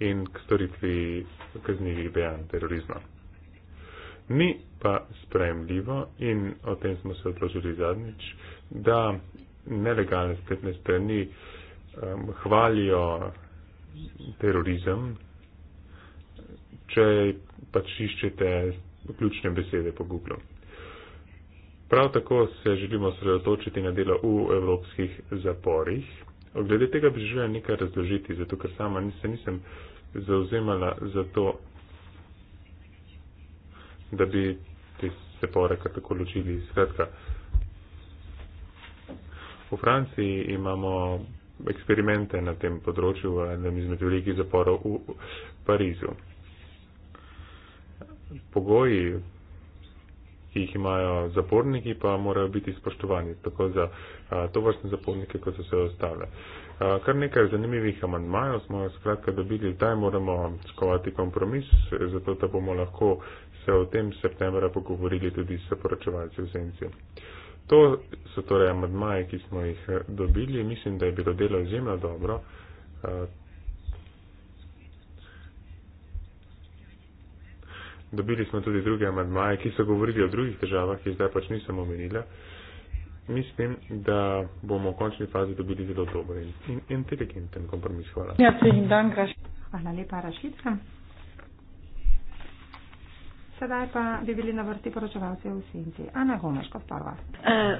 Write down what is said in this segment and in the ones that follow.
in k storitvi kaznjivih dejanj terorizma. Ni pa sprejemljivo in o tem smo se odložili zadnjič, da nelegalne spletne strani um, hvalijo terorizem, če pač iščete ključne besede po Google. Prav tako se želimo sredotočiti na delo v evropskih zaporih. Glede tega bi želela nekaj razložiti, zato ker sama se nisem, nisem zauzemala za to, da bi te se poreka tako ločili. Skratka, v Franciji imamo eksperimente na tem področju v enem izmed velikih zaporov v Parizu. Pogoji, ki jih imajo zaporniki, pa morajo biti spoštovani tako za a, to vrstne zapornike, kot za vse ostale. A, Kar nekaj zanimivih amandmajev smo skratka dobili, zdaj moramo skovati kompromis, zato da bomo lahko se o tem septembra pogovorili tudi s poročevalci v Senci. To so torej amadmaje, ki smo jih eh, dobili. Mislim, da je bilo delo izjemno dobro. Dobili smo tudi druge amadmaje, ki so govorili o drugih državah, ki zdaj pač nisem omenila mislim, da bomo v končni fazi dobili zelo dober in inteligenten kompromis. Hvala. Ja, cenim dan, graš. Hvala lepa, Rašitka. Sedaj pa bi bili na vrsti poročevalce v Sinti. Ana Gomeš, kot prva. Eh,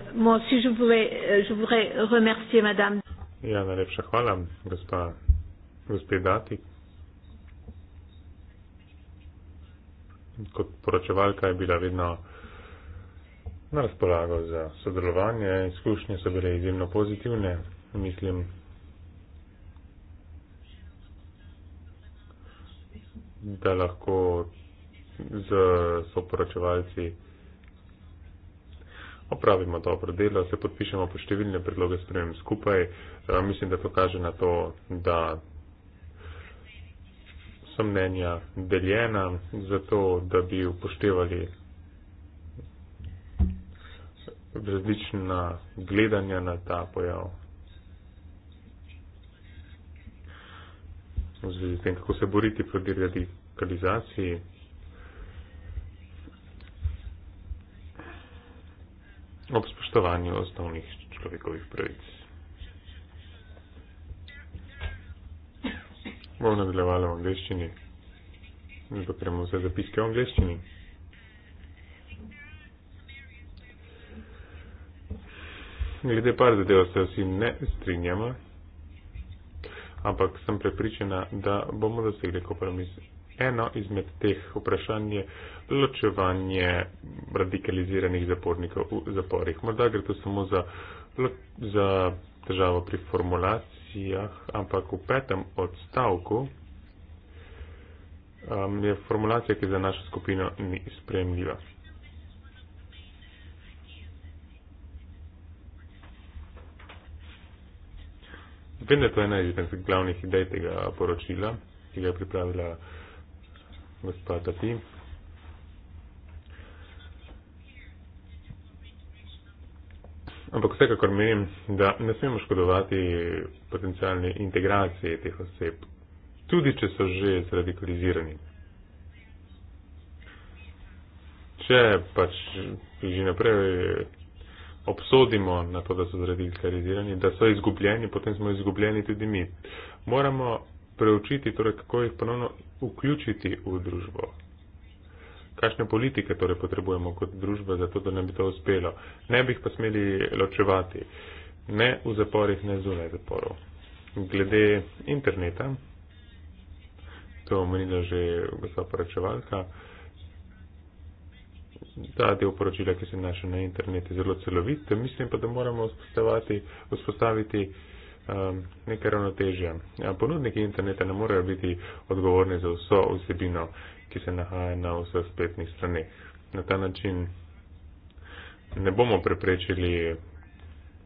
eh, ja, najlepša hvala, gospa, gospe Dati. Kot poročevalka je bila vedno na razpolago za sodelovanje. Izkušnje so bile izjemno pozitivne, mislim. da lahko z soporočevalci opravimo dobro delo, se podpišemo po številne predloge s premem skupaj. E, mislim, da to kaže na to, da so mnenja deljena, zato da bi upoštevali različna gledanja na ta pojav. V zvezi s tem, kako se boriti proti radikalizaciji. ob spoštovanju osnovnih človekovih pravic. Bom nadaljevala v angleščini, zato premo vse zapiske v angleščini. glede par zadev se vsi ne strinjamo, ampak sem prepričana, da bomo dosegli kompromis. Eno izmed teh vprašanj je ločevanje radikaliziranih zapornikov v zaporih. Morda gre to samo za, za državo pri formulacijah, ampak v petem odstavku um, je formulacija, ki za našo skupino ni sprejemljiva. Vem, da to je ena izmed glavnih idej tega poročila, ki ga je pripravila gospa Tati. Ampak vsekakor menim, da ne smemo škodovati potencijalne integracije teh oseb, tudi če so že zradikalizirani. Če pač že naprej obsodimo na to, da so zdravili karizirani, da so izgubljeni, potem smo izgubljeni tudi mi. Moramo preučiti, torej, kako jih ponovno vključiti v družbo. Kakšne politike torej potrebujemo kot družba, zato da nam bi to uspelo. Ne bi jih pa smeli ločevati. Ne v zaporih, ne zunaj zaporov. Glede interneta, to omenila že gospa poročevalka, ta del poročila, ki se naša na internetu, zelo celovit. Mislim pa, da moramo vzpostaviti um, nekaj ravnotežja. Ponudniki interneta ne morejo biti odgovorni za vso vsebino, ki se nahaja na vseh spletnih straneh. Na ta način ne bomo preprečili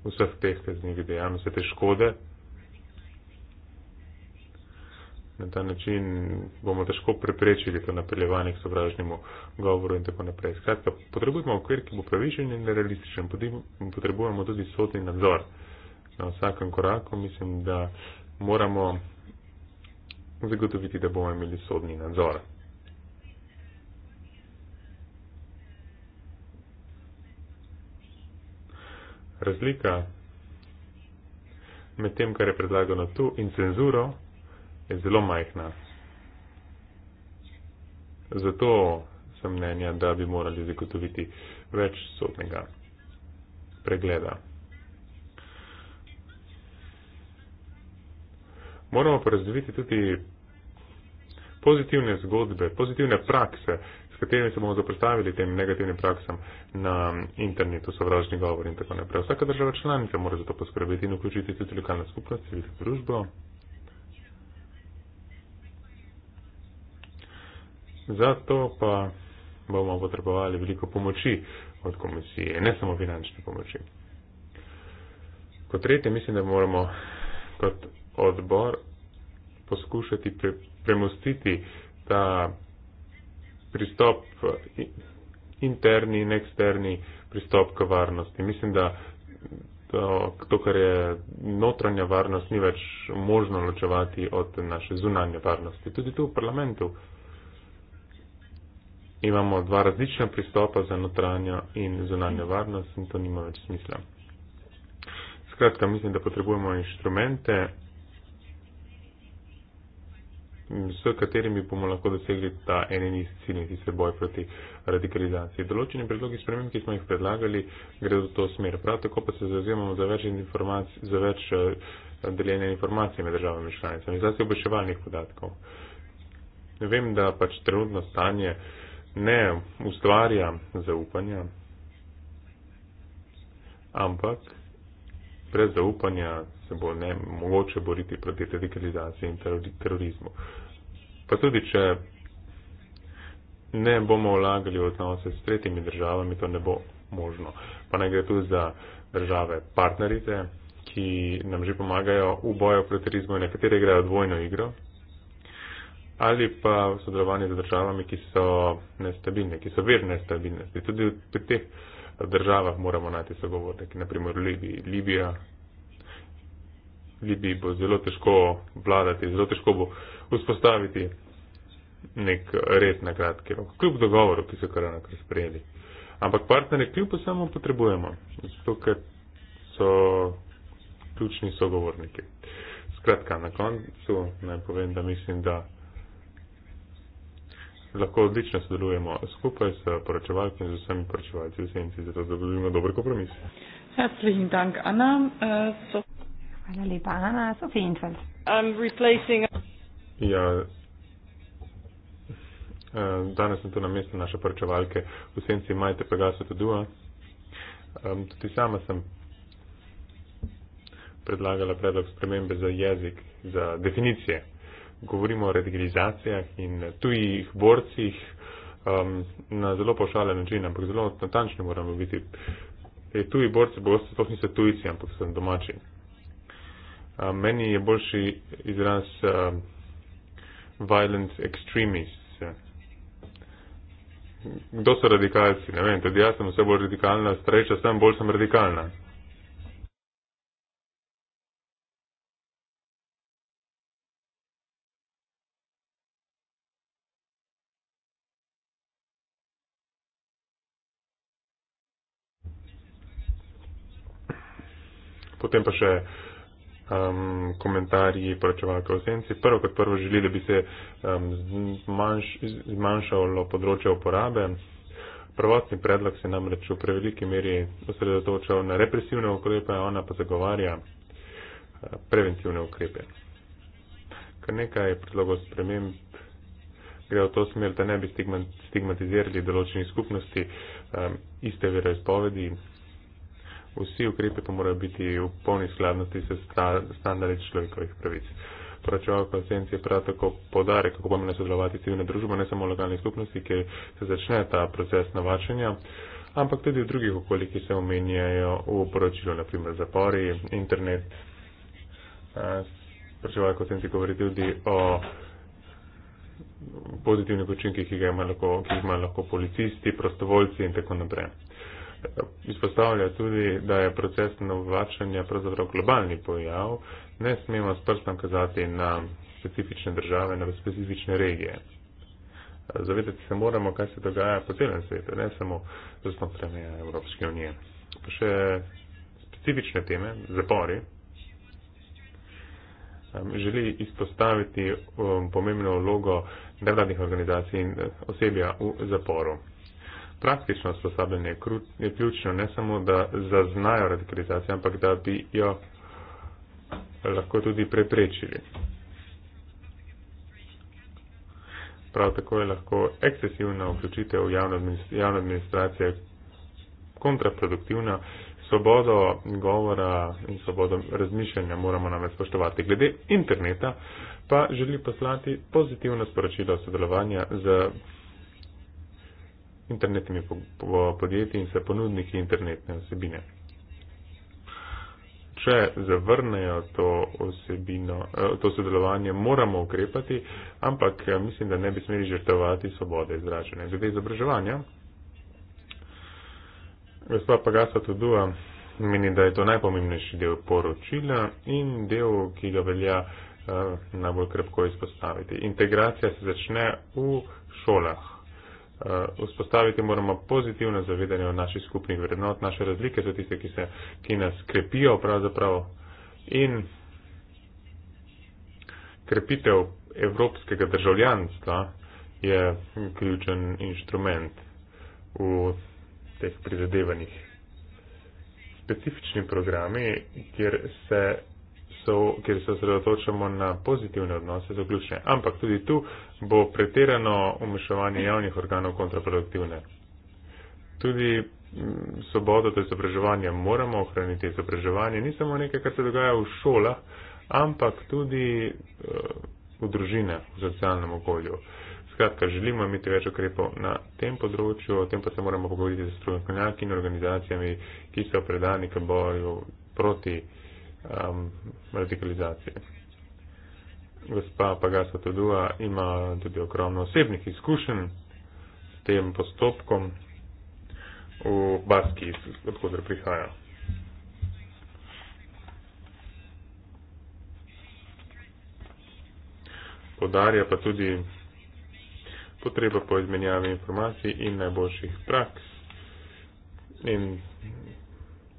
vseh teh kaznjivih dejanj, vse te škode, na ta način bomo težko preprečili to napeljevanje k sovražnemu govoru in tako naprej. Skratka, potrebujemo okvir, ki bo pravičen in realističen, potrebujemo tudi sodni nadzor na vsakem koraku. Mislim, da moramo zagotoviti, da bomo imeli sodni nadzor. Razlika med tem, kar je predlagano tu, in cenzuro je zelo majhna. Zato sem mnenja, da bi morali zagotoviti več sodnega pregleda. Moramo pa razviti tudi pozitivne zgodbe, pozitivne prakse, s katerimi se bomo zapostavili tem negativnim praksam na internetu, sovražni govor in tako naprej. Vsaka država članica mora za to poskrbeti in vključiti tudi lokalno skupnost, civilno družbo. Za to pa bomo potrebovali veliko pomoči od komisije, ne samo finančne pomoči. Kot tretje, mislim, da moramo kot odbor poskušati pre premostiti ta pristop interni in eksterni pristop k varnosti. Mislim, da to, to, kar je notranja varnost, ni več možno ločevati od naše zunanje varnosti. Tudi tu v parlamentu imamo dva različna pristopa za notranjo in zunanjo varnost in to nima več smisla. Skratka, mislim, da potrebujemo inštrumente, s katerimi bomo lahko dosegli ta enen iz ciljev, ki se boj proti radikalizaciji. Določeni predlogi sprememb, ki smo jih predlagali, gre v to smer. Prav tako pa se zauzemamo za več, za več eh, deljenja informacij med državami članicami, zlasti obveševalnih podatkov. Vem, da pač trenutno stanje ne ustvarja zaupanja, ampak brez zaupanja se bo ne mogoče boriti proti radikalizaciji in terorizmu. Pa tudi, če ne bomo vlagali v odnose s tretjimi državami, to ne bo možno. Pa naj gre tudi za države partnerice, ki nam že pomagajo v boju proti terorizmu in nekatere igrajo dvojno igro ali pa v sodelovanju z državami, ki so nestabilne, ki so vir nestabilnosti. Tudi pri teh državah moramo najti sogovornike, naprimer Libiji. Libija. Libiji bo zelo težko vladati, zelo težko bo vzpostaviti nek red na kratki rok, kljub dogovoru, ki so kar nekaj sprejeli. Ampak partnerje kljub samo potrebujemo, zato ker so ključni sogovorniki. Skratka, na koncu naj povem, da mislim, da lahko odlično sodelujemo skupaj s poročevalci in z vsemi poročevalci v senci, zato da dobimo dober kompromis. Herzlichen Dank, Anna. Uh, so... Hvala lepa, Anna. Sofie Intfeld. I'm replacing... Ja, äh, danes sem tu na mestu naše poročevalke v senci Majte Pegasa Tadua. Ähm, tudi sama sem predlagala predlog spremembe za jezik, za definicije govorimo o radikalizacijah in tujih borcih um, na zelo pošalen način, ampak zelo natančni moramo biti. E, tuji borci pogosto sploh niso tujci, ampak so domači. A, meni je boljši izraz a, violent extremists. Kdo so radikalci? Ne vem, tudi jaz sem vse bolj radikalna, starejša sem, bolj sem radikalna. Potem pa še um, komentarji poročevalke v senci. Prvo kot prvo želi, da bi se um, zmanjš, zmanjšalo področje uporabe. Prvotni predlog se namreč v preveliki meri osredotočal na represivne ukrepe, ona pa zagovarja uh, preventivne ukrepe. Kar nekaj predlogov sprememb gre v to smer, da ne bi stigmatizirali določenih skupnosti um, iste veroizpovedi, vsi ukrepe pa morajo biti v polni skladnosti s standardi človekovih pravic. Poročava konsencije prav tako podare, kako pomembno sodelovati civilne družbe, ne samo lokalne skupnosti, kjer se začne ta proces navačanja, ampak tudi v drugih okoljih, ki se omenjajo v poročilu, naprimer zapori, internet. Poročava konsencije govori tudi o pozitivnih učinkih, ki jih imajo lahko, ima lahko policisti, prostovoljci in tako naprej izpostavlja tudi, da je proces novačanja pravzaprav globalni pojav, ne smemo s prstom kazati na specifične države, na specifične regije. Zavedati se moramo, kaj se dogaja po celem svetu, ne samo znotraj Evropske unije. Pa še specifične teme, zapori, želi izpostaviti pomembno vlogo nevladnih organizacij in eh, osebja v zaporu praktično usposabljanje je ključno, ne samo da zaznajo radikalizacijo, ampak da bi jo lahko tudi preprečili. Prav tako je lahko ekscesivna vključitev javne administracije kontraproduktivna. Svobodo govora in svobodo razmišljanja moramo nam spoštovati. Glede interneta pa želi poslati pozitivno sporočilo sodelovanja z internetnimi podjetji in se ponudniki internetne osebine. Če zavrnejo to, osebino, eh, to sodelovanje, moramo ukrepati, ampak eh, mislim, da ne bi smeli žrtovati svobode izražene. Glede izobraževanja, gospod Pagasa Tudua meni, da je to najpomembnejši del poročila in del, ki ga velja eh, najbolj krepko izpostaviti. Integracija se začne v šolah. Eh, vzpostaviti moramo pozitivno zavedanje o naših skupnih vrednot, naše razlike so tiste, ki, se, ki nas krepijo pravzaprav in krepitev evropskega državljanstva je ključen inštrument v teh prizadevanjih. Specifični programi, kjer se so, kjer se osredotočamo na pozitivne odnose, so ključne. Ampak tudi tu bo pretirano umešavanje javnih organov kontraproduktivne. Tudi mm, sobodo do izobraževanja moramo ohraniti. Izobraževanje ni samo nekaj, kar se dogaja v šolah, ampak tudi eh, v družine, v socialnem okolju. Skratka, želimo imeti več ukrepov na tem področju, o tem pa se moramo pogovoriti z strokovnjaki in organizacijami, ki so predani k boju proti uh, um, radikalizacije. Gospa Pagasa Tadua ima tudi ogromno osebnih izkušenj s tem postopkom v Baski, odkud prihaja. Podarja pa tudi potrebo po izmenjavi informacij in najboljših praks in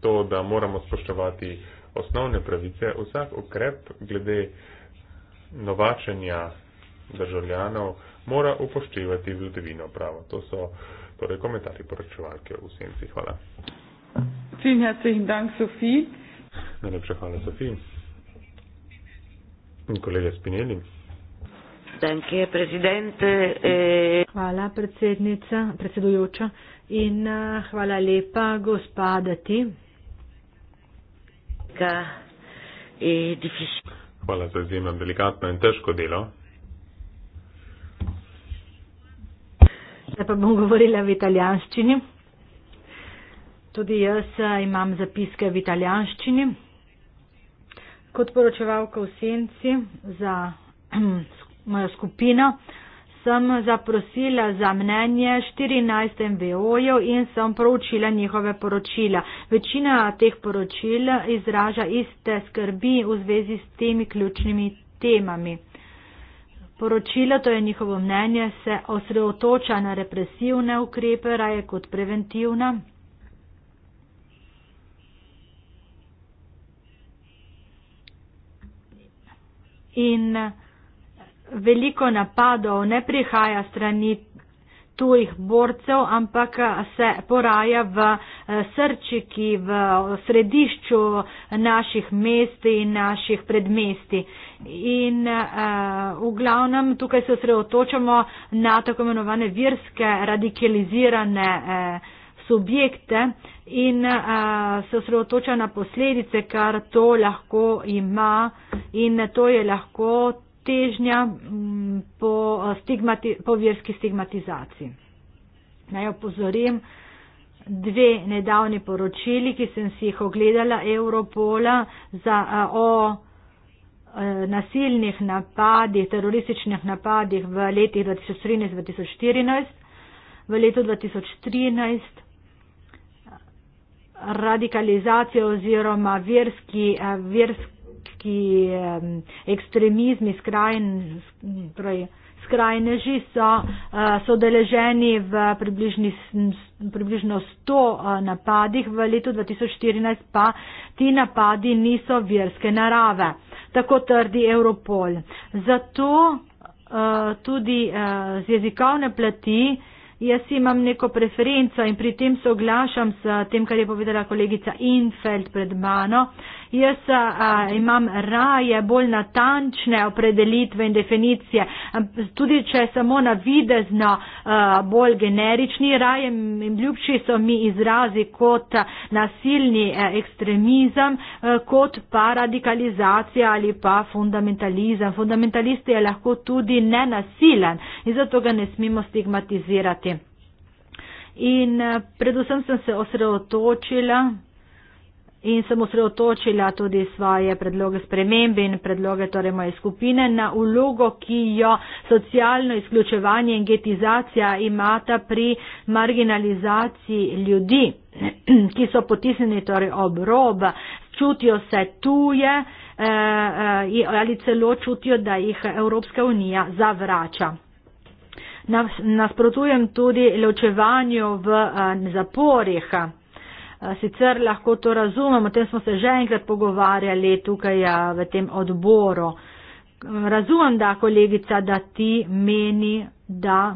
to, da moramo spoštovati osnovne pravice, vsak ukrep glede novačenja državljanov mora upoštevati vladavino pravo. To so torej komentarji poročevalke v senci. Hvala. Vsem herzlichen Dank, Sofie. Najlepša hvala, Sofie. In kolega Spinelli. Danke, president. Eh, hvala, predsednica, predsedujoča. In eh, hvala lepa, gospodati tega edifišja. Hvala za izjemno delikatno in težko delo. Zdaj pa bom govorila v italijanščini. Tudi jaz imam zapiske v italijanščini. Kot poročevalka v senci za mojo skupino sem zaprosila za mnenje 14 MBO-jev in sem proučila njihove poročila. Večina teh poročil izraža iste skrbi v zvezi s temi ključnimi temami. Poročilo, to je njihovo mnenje, se osredotoča na represivne ukrepe, raje kot preventivna. In veliko napadov ne prihaja strani tujih borcev, ampak eh, se poraja v eh, srčiki, v središču naših mest in naših predmesti. In uh, v glavnem tukaj se osredotočamo na tako imenovane virske radikalizirane uh, subjekte in uh, se osredotoča na posledice, kar to lahko ima in to je lahko težnja mm, po, stigmati, po verski stigmatizaciji. Naj opozorim dve nedavni poročili, ki sem si jih ogledala Europola za, o e, nasilnih napadih, terorističnih napadih v letih 2013-2014. V letu 2013 radikalizacijo oziroma verski, verski ki um, ekstremizmi, skrajn, torej, skrajneži so, uh, so deleženi v približni, m, približno 100 uh, eh, napadih, v letu 2014 pa ti napadi niso verske narave, tako trdi Europol. Zato uh, tudi uh, z jezikovne plati. Jaz imam neko preferenco in pri tem soglašam s tem, kar je povedala kolegica Infeld pred mano. Uh, Jaz a, a, imam raje bolj natančne opredelitve in definicije, tudi če samo na videzno a, bolj generični, raje in ljubši so mi izrazi kot nasilni a, ekstremizem, a, kot pa radikalizacija ali pa fundamentalizem. Fundamentalist je lahko tudi nenasilen in zato ga ne smemo stigmatizirati. In predvsem sem se osredotočila in sem osredotočila tudi svoje predloge spremembe in predloge torej moje skupine na ulogo, ki jo socialno izključevanje in getizacija imata pri marginalizaciji ljudi, ki so potisnjeni torej ob rob, čutijo se tuje eh, eh, ali celo čutijo, da jih Evropska unija zavrača. Nasprotujem tudi ločevanju v eh, zaporih. Eh, sicer lahko to razumemo, o tem smo se že enkrat pogovarjali tukaj eh, v tem odboru. Razumem, da kolegica, da ti meni, da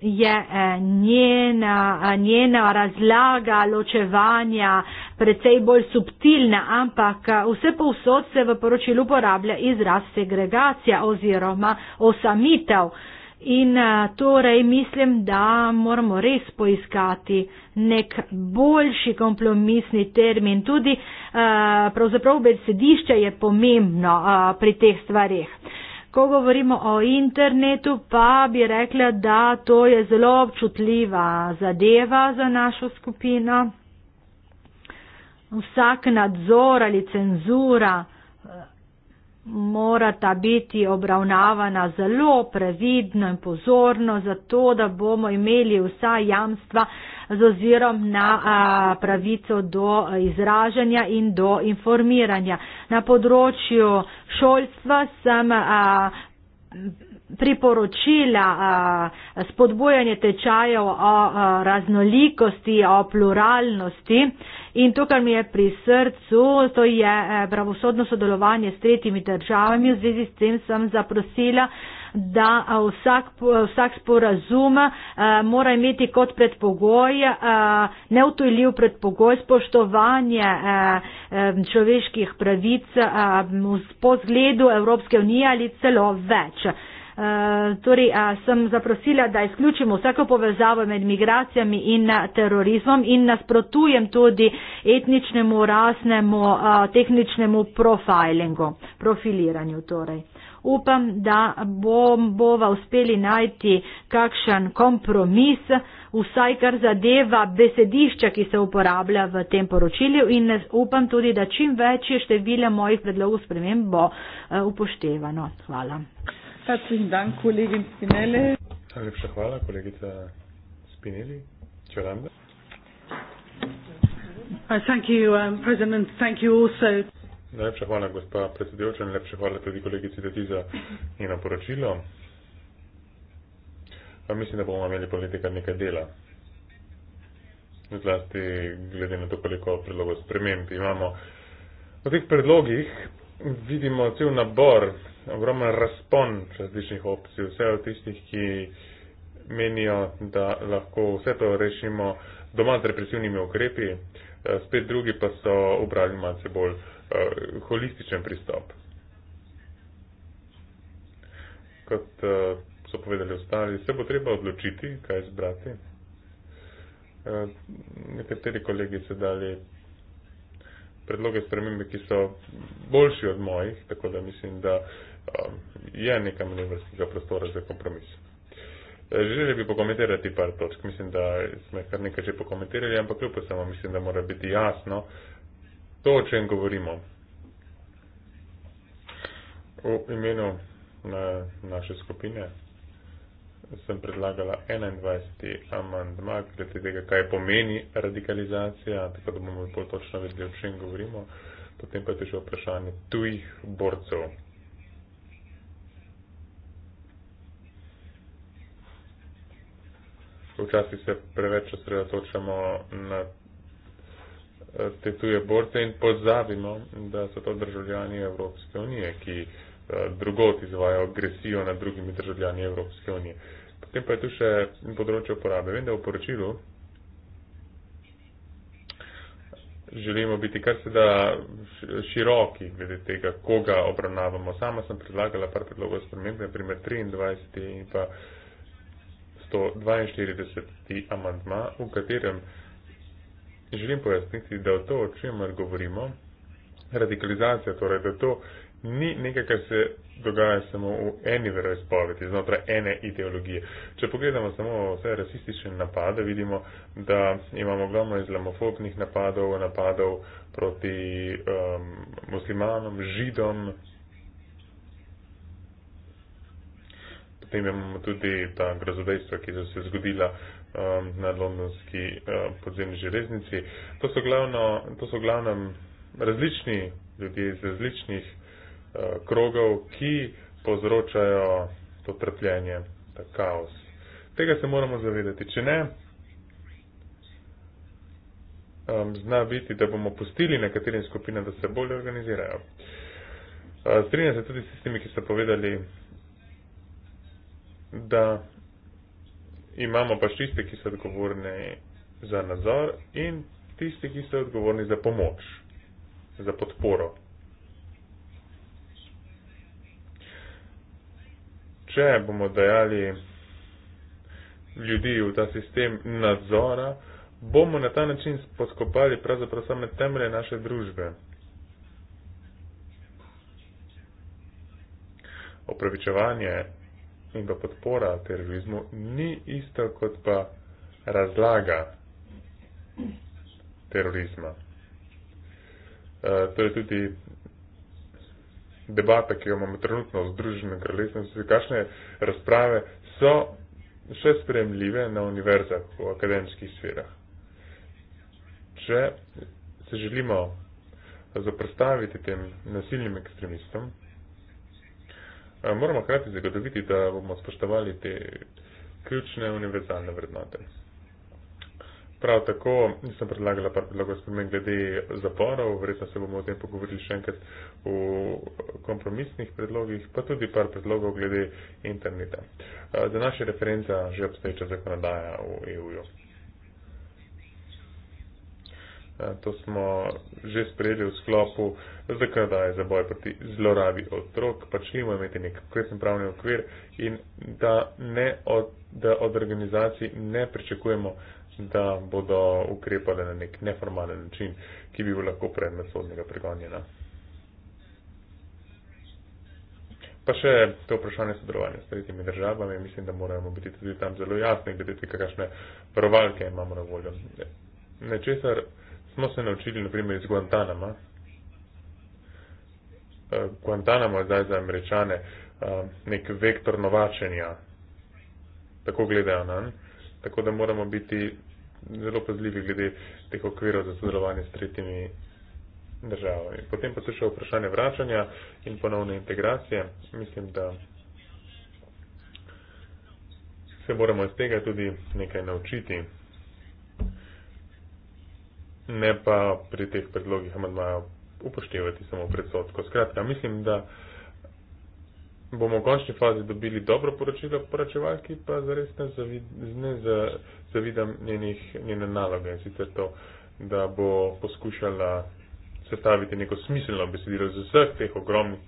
je eh, njena, njena razlaga ločevanja precej bolj subtilna, ampak vse povsod se v poročilu uporablja izraz segregacija oziroma osamitev. In torej mislim, da moramo res poiskati nek boljši kompromisni termin. Tudi pravzaprav besedišče je pomembno pri teh stvarih. Ko govorimo o internetu, pa bi rekla, da to je zelo občutljiva zadeva za našo skupino. Vsak nadzor ali cenzura morata biti obravnavana zelo previdno in pozorno, zato da bomo imeli vsa jamstva z ozirom na a, pravico do izražanja in do informiranja. Na področju šolstva sem a, priporočila a, spodbojanje tečajev o a, raznolikosti, o pluralnosti In to, kar mi je pri srcu, to je eh, pravosodno sodelovanje s tretjimi državami. V zvezi s tem sem zaprosila, da eh, vsak, eh, vsak sporazum mora imeti kot predpogoj, neutoljiv predpogoj spoštovanje človeških pravic po zgledu Evropske unije ali celo več. Eh, torej a, sem zaprosila, da izključimo vsako povezavo med migracijami in eh, terorizmom in nasprotujem tudi etničnemu, rasnemu, a, eh, tehničnemu profilingu, profiliranju. Torej. Upam, da bom, bova uspeli najti kakšen kompromis, vsaj kar zadeva besedišča, ki se uporablja v tem poročilju in upam tudi, da čim večje število mojih predlogov sprememb bo upoštevano. Hvala. Herzlichen Dank, Kollegin Spinelli. Najlepša hvala, kolegica Spinelli. Čelambe. Uh, um, najlepša hvala, gospa predsedujoča, in najlepša hvala tudi kolegici Deti za njeno poročilo. Pa mislim, da bomo imeli politika nekaj dela. Zlasti glede na to, koliko predlogov sprememb imamo. V teh predlogih vidimo cel nabor ogromen razpon različnih opcij, vse od tistih, ki menijo, da lahko vse to rešimo doma z represivnimi ukrepi, eh, spet drugi pa so obrali malce bolj uh, holističen pristop. Kot uh, so povedali ostali, se bo treba odločiti, kaj izbrati. Nekateri kolegi so dali predloge spremembe, ki so boljši od mojih, tako da mislim, da uh, Eh, je neka manevrskega prostora za kompromis. Eh, želeli bi pokomentirati par točk, mislim, da smo kar nekaj že pokomentirali, ampak kljub samo mislim, da mora biti jasno to, o čem govorimo. V imenu na naše skupine sem predlagala 21. amandma, glede tega, kaj pomeni radikalizacija, tako da bomo bolj točno vedeli, o čem govorimo. Potem pa je še vprašanje tujih borcev. včasih se preveč osredotočamo na eh, te tuje borce in pozabimo, da so to državljani Evropske unije, ki eh, drugot izvajo agresijo nad drugimi državljani Evropske unije. Potem pa je tu še področje uporabe. Vem, da v poročilu želimo biti kar se da široki glede tega, koga obravnavamo. Sama sem predlagala par predlogov spremembe, naprimer 23 in pa 142. amantma, v katerem želim pojasniti, da to, o čemer govorimo, radikalizacija, torej da to ni nekaj, kar se dogaja samo v eni veroizpovedi, znotraj ene ideologije. Če pogledamo samo vse rasistične napade, vidimo, da imamo glavno izlamofobnih napadov, napadov proti um, muslimanom, židom, Potem imamo tudi ta grozodejstva, ki so se zgodila um, na londonski uh, podzemni železnici. To so, glavno, to so glavnem različni ljudje iz različnih uh, krogov, ki povzročajo to trpljenje, ta kaos. Tega se moramo zavedati. Če ne, um, zna biti, da bomo pustili nekaterim skupinam, da se bolje organizirajo. Uh, Strinjam se tudi s tistimi, ki so povedali, da imamo pač tiste, ki so odgovorni za nadzor in tisti, ki so odgovorni za pomoč, za podporo. Če bomo dajali ljudi v ta sistem nadzora, bomo na ta način poskopali pravzaprav same temelje naše družbe. Opravičevanje in pa podpora terorizmu ni isto kot pa razlaga terorizma. E, torej tudi debata, ki jo imamo trenutno v Združenem kraljestvu, so kakšne razprave, so še spremljive na univerzah v akademskih sferah. Če se želimo zaprstaviti tem nasilnim ekstremistom, Eh, moramo hkrati zagotoviti, da bomo spoštovali te ključne univerzalne vrednote. Prav tako nisem predlagala par predlogov spremen glede zaporov, verjetno se bomo o tem pogovorili še enkrat v kompromisnih predlogih, pa tudi par predlogov glede interneta. Eh, današnja referenca že obstoječa zakonodaja v EU. -ju. To smo že sprejeli v sklopu zakonodaje za boj proti zlorabi otrok, pač nimo imeti nek konkreten pravni okvir in da, ne od, da od organizacij ne pričakujemo, da bodo ukrepale na nek neformalen način, ki bi bil lahko predmet sodnega pregonjena. No. Pa še to vprašanje sodelovanja s tretjimi državami. Mislim, da moramo biti tudi tam zelo jasni, glede tega, kakšne varovalke imamo na voljo. Nečesar. Ne smo se naučili, naprimer, iz Guantanama. Eh, Guantanamo je zdaj za američane eh, nek vektor novačenja, tako gledajo na njega, tako da moramo biti zelo pazljivi glede teh okvirov za sodelovanje s tretjimi državami. Potem pa se še vprašanje vračanja in ponovne integracije. Mislim, da se moramo iz tega tudi nekaj naučiti ne pa pri teh predlogih amandmaja upoštevati samo predsodko. Skratka, mislim, da bomo v končni fazi dobili dobro poročilo poročevalki, pa zares ne, zavid, ne za, zavidam njenih, njene naloge, sicer to, da bo poskušala sestaviti neko smiselno besedilo z vseh teh ogromnih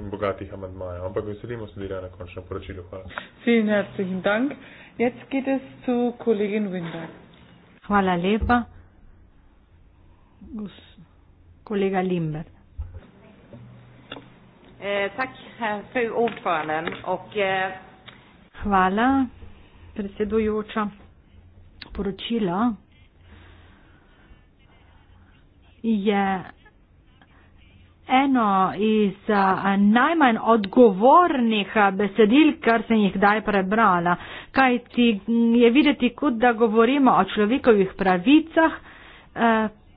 in bogatih amandmajev. Ampak veselimo se dira na končno poročilo. Hvala. Vielen herzlichen Dank. Jetzt geht es zu Kollegin Winter. Hvala lepa kollega Lindberg. Eh, Tack, eh, fru ordföranden. Och, eh... Hvala, predsedujoča. Poročilo je eno iz eh, najmanj odgovornih besedil, kar sem jih daj prebrala. Kaj ti je videti, kot da govorimo o človekovih pravicah,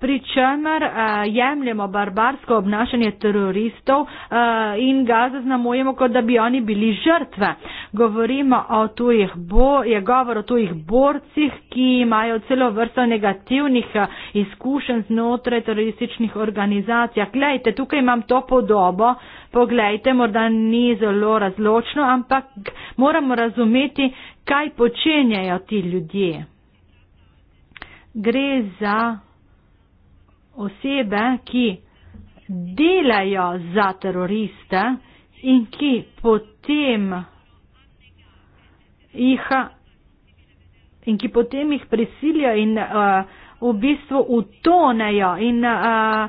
pri čemer uh, jemljemo barbarsko obnašanje teroristov uh, in ga zaznamujemo, kot da bi oni bili žrtve. Govorimo o tujih, bo, je govor o tujih borcih, ki imajo celo vrsto negativnih eh, izkušenj znotraj terorističnih organizacij. Glejte, tukaj imam to podobo, pogledajte, morda ni zelo razločno, ampak moramo razumeti, kaj počenjajo ti ljudje. Gre za osebe, ki delajo za teroriste in ki potem jih in ki potem jih prisilijo in uh, v bistvu utonejo. In uh,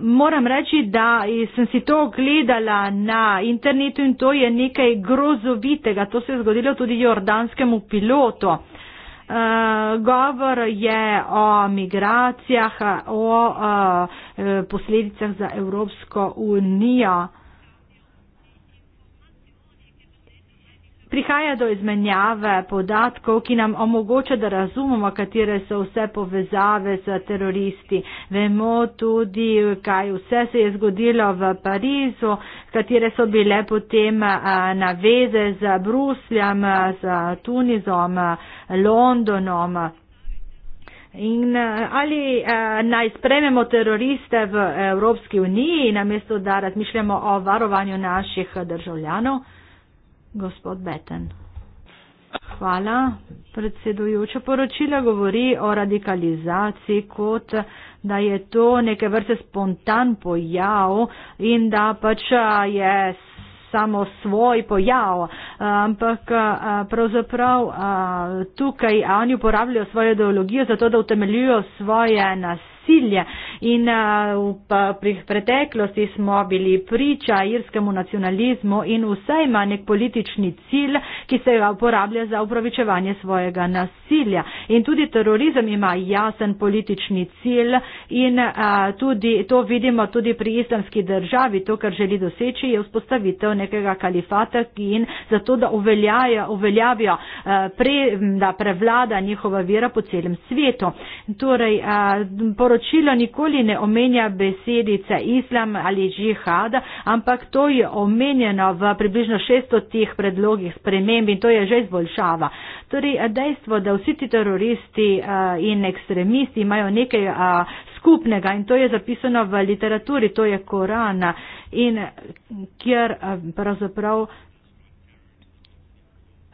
moram reči, da sem si to ogledala na internetu in to je nekaj grozovitega. To se je zgodilo tudi jordanskemu pilotu. Uh, Eh, govor je o migracijah, o eh, posledicah za Evropsko unijo. Prihaja do izmenjave podatkov, ki nam omogoča, da razumemo, katere so vse povezave z teroristi. Vemo tudi, kaj vse se je zgodilo v Parizu, katere so bile potem naveze z Brusljem, z Tunizom, Londonom. In ali eh, naj sprememo teroriste v Evropski uniji, namesto da razmišljamo o varovanju naših državljanov? gospod Beten. Hvala. Predsedujoče poročilo govori o radikalizaciji kot, da je to neke vrste spontan pojav in da pač je samo svoj pojav. Ampak pravzaprav tukaj oni uporabljajo svojo ideologijo zato, da utemeljujo svoje nasilje. In v preteklosti smo bili priča irskemu nacionalizmu in vse ima nek politični cilj, ki se ga uporablja za upravičevanje svojega nasilja. In tudi terorizem ima jasen politični cilj in tudi, to vidimo tudi pri islamski državi. To, kar želi doseči, je vzpostavitev nekega kalifata in zato, da uveljajo, uveljavijo, pre, da prevlada njihova vera po celem svetu. Torej, poročilo nikoli nikoli ne omenja besedica islam ali džihad, ampak to je omenjeno v približno 600 teh predlogih sprememb in to je že izboljšava. Torej, dejstvo, da vsi ti teroristi eh, in ekstremisti imajo nekaj eh, skupnega in to je zapisano v literaturi, to je Koran in kjer eh, pravzaprav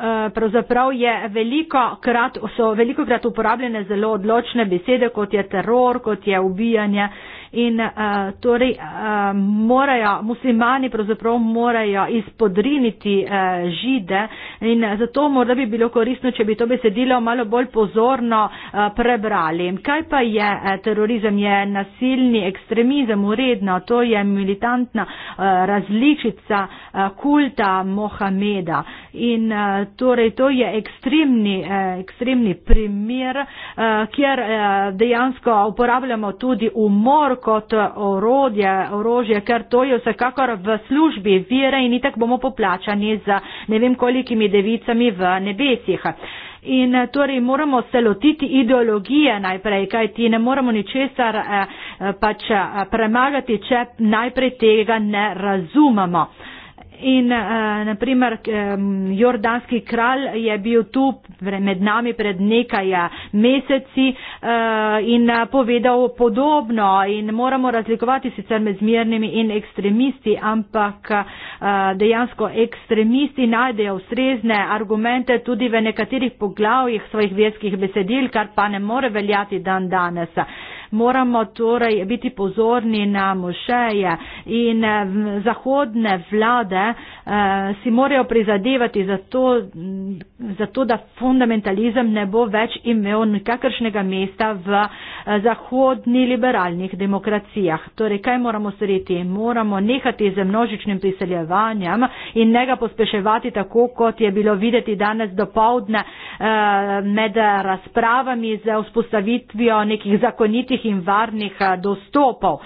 Eh, pravzaprav je veliko krat, so veliko krat uporabljene zelo odločne besede, kot je teror, kot je ubijanje in uh, torej uh, morajo, muslimani pravzaprav morajo izpodriniti uh, žide in zato morda bi bilo korisno, če bi to besedilo malo bolj pozorno uh, prebrali. Kaj pa je terorizem? Je nasilni ekstremizem uredno, to je militantna uh, različica uh, kulta Mohameda in uh, torej to je ekstremni, uh, ekstremni primer, uh, kjer uh, dejansko uporabljamo tudi umor, kot orodje, orožje, ker to je vsekakor v službi vire in itak bomo poplačani z ne vem kolikimi devicami v nebesih. In torej moramo se lotiti ideologije najprej, kaj ti ne moremo ničesar eh, eh, pač eh, premagati, če najprej tega ne razumemo. In eh, naprimer, eh, jordanski kralj je bil tu med nami pred nekaj meseci eh, in eh, povedal podobno in moramo razlikovati sicer med zmernimi in ekstremisti, ampak eh, dejansko ekstremisti najdejo ustrezne argumente tudi v nekaterih poglavjih svojih verskih besedil, kar pa ne more veljati dan danes. Moramo torej biti pozorni na mošeje in zahodne vlade si morajo prizadevati za to, za to da fundamentalizem ne bo več imel imel nikakršnega mesta v eh, zahodni liberalnih demokracijah. Torej, kaj moramo storiti? Moramo nehati z množičnim priseljevanjem in ne ga pospeševati tako, kot je bilo videti danes do povdne eh, med razpravami za vzpostavitvijo nekih zakonitih in varnih eh, dostopov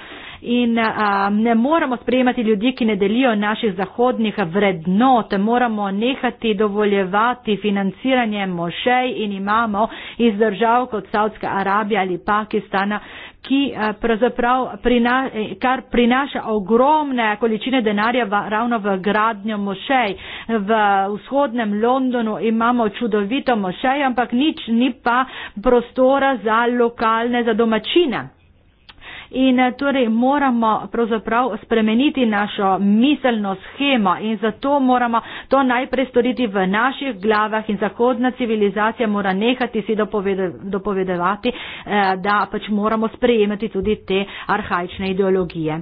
in um, ne moramo sprejemati ljudi, ki ne delijo naših zahodnih vrednot. Moramo nehati dovoljevati financiranje mošej in imamo iz držav kot Saudska Arabija ali Pakistana, ki uh, pravzaprav prina, kar prinaša ogromne količine denarja v, ravno v gradnjo mošej. V vzhodnem Londonu imamo čudovito mošej, ampak nič ni pa prostora za lokalne, za domačine. In eh, torej moramo pravzaprav spremeniti našo miselno schemo in zato moramo to najprej storiti v naših glavah in zahodna civilizacija mora nehati si dopovede, dopovedevati, eh, da pač moramo sprejemati tudi te arhajične ideologije.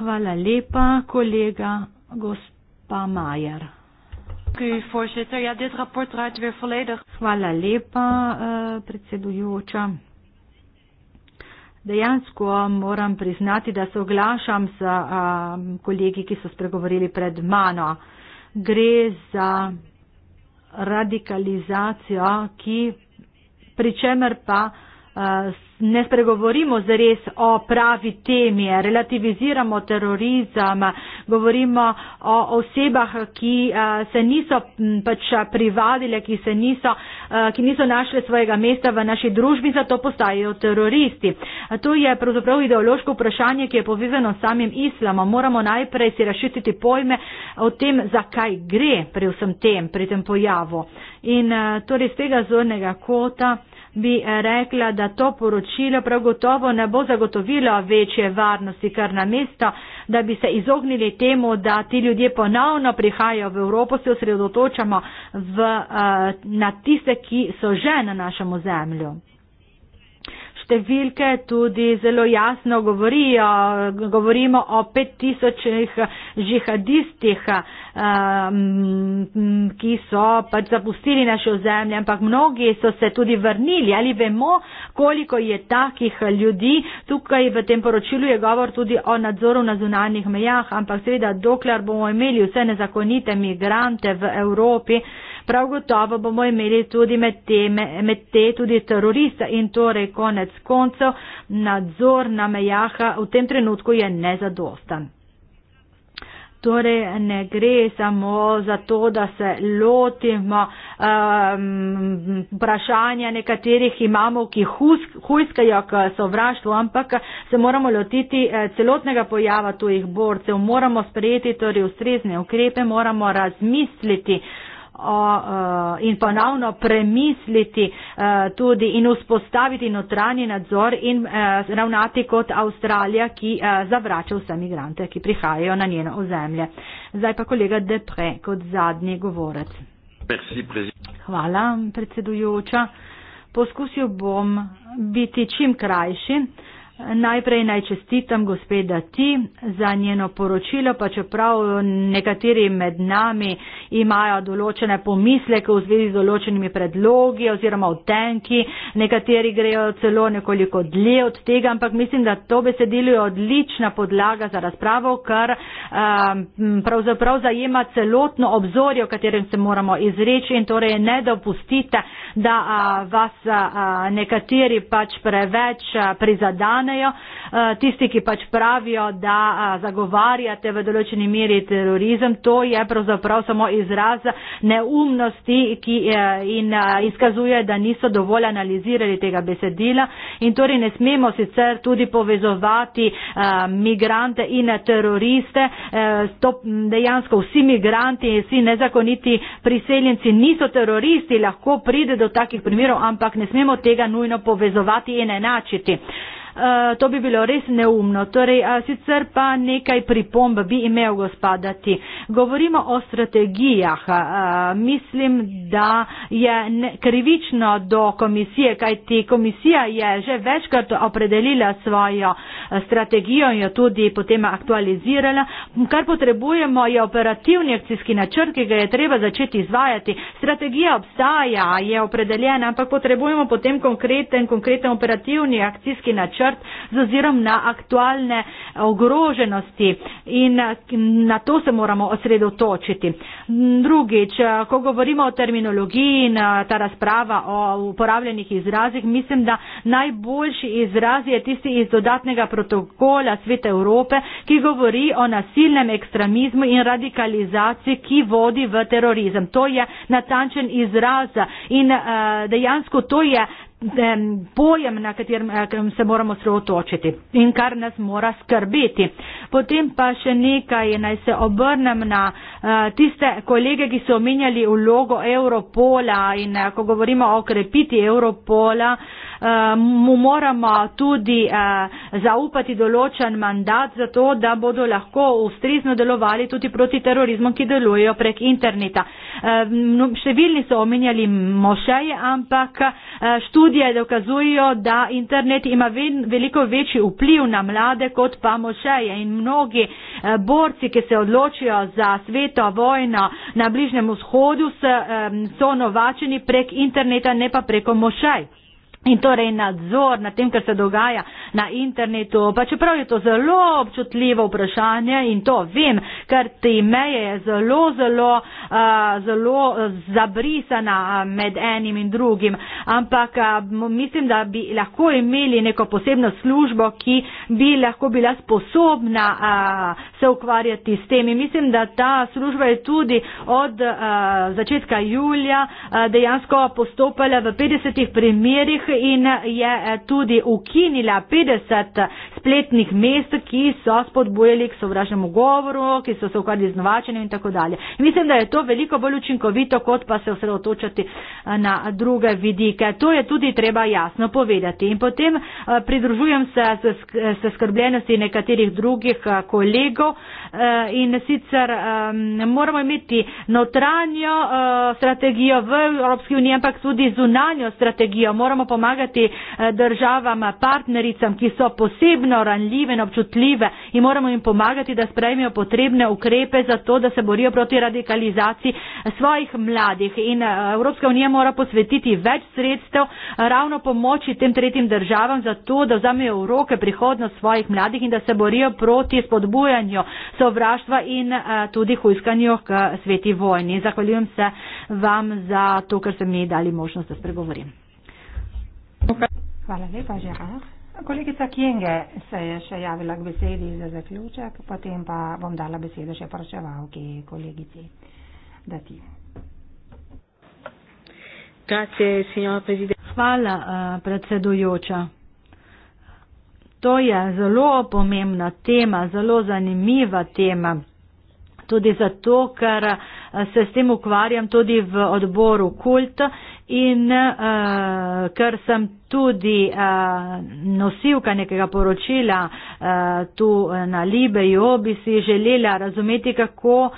Hvala lepa, kolega gospa Majer. Ja, Hvala lepa, eh, predsedujoča. Dejansko moram priznati, da se oglašam s um, kolegi, ki so spregovorili pred mano. Gre za radikalizacijo, ki pri čemer pa uh, ne spregovorimo zares o pravi temi, relativiziramo terorizam, govorimo o osebah, ki se niso pač privadile, ki, se niso, ki niso našle svojega mesta v naši družbi, zato postajajo teroristi. To je pravzaprav ideološko vprašanje, ki je povezano s samim islamom. Moramo najprej si rašititi pojme o tem, zakaj gre pri vsem tem, pri tem pojavu. In torej z tega zornega kota bi rekla, da to poročilo prav gotovo ne bo zagotovilo večje varnosti, kar na mesto, da bi se izognili temu, da ti ljudje ponovno prihajajo v Evropo, se osredotočamo v, eh, na tiste, ki so že na našem ozemlju številke tudi zelo jasno govorijo. Govorimo o pet tisočih žihadistih, um, ki so pač zapustili naše ozemlje, ampak mnogi so se tudi vrnili. Ali vemo, koliko je takih ljudi? Tukaj v tem poročilu je govor tudi o nadzoru na zunanjih mejah, ampak seveda, dokler bomo imeli vse nezakonite migrante v Evropi, Prav gotovo bomo imeli tudi med, teme, med te tudi terorista in torej konec koncev nadzor na mejah v tem trenutku je nezadostan. Torej ne gre samo za to, da se lotimo vprašanja um, nekaterih imamov, ki hujskajo k sovraštvu, ampak se moramo lotiti e, celotnega pojava tujih borcev, moramo sprejeti torej ustrezne ukrepe, moramo razmisliti. Uh, Eh, in ponovno premisliti eh, tudi in vzpostaviti notranji nadzor in eh, ravnati kot Avstralija, ki zavrača vse migrante, ki prihajajo na njeno ozemlje. Zdaj pa kolega Depre kot zadnji govorec. Hvala, predsedujoča. Poskusil bom biti čim krajši. Najprej naj čestitam gospeda Ti za njeno poročilo, pa čeprav nekateri med nami imajo določene pomisleke v zvezi z določenimi predlogi oziroma vtenki, nekateri grejo celo nekoliko dlje od tega, ampak mislim, da to besedilo je odlična podlaga za razpravo, kar um, pravzaprav zajema celotno obzorje, o katerem se moramo izreči in torej ne dopustite, da a, uh, vas a, uh, nekateri pač preveč a, uh, prizadane ostanejo. Eh, tisti, ki pač pravijo, da eh, zagovarjate v določeni meri terorizem, to je pravzaprav samo izraz neumnosti ki, eh, in izkazuje, da niso dovolj analizirali tega besedila. In torej ne smemo sicer tudi povezovati migrante in teroriste. To dejansko vsi migranti, vsi nezakoniti priseljenci niso teroristi, lahko pride do takih primerov, ampak ne smemo tega nujno povezovati in enačiti. Eh, to bi bilo res neumno. Torej, eh, sicer pa nekaj pripomb bi imel gospodati. Govorimo o strategijah. Eh, mislim, da je krivično do komisije, kajti komisija je že večkrat opredelila svojo strategijo in jo tudi potem aktualizirala. Kar potrebujemo je operativni akcijski načrt, ki ga je treba začeti izvajati. Strategija obstaja, je opredeljena, ampak potrebujemo potem konkreten, konkreten operativni akcijski načrt z ozirom na aktualne ogroženosti in na to se moramo osredotočiti. Drugič, ko govorimo o terminologiji in ta razprava o uporabljenih izrazih, mislim, da najboljši izraz je tisti iz dodatnega programa protokola Svete Evrope, ki govori o nasilnem ekstremizmu in radikalizaciji, ki vodi v terorizem. To je natančen izraz in eh, dejansko to je pojem, na katerem eh, se moramo sreotočiti in kar nas mora skrbeti. Potem pa še nekaj, naj se obrnem na eh, tiste kolege, ki so omenjali vlogo Europola in ko govorimo o krepiti Europola, mu moramo tudi eh, zaupati določen mandat za to, da bodo lahko ustrizno delovali tudi proti terorizmu, ki delujejo prek interneta. Eh, številni so omenjali mošeje, ampak eh, študije dokazujo, da internet ima veliko večji vpliv na mlade kot pa mošeje in mnogi borci, ki se odločijo za sveto vojno na Bližnjem vzhodu, so novačeni prek interneta, ne pa preko mošej. In torej nadzor nad tem, kar se dogaja na internetu, pa čeprav je to zelo občutljivo vprašanje in to vem, ker te meje je zelo, zelo, uh, zelo eh, zabrisana eh, med enim in drugim, ampak uh, mislim, da bi lahko imeli neko posebno službo, ki bi lahko bila sposobna uh, se ukvarjati s tem. In mislim, da ta služba je tudi od uh, začetka julija uh, dejansko postopala v 50 primerjih in je eh, tudi ukinila 50 spletnih mest, ki so spodbojali k sovražnemu govoru, ki so se ukvarjali z novačenjem in tako dalje. Mislim, da je to veliko bolj učinkovito, kot pa se osredotočati eh, na druge vidike. To je tudi treba jasno povedati. In potem eh, pridružujem se s skrbljenosti nekaterih drugih kolegov in sicer moramo imeti notranjo strategijo v Evropski uniji, ampak tudi zunanjo strategijo. Moramo pomagati pomagati eh, državama, eh, partnericam, ki so posebno ranljive in občutljive in moramo jim pomagati, da sprejmejo potrebne ukrepe za to, da se borijo proti radikalizaciji eh, svojih mladih. In Evropska unija mora posvetiti več sredstev ravno pomoči tem tretjim državam za to, da vzamejo v roke prihodnost svojih mladih in da se borijo proti spodbujanju sovraštva in tudi huiskanju k sveti vojni. Zahvaljujem se vam za to, ker ste mi dali možnost, da spregovorim. Hvala lepa, Žerah. Kolegica Kjenge se je še javila k besedi za zaključek, potem pa bom dala besedo še poročevalki kolegici Dati. Hvala, eh, predsedujoča. To je zelo pomembna tema, zelo zanimiva tema. Tudi zato, ker eh, se s tem ukvarjam tudi v odboru Kult in uh, ker sem tudi uh, nosilka nekega poročila uh, tu na Libeju, bi si želela razumeti, kako uh,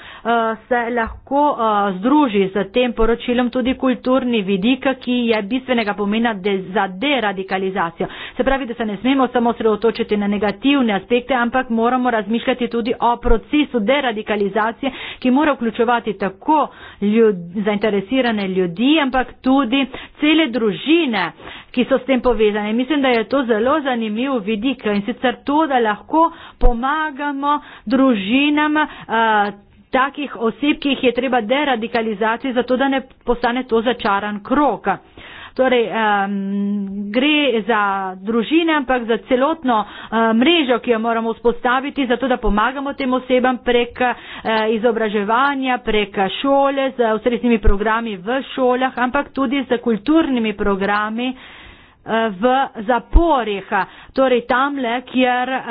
se lahko uh, združi z tem poročilom tudi kulturni vidik, ki je bistvenega pomena de za deradikalizacijo. Se pravi, da se ne smemo samo sredotočiti na negativne aspekte, ampak moramo razmišljati tudi o procesu deradikalizacije, ki mora vključevati tako ljud zainteresirane ljudi, ampak tu tudi cele družine, ki so s tem povezane. Mislim, da je to zelo zanimiv vidik in sicer to, da lahko pomagamo družinam. Uh, takih oseb, ki jih je treba deradikalizacijo, zato da ne postane to začaran krok. Uh, torej um, gre za družine, ampak za celotno uh, mrežo, ki jo moramo vzpostaviti, zato da pomagamo tem osebam prek uh, izobraževanja, prek šole, z ustreznimi programi v šolah, ampak tudi z kulturnimi programi v zaporih, torej tamle, kjer eh,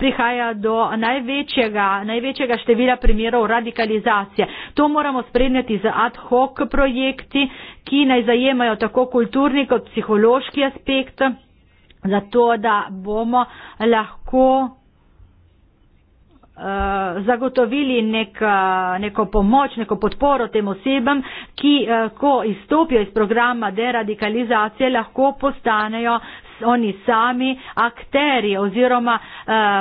prihaja do največjega, največjega števila primerov radikalizacije. To moramo spremljati z ad hoc projekti, ki naj zajemajo tako kulturni kot psihološki aspekt, zato da bomo lahko Eh, zagotovili neka, eh, neko pomoč, neko podporo tem osebam, ki, eh, ko izstopijo iz programa deradikalizacije, lahko postanejo oni sami akteri oziroma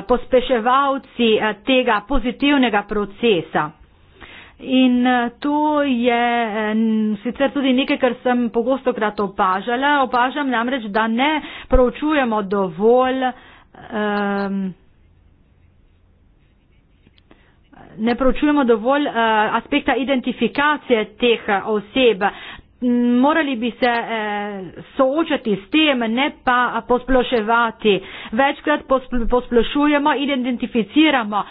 pospeševalci tega pozitivnega procesa. In to je sicer tudi nekaj, kar sem pogosto krat opažala. Opažam namreč, da ne proučujemo dovolj. Um ne preučujemo dovolj uh, aspekta identifikacije teh eh, oseb morali bi se eh, soočati s tem, ne pa posploševati. Večkrat posplošujemo in identificiramo eh,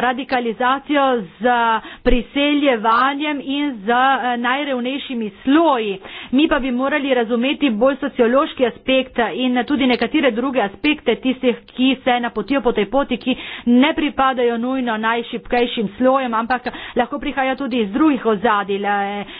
radikalizacijo z priseljevanjem in z eh, najrevnejšimi sloji. Mi pa bi morali razumeti bolj sociološki aspekt in tudi nekatere druge aspekte tistih, ki se napotijo po tej poti, ki ne pripadajo nujno najšipkejšim slojem, ampak lahko prihaja tudi iz drugih ozadij.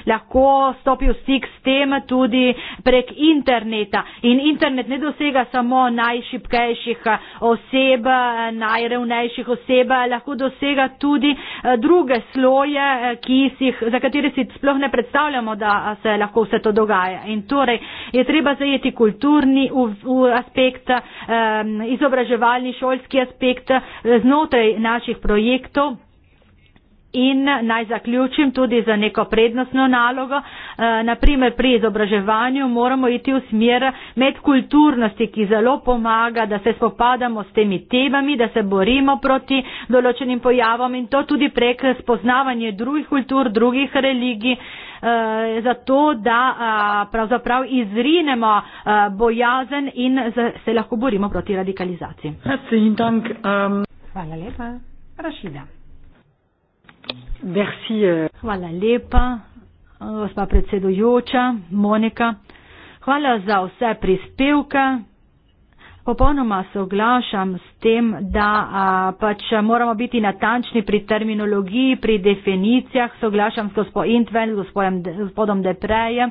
Lahko stopi stopil stik s tem tudi prek interneta. In internet ne dosega samo najšipkejših eh, oseb, eh, najrevnejših oseb, eh, lahko dosega tudi druge sloje, jih, za katere si sploh ne predstavljamo, da se lahko vse to dogaja. In torej je treba zajeti kulturni v, v aspekt, izobraževalni, šolski aspekt znotraj naših projektov. In naj zaključim tudi za neko prednostno nalogo, eh, naprimer pri izobraževanju moramo iti v smer medkulturnosti, ki zelo pomaga, da se spopadamo s temi temami, da se borimo proti določenim pojavom in to tudi prek spoznavanja drugih kultur, drugih religij, eh, zato da eh, pravzaprav izrinemo bojazen in se lahko borimo proti radikalizaciji. Ähm. Hvala lepa. Rašida. Merci. Eh. Hvala lepa, gospa predsedujoča Monika. Hvala za vse prispevke. Popolnoma se oglašam s tem, da a, pač moramo biti natančni pri terminologiji, pri definicijah. Se oglašam s gospod Intven, s gospodom Deprejem.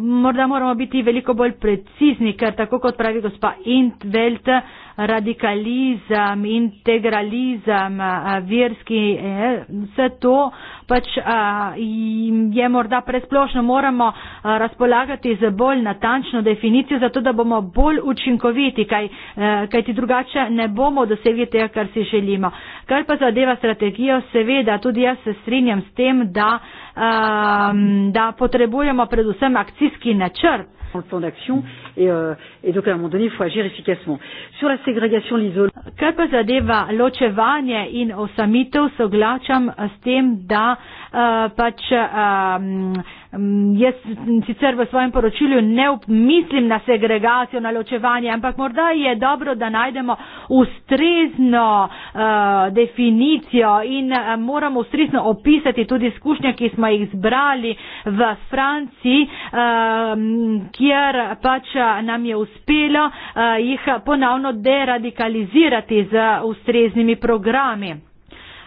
Morda moramo biti veliko bolj precizni, ker tako kot pravi gospa Intvelt, radikalizem, integralizem, verski, e, vse to pač je morda presplošno. Moramo razpolagati z bolj natančno definicijo, zato da bomo bolj učinkoviti, kaj, e, kaj ti drugače ne bomo dosegli tega, kar si želimo. Kar pa zadeva strategijo, seveda tudi jaz se strinjam s tem, da, da potrebujemo predvsem akcijski načrt. Euh, Sur la segregacijo izolacije. Kar pa zadeva ločevanje in osamitev, soglačam s tem, da Eh, pač jaz sicer v svojem poročilju ne mislim na segregacijo, na ločevanje, ampak morda je dobro, da najdemo ustrezno eh, definicijo in eh, moramo ustrezno opisati tudi izkušnje, ki smo jih zbrali v Franciji, kjer pač nam je uspelo jih ponovno deradikalizirati z ustreznimi programi.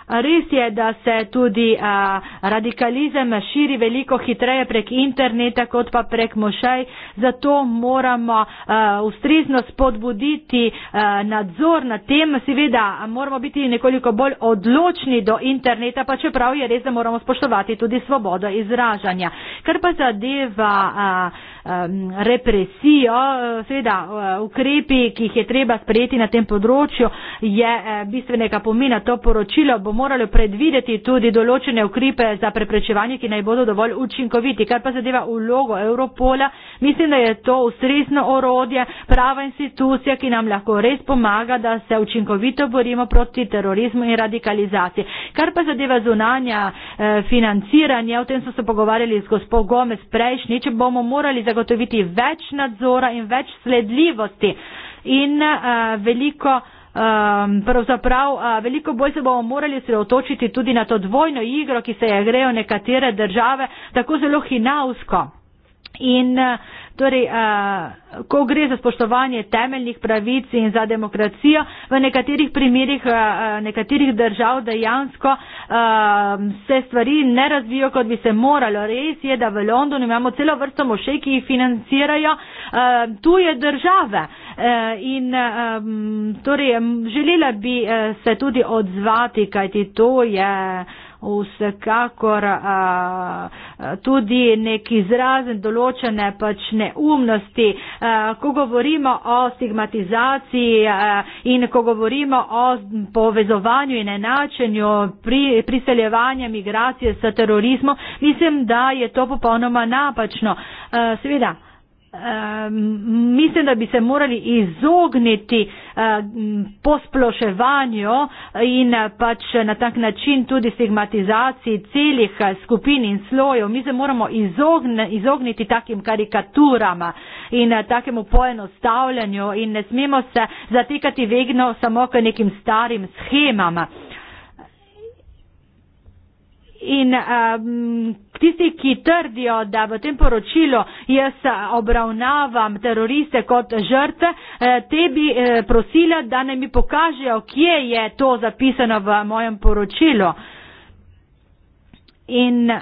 Res je, da se tudi a, radikalizem širi veliko hitreje prek interneta kot pa prek mošej, zato moramo a, ustrezno spodbuditi a, nadzor nad tem, seveda moramo biti nekoliko bolj odločni do interneta, pa čeprav je res, da moramo spoštovati tudi svobodo izražanja. Kar pa zadeva. A, um, represijo, seveda eh, ukrepi, ki jih je treba sprejeti na tem področju, je eh, bistvenega pomena. To poročilo bo moralo predvideti tudi določene ukrepe za preprečevanje, ki naj bodo dovolj učinkoviti. Kar pa zadeva ulogo Europola, mislim, da je to ustrezno orodje, prava institucija, ki nam lahko res pomaga, da se učinkovito borimo proti terorizmu in radikalizaciji. Kar pa zadeva zunanja eh, financiranja, o tem so se pogovarjali z gospod Gomez prejšnji, če bomo morali za zagotoviti več nadzora in več sledljivosti in uh, veliko, um, pravzaprav uh, veliko bolj se bomo morali sredotočiti tudi na to dvojno igro, ki se je grejo nekatere države tako zelo hinavsko. In eh, torej, eh, ko gre za spoštovanje temeljnih pravic in za demokracijo, v nekaterih primerjih, eh, nekaterih držav dejansko se stvari ne razvijo, kot bi se moralo. Res je, da v Londonu imamo celo vrsto mošej, ki jih financirajo tuje države. In mm, torej, želela bi se tudi odzvati, kajti to je vsekakor a, tudi nek izrazen določene pač neumnosti. A, ko govorimo o stigmatizaciji a, in ko govorimo o povezovanju in enačenju pri, priseljevanja migracije s terorizmom, mislim, da je to popolnoma napačno. A, seveda, mislim, da bi se morali izogniti posploševanju in eh, pač na tak način tudi stigmatizaciji celih eh, skupin in slojev. Mi se moramo izogniti takim karikaturama in eh, takemu poenostavljanju in ne smemo se zatikati vedno samo k nekim starim schemama in um, tisti, ki trdijo, da v tem poročilu jaz obravnavam teroriste kot žrtve, eh, te bi eh, prosila, da ne mi pokažejo, kje je to zapisano v mojem poročilu. In uh,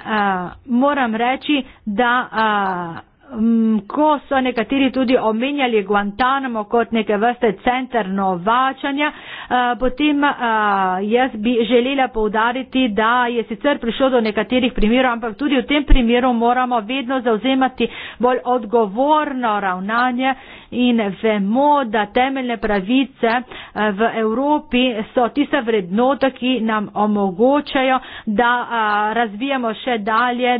moram reči, da. Uh, Mm, ko so nekateri tudi omenjali Guantanamo kot neke vrste centr novačanja, eh, potem eh, jaz bi želela povdariti, da je sicer prišlo do nekaterih primerov, ampak tudi v tem primeru moramo vedno zauzemati bolj odgovorno ravnanje in vemo, da temeljne pravice eh, v Evropi so tiste vrednote, ki nam omogočajo, da eh, razvijamo še dalje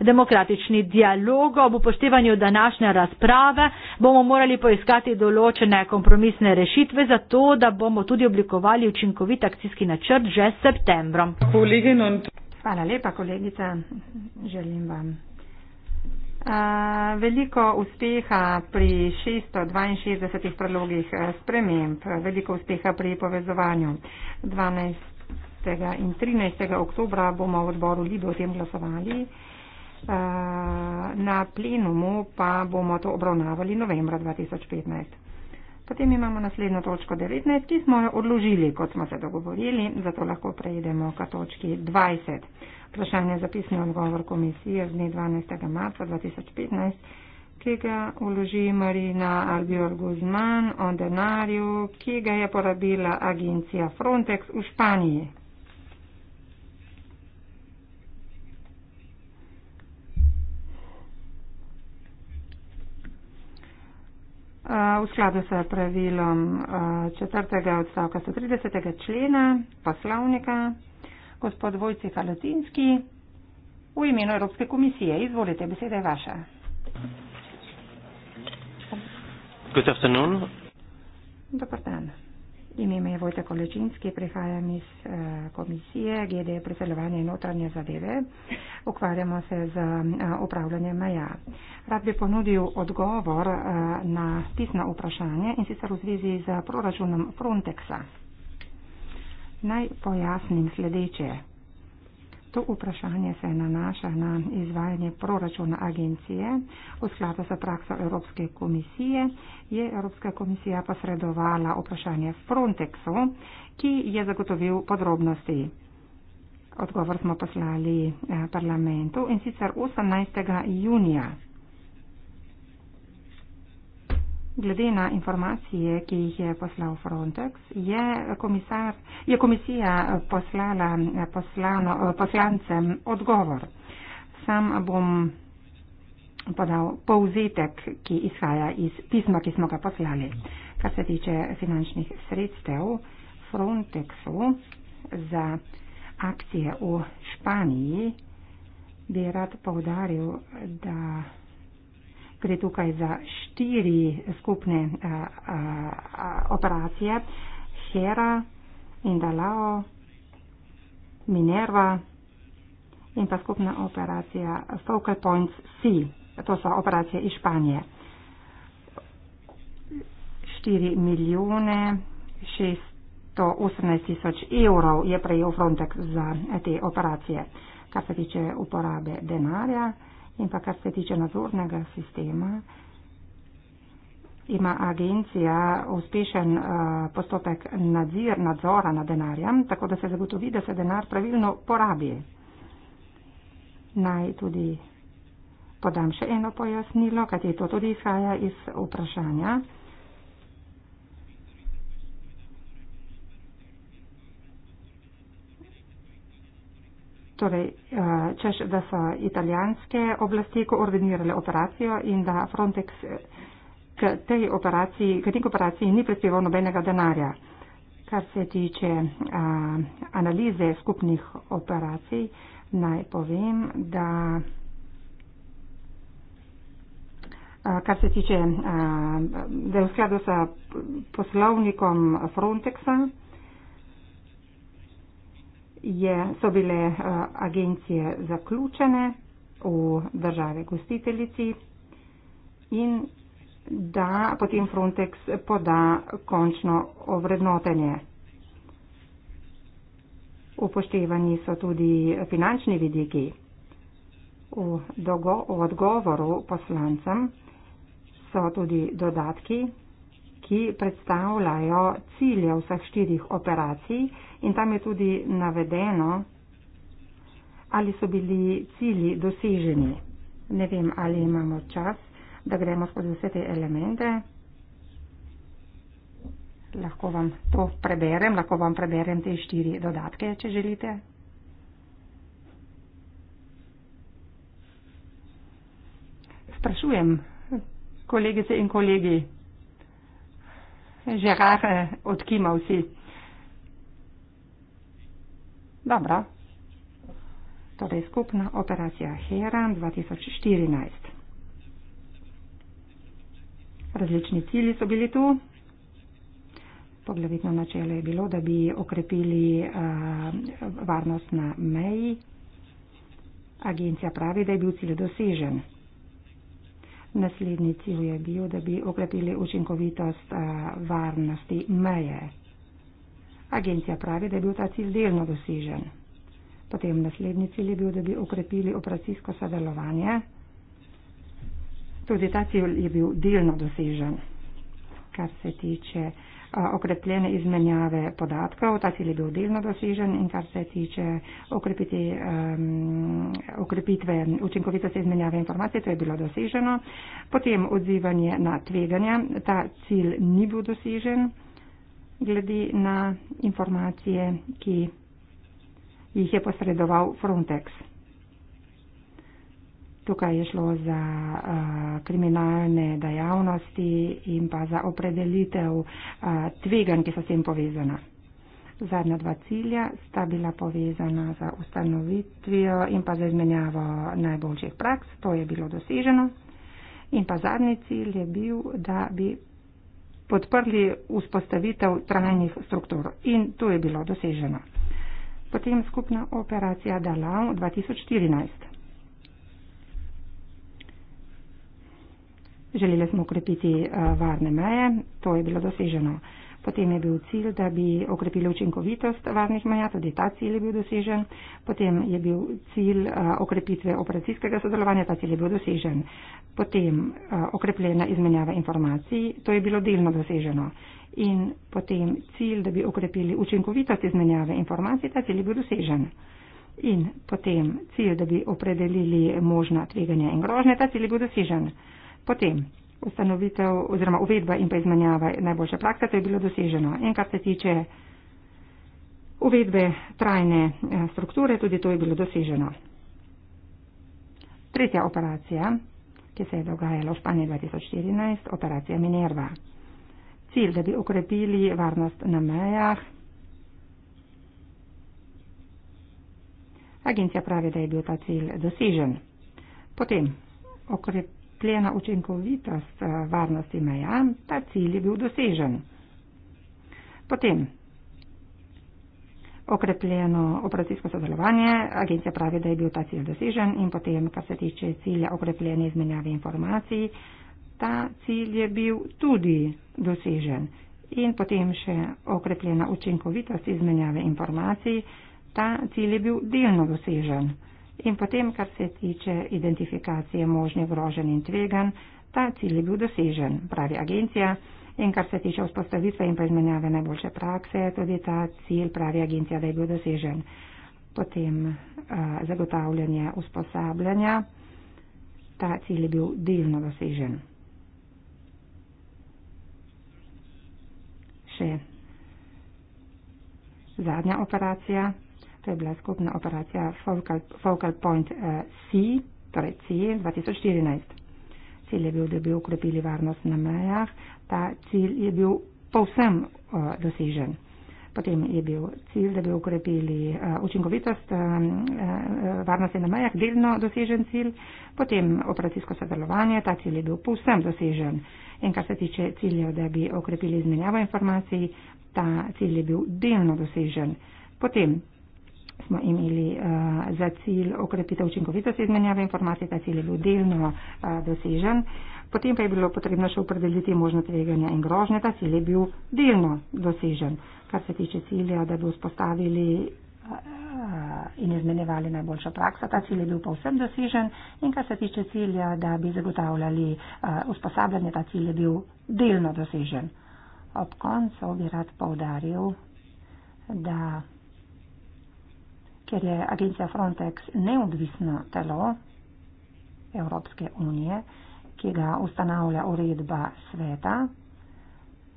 demokratični dialog. Ob upoštevanju današnje razprave bomo morali poiskati določene kompromisne rešitve za to, da bomo tudi oblikovali učinkovit akcijski načrt že s septembrom. Hvala lepa, kolegica. Želim vam veliko uspeha pri 662 predlogih eh, sprememb, veliko uspeha pri povezovanju. 12. in 13. oktobra bomo v odboru Libe o tem glasovali, na plenumu pa bomo to obravnavali novembra 2015. Potem imamo naslednjo točko 19, ki smo jo odložili, kot smo se dogovorili, zato lahko prejdemo k točki 20. Vprašanje zapisni odgovor komisije z dne 12. marca 2015, ki ga uloži Marina Albior Guzman o denarju, ki ga je porabila agencija Frontex v Španiji. V skladu s pravilom četrtega odstavka 130. člena poslovnika gospod Vojci Falotinski v imenu Evropske komisije. Izvolite, beseda je vaša. Dobro dan. Ime me je Vojta Kolečinski, prihajam iz eh, komisije GD preselovanje in notranje zadeve. Ukvarjamo se z eh, upravljanjem meja. Rad bi ponudil odgovor eh, na pisno vprašanje in sicer v zvezi z proračunom Frontexa. Naj pojasnim sledeče. To vprašanje se nanaša na izvajanje proračuna agencije. V skladu sa prakso Evropske komisije je Evropska komisija posredovala vprašanje Frontexu, ki je zagotovil podrobnosti. Odgovor smo poslali eh, parlamentu in sicer 18. junija. Glede na informacije, ki jih je poslal Frontex, je, komisar, je komisija poslala poslano, poslancem odgovor. Sam bom podal povzetek, ki izhaja iz pisma, ki smo ga poslali. Kar se tiče finančnih sredstev Frontexu za akcije v Španiji, bi rad povdaril, da gre tukaj za štiri skupne a, a, a, operacije, Hera, Indalao, Minerva in pa skupna operacija Focal Points C. To so operacije iz Španije. 4 milijone 618 tisoč evrov je prejel Frontex za eh, te operacije. Kar se tiče uporabe denarja, In pa kar se tiče nadzornega sistema, ima agencija uspešen uh, postopek nadzir, nadzora nad denarjem, tako da se zagotovi, da se denar pravilno porabi. Naj tudi podam še eno pojasnilo, kajti to tudi izhaja iz vprašanja. Torej, eh, češ, da so italijanske oblasti koordinirale operacijo in da Frontex eh, k tej operaciji, k tej operaciji ni prispeval nobenega denarja. Kar se tiče a, eh, analize skupnih operacij, naj povem, da kar se tiče, da je v skladu s poslovnikom Frontexa, je, so bile eh, agencije zaključene v države gostiteljici in da potem Frontex poda končno ovrednotenje. Upoštevani so tudi finančni vidiki. V, dogo, v odgovoru poslancem so tudi dodatki, sliki predstavljajo cilje vseh štirih operacij in tam je tudi navedeno, ali so bili cilji doseženi. Ne vem, ali imamo čas, da gremo skozi vse te elemente. Lahko vam to preberem, lahko vam preberem te štiri dodatke, če želite. Sprašujem, kolegice in kolegi. Žegar, eh, odkimal si. Dobro. Torej skupna operacija Heran 2014. Različni cilji so bili tu. Poglavitno načelo je bilo, da bi okrepili uh, varnost na meji. Agencija pravi, da je bil cilj dosežen. Naslednji cilj je bil, da bi okrepili učinkovitost eh, varnosti meje. Agencija pravi, da je bil ta cilj delno dosežen. Potem naslednji cilj je bil, da bi okrepili operacijsko sodelovanje. Tudi ta cilj je bil delno dosežen. Kar se tiče uh, okrepljene izmenjave podatkov. Ta cilj je bil delno dosežen in kar se tiče okrepiti, um, okrepitve učinkovitosti izmenjave informacij, to je bilo doseženo. Potem odzivanje na tveganja. Ta cilj ni bil dosežen glede na informacije, ki jih je posredoval Frontex. Tukaj je šlo za uh, kriminalne dejavnosti in pa za opredelitev uh, eh, tvegan, ki so s tem povezana. Zadnja dva cilja sta bila povezana za ustanovitvijo in pa za izmenjavo najboljših praks, to je bilo doseženo. In pa zadnji cilj je bil, da bi podprli vzpostavitev trajnih struktur in to je bilo doseženo. Potem skupna operacija Dalau 2014. Želeli smo ukrepiti eh, varne meje, to je bilo doseženo. Potem je bil cilj, da bi okrepili učinkovitost varnih meja, tudi ta cilj je bil dosežen. Potem je bil cilj eh, okrepitve operacijskega sodelovanja, ta cilj je bil dosežen. Potem eh, okrepljena izmenjava informacij, to je bilo delno doseženo. In potem cilj, da bi okrepili učinkovitost izmenjave informacij, ta cilj je bil dosežen. In potem cilj, da bi opredelili možna tveganja in grožnje, ta cilj je bil dosežen. Potem ustanovitev oziroma uvedba in pa izmenjava najboljše prakse, to je bilo doseženo. In kar se tiče uvedbe trajne eh, strukture, tudi to je bilo doseženo. Tretja operacija, ki se je dogajala v Španiji 2014, operacija Minerva. Cilj, da bi okrepili varnost na mejah. Agencija pravi, da je bil ta cilj dosežen. Potem okrepili okrepljena učinkovitost eh, varnosti meja, ta cilj je bil dosežen. Potem okrepljeno operacijsko sodelovanje, agencija pravi, da je bil ta cilj dosežen in potem, kar se tiče cilja okrepljene izmenjave informacij, ta cilj je bil tudi dosežen. In potem še okrepljena učinkovitost izmenjave informacij, ta cilj je bil delno dosežen. In potem, kar se tiče identifikacije možnih grožen in tvegan, ta cilj je bil dosežen, pravi agencija. In kar se tiče vzpostavitve in izmenjave najboljše prakse, tudi ta cilj pravi agencija, da je bil dosežen. Potem uh, zagotavljanje usposabljanja, ta cilj je bil delno dosežen. Še zadnja operacija. To je bila skupna operacija Focal, Focal Point eh, C, torej C 2014. Cilj je bil, da bi ukrepili varnost na mejah. Ta cilj je bil povsem uh, dosežen. Potem je bil cilj, da bi ukrepili uh, eh, učinkovitost uh, uh, varnosti na mejah, delno dosežen cilj. Potem operacijsko sodelovanje, ta cilj je bil povsem dosežen. In kar se tiče ciljev, da bi ukrepili izmenjavo informacij, ta cilj je bil delno dosežen. Potem smo imeli uh, za cilj okrepitev učinkovitosti izmenjave informacij, ta cilj je bil delno uh, dosežen. Potem pa je bilo potrebno še opredeliti možno tveganja in grožnje, ta cilj je bil delno dosežen, kar se tiče cilja, da bi vzpostavili eh, in izmenjevali najboljša praksa. Ta cilj je bil pa vsem dosežen in kar se tiče cilja, da bi zagotavljali usposabljanje, ta cilj je bil delno dosežen. Ob koncu bi rad povdaril, da ker je agencija Frontex neodvisno telo Evropske unije, ki ga ustanavlja uredba sveta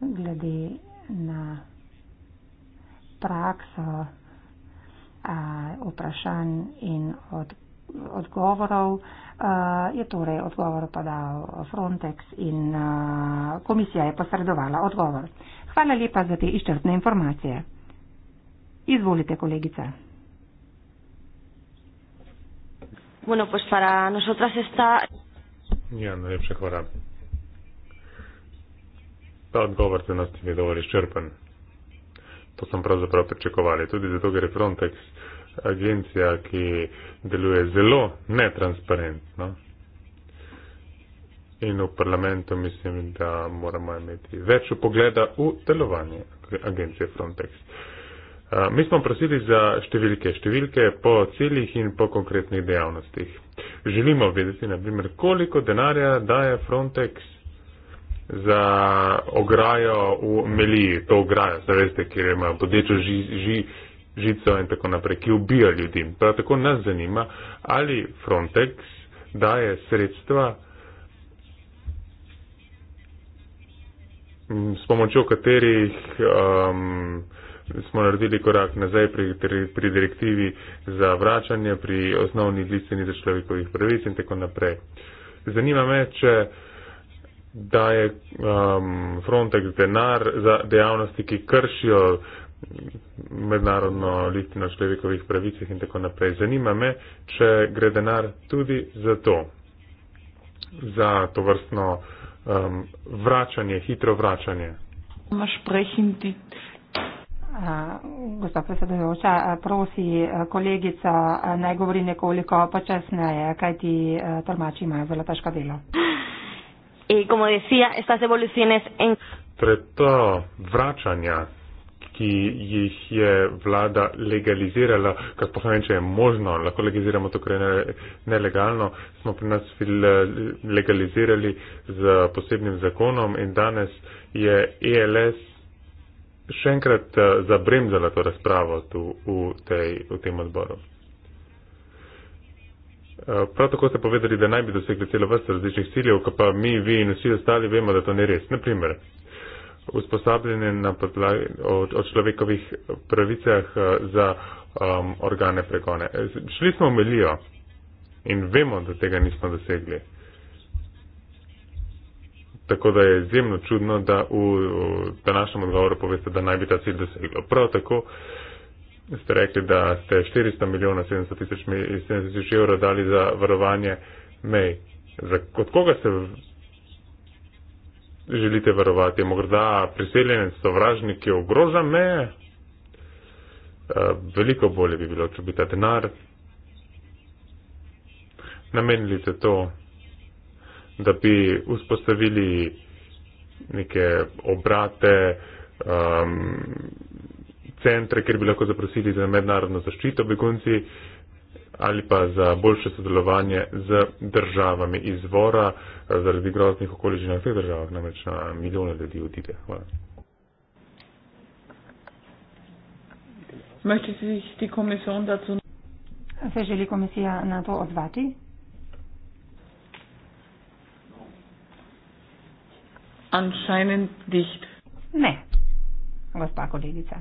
glede na prakso a, vprašanj in od, odgovorov, a, je torej odgovor podal Frontex in a, komisija je posredovala odgovor. Hvala lepa za te izčrpne informacije. Izvolite, kolegica. Bueno, pues para nosotras está. Ja, najlepša hvala. Ta odgovor se nas je dovolj izčrpen. To sem pravzaprav pričakovali. Tudi zato, ker je Frontex agencija, ki deluje zelo netransparentno. In v parlamentu mislim, da moramo imeti več pogleda v delovanje agencije Frontex. Uh, Mi smo prosili za številke, številke po ciljih in po konkretnih dejavnostih. Želimo vedeti, na primer, koliko denarja daje Frontex za ograjo v Meliji, to ograjo, veste, kjer ima podečo ži, ži, žico in tako naprej, ki ubija ljudi. Prav tako nas zanima, ali Frontex daje sredstva, s pomočjo katerih um, smo naredili korak nazaj pri, pri, pri direktivi za vračanje, pri osnovni listini za človekovih pravic in tako naprej. Zanima me, če daje um, Frontex denar za dejavnosti, ki kršijo mednarodno listino človekovih pravic in tako naprej. Zanima me, če gre denar tudi za to, za to vrstno um, vračanje, hitro vračanje. Sprechen die gospod predsedujoča, prosi eh, kolegica, eh, naj govori nekoliko počasneje, kajti eh, tolmači imajo zelo težko delo. Pred to vračanja, ki jih je vlada legalizirala, kar pomeni, če je možno, lahko legaliziramo to, kar je nelegalno, smo pri nas legalizirali z posebnim zakonom in danes je ELS še enkrat eh, zabremzala to razpravo tu v, tej, v tem odboru. Eh, prav tako ste povedali, da naj bi dosegli celo vrsto različnih ciljev, ko pa mi, vi in vsi ostali vemo, da to ni res. Naprimer, usposabljanje na podlagi o, o človekovih pravicah eh, za um, organe pregone. Šli smo v Melijo in vemo, da tega nismo dosegli. Tako da je izjemno čudno, da v današnjem odgovoru poveste, da naj bi ta cilj doseglo. Prav tako ste rekli, da ste 400 milijonov 700 tisoč evrov dali za varovanje mej. Za, od koga se želite varovati? Morda priseljenec, sovražnik, ki ogroža meje? Eh, veliko bolje bi bilo, če bi ta denar namenili za to da bi vzpostavili neke obrate, um, centre, kjer bi lahko zaprosili za mednarodno zaščito begunci ali pa za boljše sodelovanje z državami izvora eh, zaradi groznih okoliščin v teh državah, namreč na milijone ljudi odide. Hvala. Möchte sich die Kommission dazu? Möchte sich die Kommission dazu antworten? anscheinend nicht. Ne, gospa kolegica.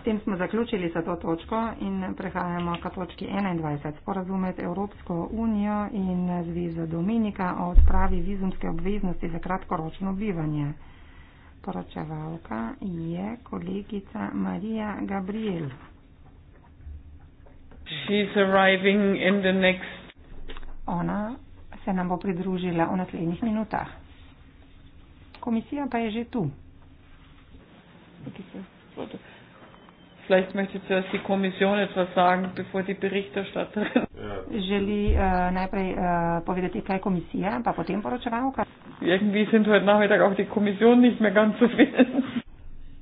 S tem smo zaključili za to točko in prehajamo k točki 21. Sporazum med Evropsko unijo in Zvezo Dominika o odpravi vizumske obveznosti za kratkoročno bivanje. Poročevalka je kolegica Marija Gabriel. She's arriving in the next ona se nam bo pridružila v naslednjih minutah. Komisija pa je že tu. Ja. Želi uh, najprej uh, povedati, kaj je komisija, pa potem poročevalka.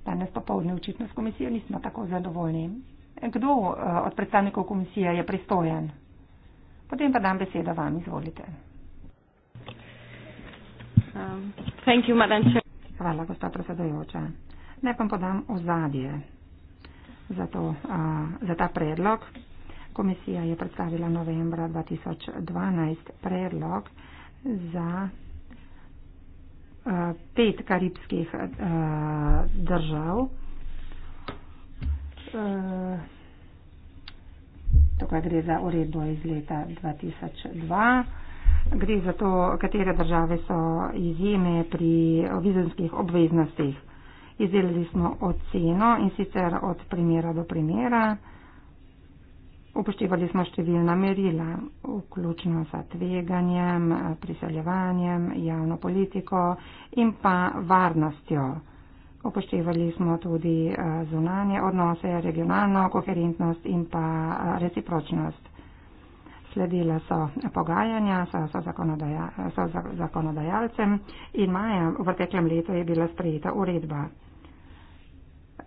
Danes popovdne očitno s komisijo nismo tako zadovoljni. Kdo uh, od predstavnikov komisije je pristojen? Potem pa dam besedo vam, izvolite. Um, Hvala, gospa predsedojoča. Naj vam podam ozadje za, to, uh, za ta predlog. Komisija je predstavila novembra 2012 predlog za uh, pet karibskih uh, držav. Uh, Tukaj gre za uredbo iz leta 2002. Gre za to, katere države so izjeme pri vizumskih obveznostih. Izdelali smo oceno in sicer od primera do primera. Upoštevali smo številna merila, vključno sa tveganjem, priseljevanjem, javno politiko in pa varnostjo. Upoštevali smo tudi eh, zunanje odnose, regionalno koherentnost in pa eh, recipročnost. Sledila so pogajanja s zakonodaja, zakonodajalcem in maja v preteklem letu je bila sprejeta uredba.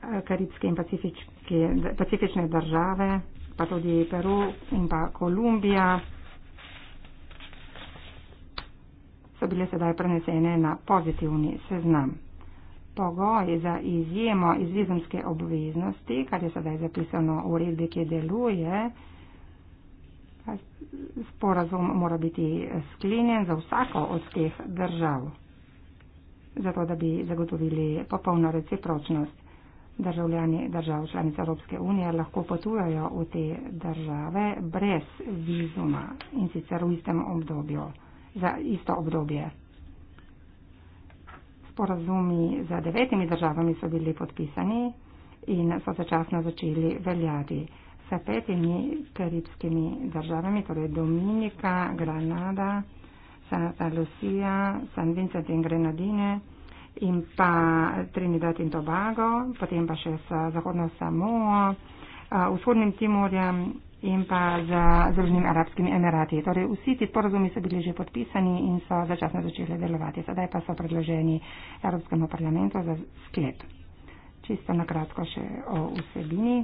Eh, karibske in pacifične države, pa tudi Peru in pa Kolumbija so bile sedaj prenesene na pozitivni seznam pogoj za izjemo iz vizumske obveznosti, kar je sedaj zapisano v uredbi, ki deluje, sporazum mora biti sklenjen za vsako od teh držav, zato da bi zagotovili popolno recipročnost. Državljani držav članic Evropske unije lahko potujejo v te države brez vizuma in sicer v istem obdobju, za isto obdobje sporazumi z devetimi državami so bili podpisani in so začasno začeli veljati. S petimi karibskimi državami, torej Dominika, Granada, Santa Lucia, San Vincent in Grenadine in pa Trinidad in Tobago, potem pa še z Zahodno Samo, eh, vzhodnim Timorjem in pa za Združenimi arabskimi emirati. Torej, vsi ti porazumi so bili že podpisani in so začasno začeli delovati. Sedaj pa so predloženi Evropskemu parlamentu za sklep. Čisto nakratko še o vsebini.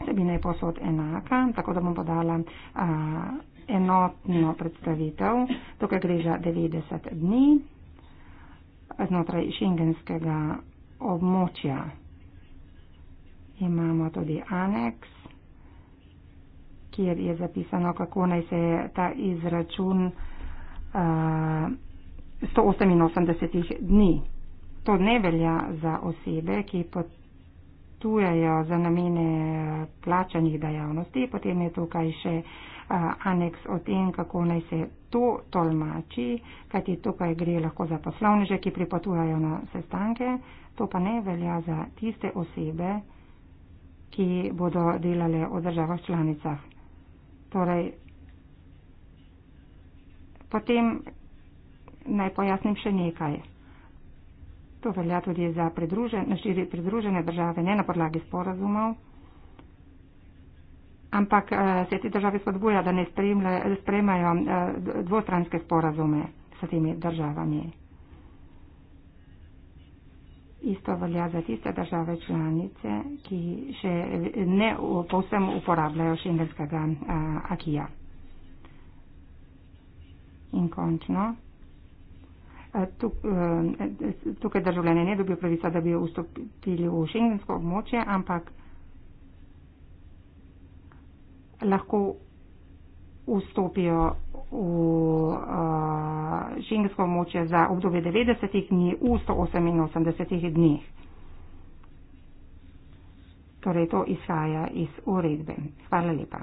Vsebina je posod enaka, tako da bom podala a, enotno predstavitev. Tukaj gre za 90 dni znotraj šengenskega območja. Imamo tudi aneks kjer je zapisano, kako naj se ta izračun uh, eh, 188 dni. To ne velja za osebe, ki potujejo za namene eh, plačanih dejavnosti. Potem je tukaj še uh, aneks o tem, kako naj se to tolmači, kajti tukaj gre lahko za poslovneže, ki pripotujajo na sestanke. To pa ne velja za tiste osebe, ki bodo delale v državah članicah. Torej, potem naj pojasnim še nekaj. To velja tudi za pridružene, širi pridružene države, ne na podlagi sporazumov. Ampak eh, se ti države spodbuja, da ne spremljajo eh, dvostranske sporazume s temi državami isto velja za tiste države članice, ki še ne povsem uporabljajo šengenskega akija. In končno, tukaj državljane ne dobijo pravica, da bi vstopili v šengensko območje, ampak lahko vstopijo v uh, šengensko območje za obdobje 90 dni v 188 dneh. Torej, to izhaja iz uredbe. Hvala lepa.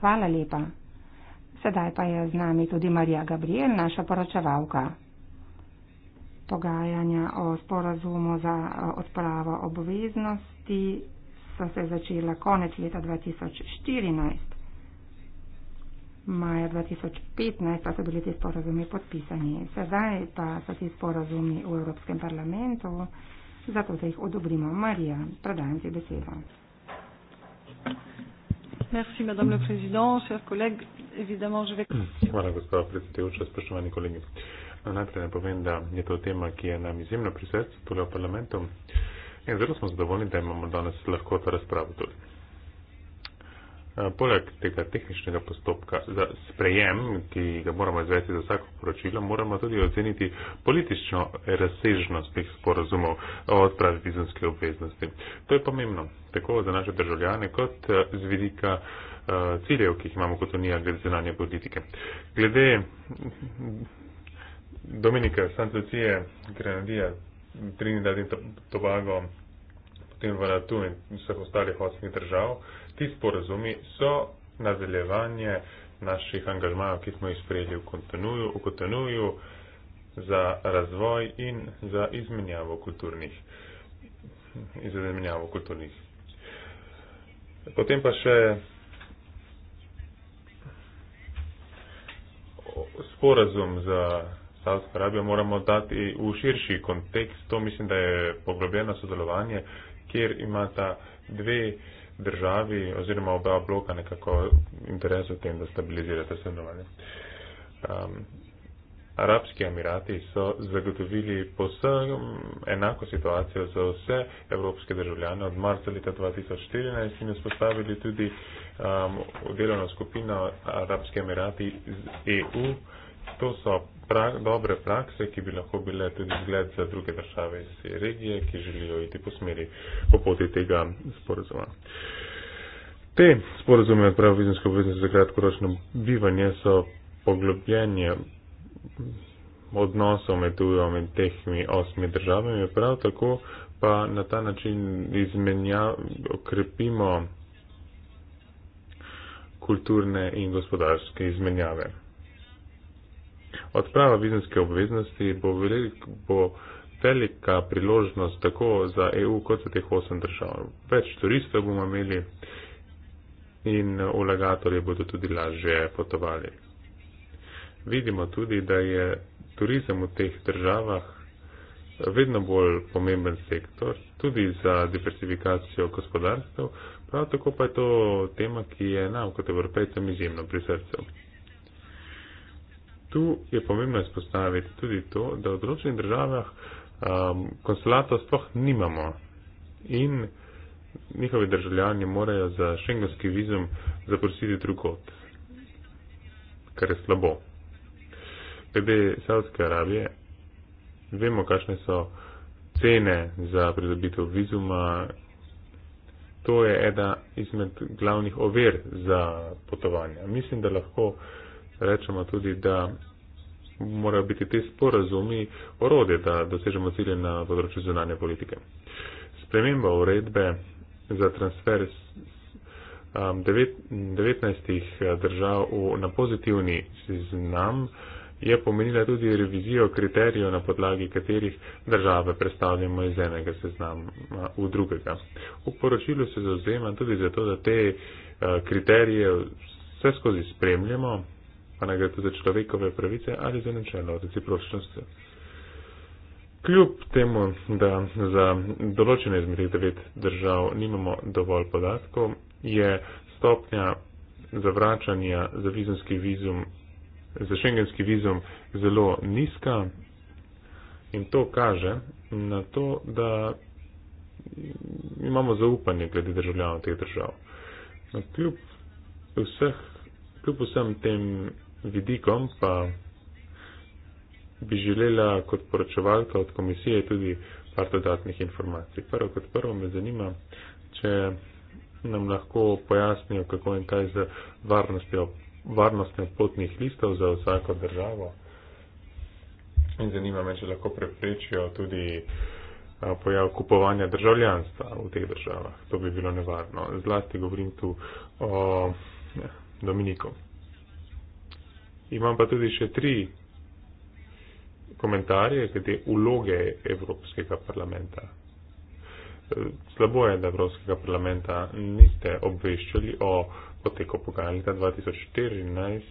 Hvala lepa. Sedaj pa je z nami tudi Marija Gabriel, naša poročevalka. Pogajanja o sporazumu za eh, odpravo obveznosti so se začele konec leta 2014. Maja 2015 pa so bili ti sporozumi podpisani. Sedaj pa so ti sporozumi v Evropskem parlamentu, zato se jih odobrimo. Marija, predajam ti besedo. Merci, madame le président, cher collègue. Evidemment, je vais... Hvala, gospod predsedujoča, spoštovani kolegi. Najprej ne povem, da je to tema, ki je nam izjemno pri srcu, tole v parlamentu. Uh, In zelo smo zadovoljni, da imamo danes lahko to razpravo tudi. E, poleg tega tehničnega postopka za sprejem, ki ga moramo izvesti za vsako poročilo, moramo tudi oceniti politično razsežnost teh sporozumov o odpravi vizumske obveznosti. To je pomembno, tako za naše državljane, kot e, z vidika e, ciljev, ki jih imamo kot unija glede zunanje politike. Glede Dominika Santucije, Grenadija, Trinidad in Tobago, potem Vanatu in vseh ostalih osmih držav. Ti sporozumi so nadaljevanje naših angažmajev, ki smo jih sprejeli v Kotonuju, v Kotonuju za razvoj in za izmenjavo kulturnih. Izmenjavo kulturnih. Potem pa še sporazum za Savs Arabijo moramo dati v širši kontekst. To mislim, da je poglobljeno sodelovanje, kjer imata dve državi oziroma oba bloka nekako interes v tem, da stabilizirate sodelovanje. Um, Arabski emirati so zagotovili posebno enako situacijo za vse evropske državljane od marca leta 2014 in vzpostavili tudi um, delovno skupino Arabski emirati z EU. To so pra, dobre prakse, ki bi lahko bile tudi zgled za druge države iz regije, ki želijo iti po smeri po poti tega sporozuma. Te sporozume o pravi vizijske obveznosti za kratkoročno bivanje so poglobljenje odnosov med tujo in tehmi osmi državami, prav tako pa na ta način izmenja, okrepimo kulturne in gospodarske izmenjave. Odprava vizijske obveznosti bo, velik, bo velika priložnost tako za EU kot za teh osem držav. Več turistov bomo imeli in vlagatelji bodo tudi lažje potovali. Vidimo tudi, da je turizem v teh državah vedno bolj pomemben sektor, tudi za diversifikacijo gospodarstva, prav tako pa je to tema, ki je nam kot evropejcem izjemno pri srcu. Tu je pomembno izpostaviti tudi to, da v določenih državah um, konsulatov sploh nimamo in njihovi državljani morajo za šengenski vizum zaprositi drugot, kar je slabo. Glede Saudske Arabije, vemo, kakšne so cene za pridobitev vizuma. To je ena izmed glavnih ovir za potovanja. Mislim, da lahko rečemo tudi, da morajo biti te sporazumi orodje, da dosežemo cilje na področju zunanje politike. Sprememba uredbe za transfer 19 um, eh, držav na pozitivni seznam je pomenila tudi revizijo kriterijev, na podlagi katerih države predstavljamo iz enega seznama v drugega. V poročilu se zauzemam tudi za to, da te eh, kriterije vse skozi spremljamo pa naj gre to za človekove pravice ali za načelo recipročnosti. Kljub temu, da za določene izmed teh devet držav nimamo dovolj podatkov, je stopnja zavračanja za vizumski vizum, za šengenski vizum zelo nizka in to kaže na to, da imamo zaupanje glede državljanov teh držav. No, kljub, vseh, kljub vsem tem vidikom pa bi želela kot poročevalka od komisije tudi par dodatnih informacij. Prvo kot prvo me zanima, če nam lahko pojasnijo, kako in kaj z varnostjo, varnostjo potnih listov za vsako državo. In zanima me, če lahko preprečijo tudi pojav kupovanja državljanstva v teh državah. To bi bilo nevarno. Zlasti govorim tu o ja, Dominiku imam pa tudi še tri komentarje glede uloge Evropskega parlamenta. Slabo je, da Evropskega parlamenta niste obveščali o poteku pogajalnika 2014,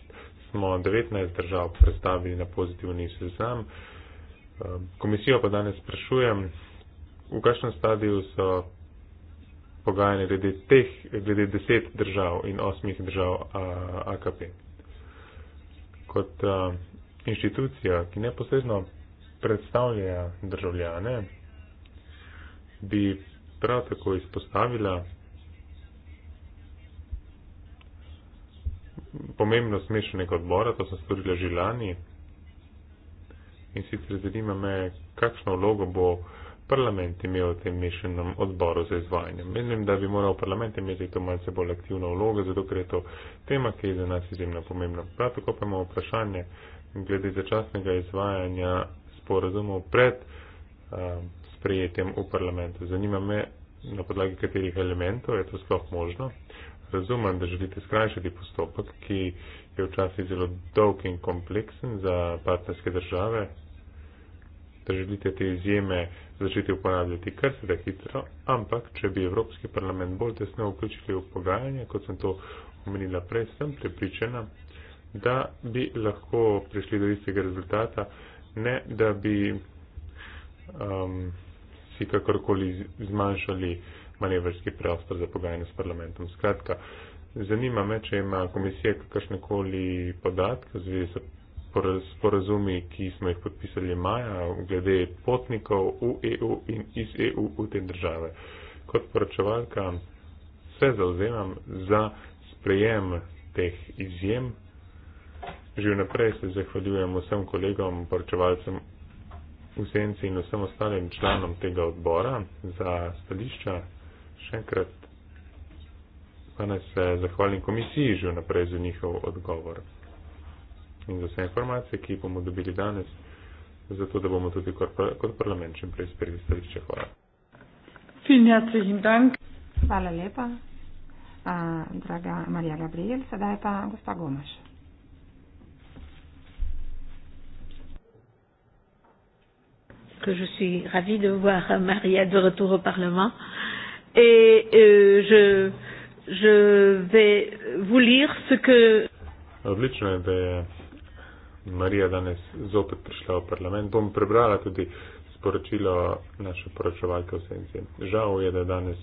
smo 19 držav predstavili na pozitivni seznam. Ehm, komisijo pa danes sprašujem, v kakšnem stadiju so pogajanje glede teh, glede deset držav in osmih držav AKP kot uh, inštitucija, ki neposredno predstavlja državljane, bi prav tako izpostavila pomembno smešnega odbora, to sem storila že lani. In sicer zanima me, kakšno vlogo bo uh, parlament imel v tem mešanem odboru za izvajanje. Menim, da bi moral parlament imeti to malce bolj aktivno vlogo, zato ker je to tema, ki je za nas izjemno pomembna. Prav tako pa imamo vprašanje glede začasnega izvajanja sporazumov pred uh, sprejetjem v parlamentu. Zanima me, na podlagi katerih elementov je to sploh možno. Razumem, da želite skrajšati postopek, ki je včasih zelo dolg in kompleksen za partnerske države, da želite te izjeme začeti uporabljati kar se da hitro, ampak če bi Evropski parlament bolj tesno vključili v pogajanje, kot sem to omenila prej, sem prepričana, da bi lahko prišli do istega rezultata, ne da bi um, si kakorkoli zmanjšali manevrski prostor za pogajanje s parlamentom. Skratka, zanima me, če ima komisija kakršnekoli podatke v zvezi s sporazumi, ki smo jih podpisali maja, glede potnikov v EU in iz EU v te države. Kot poročevalka se zauzemam za sprejem teh izjem. Že vnaprej se zahvaljujem vsem kolegom, poročevalcem v senci in vsem ostalim članom tega odbora za stališča. Še enkrat pa naj se zahvalim komisiji že vnaprej za njihov odgovor in za vse informacije, ki bomo dobili danes, zato da bomo tudi kot parlament čim prej sprejeli stališče. Hvala. Hvala lepa, uh, draga Marija Gabriel. Sedaj pa gospa Gomaš. Je suis ravie de voir Maria de retour au Parlement et euh, je, je vais vous lire ce que. Obligé, mais... Marija danes zopet prišla v parlament. Bom prebrala tudi sporočilo naše poročevalke v senci. Žal je, da danes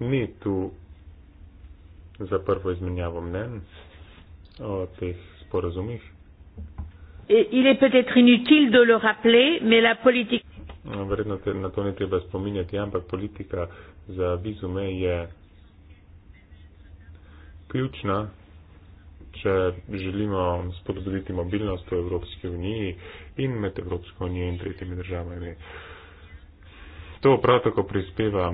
ni tu za prvo izmenjavo mnen o teh sporazumih. E, no, verjetno te, na to ni treba spominjati, ampak politika za vizume je ključna če želimo spodbuditi mobilnost v Evropski uniji in med Evropsko unijo in tretjimi državami. To prav tako prispeva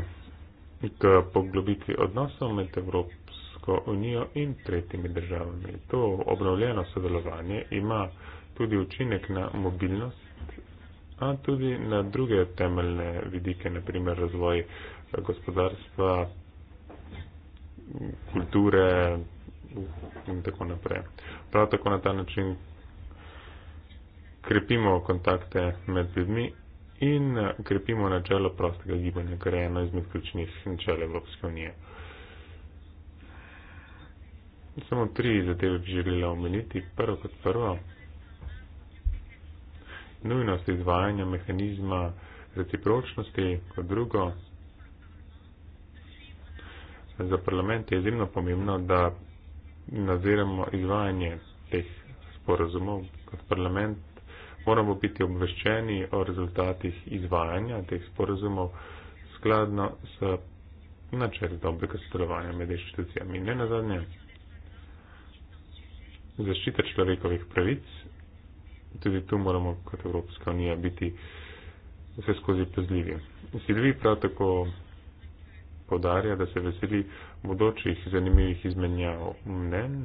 k poglobiti odnosov med Evropsko unijo in tretjimi državami. To obnovljeno sodelovanje ima tudi učinek na mobilnost, a tudi na druge temeljne vidike, naprimer razvoj gospodarstva, kulture, in tako naprej. Prav tako na ta način krepimo kontakte med ljudmi in eh, krepimo načelo prostega gibanja, kar je eno izmed ključnih načel Evropske unije. Samo tri zadeve bi želela omeniti. Prvo kot prvo, nujnost izvajanja mehanizma recipročnosti, kot drugo, za parlament je izjemno pomembno, da nadziramo izvajanje teh sporazumov kot parlament, moramo biti obveščeni o rezultatih izvajanja teh sporazumov skladno s načeli dobrega sodelovanja med inštitucijami. Ne nazadnje, zaščita človekovih pravic, tudi tu moramo kot Evropska unija biti vse skozi pozljivi. Sedvi prav tako podarja, da se veseli bodočih zanimivih izmenjav mnen,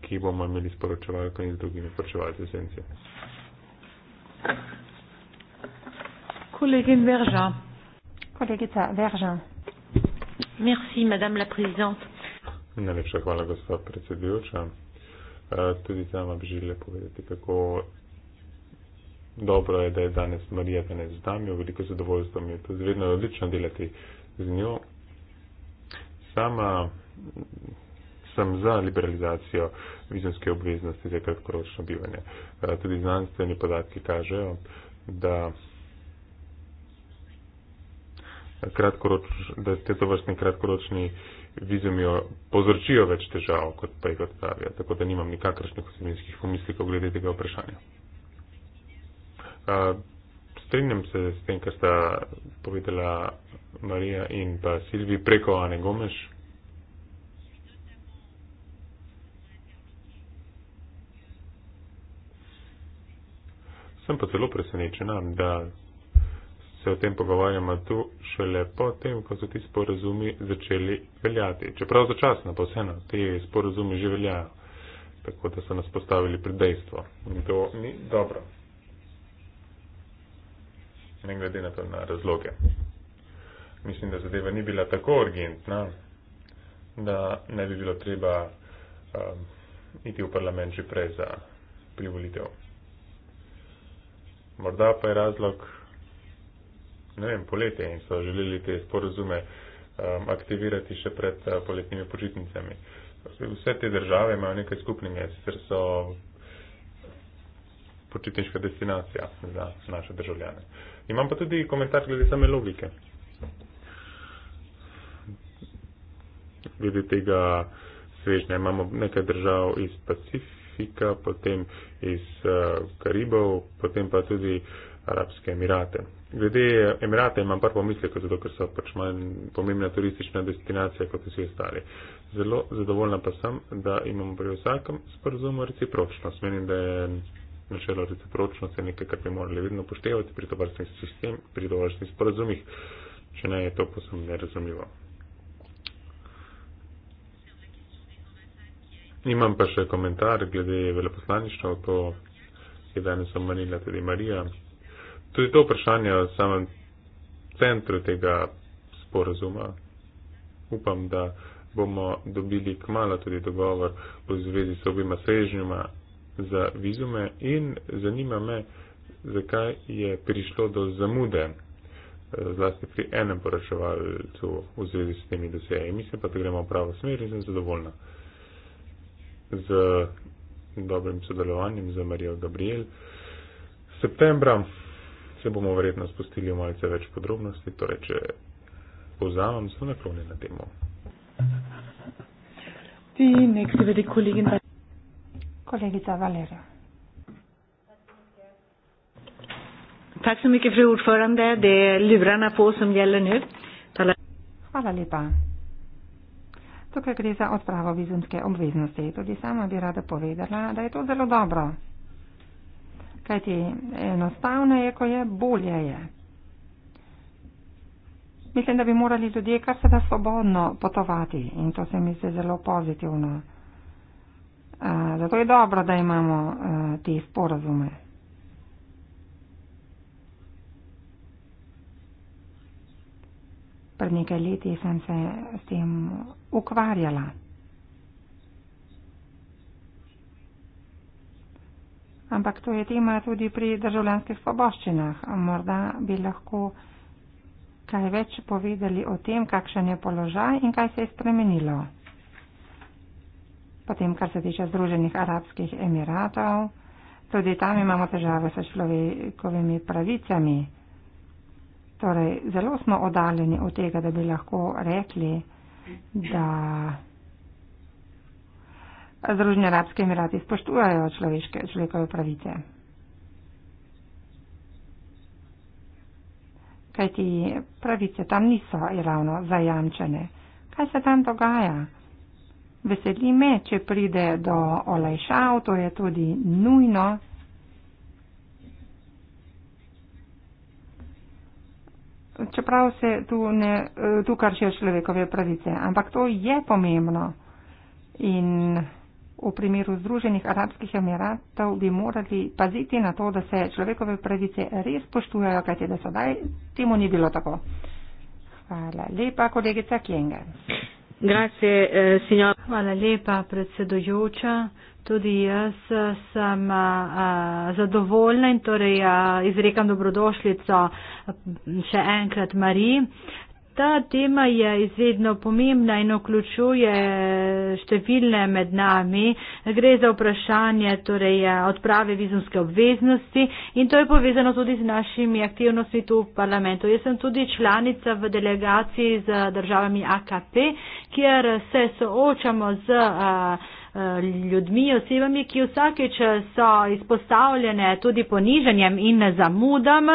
ki bomo imeli s poročevalkami in z drugimi poročevalci esencije. Kolegin Verža. Kolegica Verža. Merci, madame la présidente. Najlepša hvala, gospod predsedujoča. Eh, tudi sam vam želim povedati, kako dobro je, da je danes Marija danes z nami. Veliko zadovoljstvo mi je to. Vedno je odlično delati z njo. Sama sem za liberalizacijo vizumske obveznosti za kratkoročno bivanje. Eh, tudi znanstveni podatki kažejo, da da te to vrstne kratkoročni vizumi povzročijo več težav, kot pa jih odpravijo. Tako da nimam nikakršnih osebinskih pomislikov glede tega vprašanja. Eh, strinjam se s tem, kar sta povedala Marija in pa Silvi preko Ane Gomeš. Sem pa zelo presenečena, da se o tem pogovarjamo tu šele po tem, ko so ti sporazumi začeli veljati. Čeprav začasno, pa vseeno, ti sporazumi že veljajo. Tako da so nas postavili pred dejstvo. In to ni dobro ne glede na to na razloge. Mislim, da zadeva ni bila tako urgentna, da ne bi bilo treba um, iti v parlament že prej za privolitev. Morda pa je razlog, ne vem, poletje in so želeli te sporozume um, aktivirati še pred uh, poletnimi počitnicami. Vse te države imajo nekaj skupnega, sicer so počitniška destinacija za naše državljane. Uh, Imam pa tudi komentar glede same logike. Glede tega svežnja imamo nekaj držav iz Pacifika, potem iz uh, Karibov, potem pa tudi Arabske Emirate. Glede Emirate imam par pomisleka, zato ker so pač manj pomembna turistična destinacija kot vsi ostali. Zelo zadovoljna pa sem, da imamo pri vsakem sporozumu recipročnost. Menim, da je načelo recipročnosti je nekaj, kar bi morali vedno poštevati pri tovrstnih sistem, pri tovrstnih sporazumih. Če ne, je to posebno nerazumljivo. Imam pa še komentar glede veleposlaništva, to je danes omenila tudi Marija. Tudi to vprašanje o samem centru tega sporazuma. Upam, da bomo dobili kmalo tudi dogovor v zvezi s obima svežnjima za vizume in zanima me, zakaj je prišlo do zamude eh, zlasti pri enem poraševalcu v zvezi s temi dosejami. Mislim pa, da gremo v pravo smer in sem zadovoljna z dobrim sodelovanjem z Marijo Gabriel. Septembra se bomo verjetno spustili v malce več podrobnosti, torej če povzamem, sem naklonjen na temo. Ti nek seveda kolegin kolegica Valera. Tack så mycket, fru ordförande. Det är lurarna på som gäller nu. Hvala lepa. Tukaj gre za odpravo vizumske obveznosti. Tudi sama bi rada povedala, da je to zelo dobro. Kajti enostavno je, ko je bolje je. Mislim, da bi morali ljudje kar se da svobodno potovati in to se mi zdi zelo pozitivno zato je dobro, da imamo uh, te sporazume. Pred nekaj leti sem se s tem ukvarjala. Ampak to je tema tudi pri državljanskih svoboščinah. Morda bi lahko kaj več povedali o tem, kakšen je položaj in kaj se je spremenilo. Potem, kar se tiče Združenih arabskih emiratov, tudi tam imamo težave s človekovimi pravicami. Torej, zelo smo oddaljeni od tega, da bi lahko rekli, da Združeni arabski emirati spoštujajo človekove pravice. Kajti pravice tam niso ravno zajamčene. Kaj se tam dogaja? Veseli me, če pride do olajšav, to je tudi nujno. Čeprav se tu, ne, tu karšijo človekove pravice, ampak to je pomembno. In v primeru Združenih arabskih emiratov bi morali paziti na to, da se človekove pravice res poštujejo, kajti da sedaj temu ni bilo tako. Hvala lepa, kolegica Kjenge. Grazie, eh, Hvala lepa, predsedujoča. Tudi jaz eh, sem a, eh, eh, zadovoljna in torej a, izrekam dobrodošljico še enkrat Mariji. Ta tema je izredno pomembna in vključuje številne med nami. Gre za vprašanje torej, odprave vizumske obveznosti in to je povezano tudi z našimi aktivnostmi tu v parlamentu. Jaz sem tudi članica v delegaciji z državami AKP, kjer se soočamo z. Uh, ljudmi, osebami, ki vsakeč so izpostavljene tudi ponižanjem in zamudam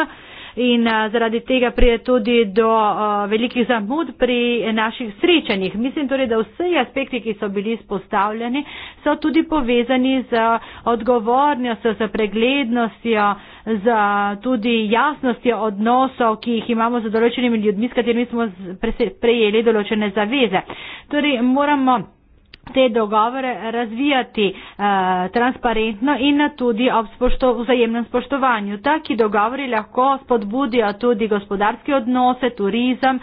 in eh, zaradi tega prije tudi do eh, velikih zamud pri naših srečanjih. Mislim torej, da vse aspekti, ki so bili spostavljeni, so tudi povezani z odgovornostjo, z preglednostjo, z tudi jasnostjo odnosov, ki jih imamo z določenimi ljudmi, s katerimi smo prejeli določene zaveze. Torej, moramo te dogovore razvijati eh, transparentno in tudi ob spošto, vzajemnem spoštovanju. Taki dogovori lahko spodbudijo tudi gospodarske odnose, turizem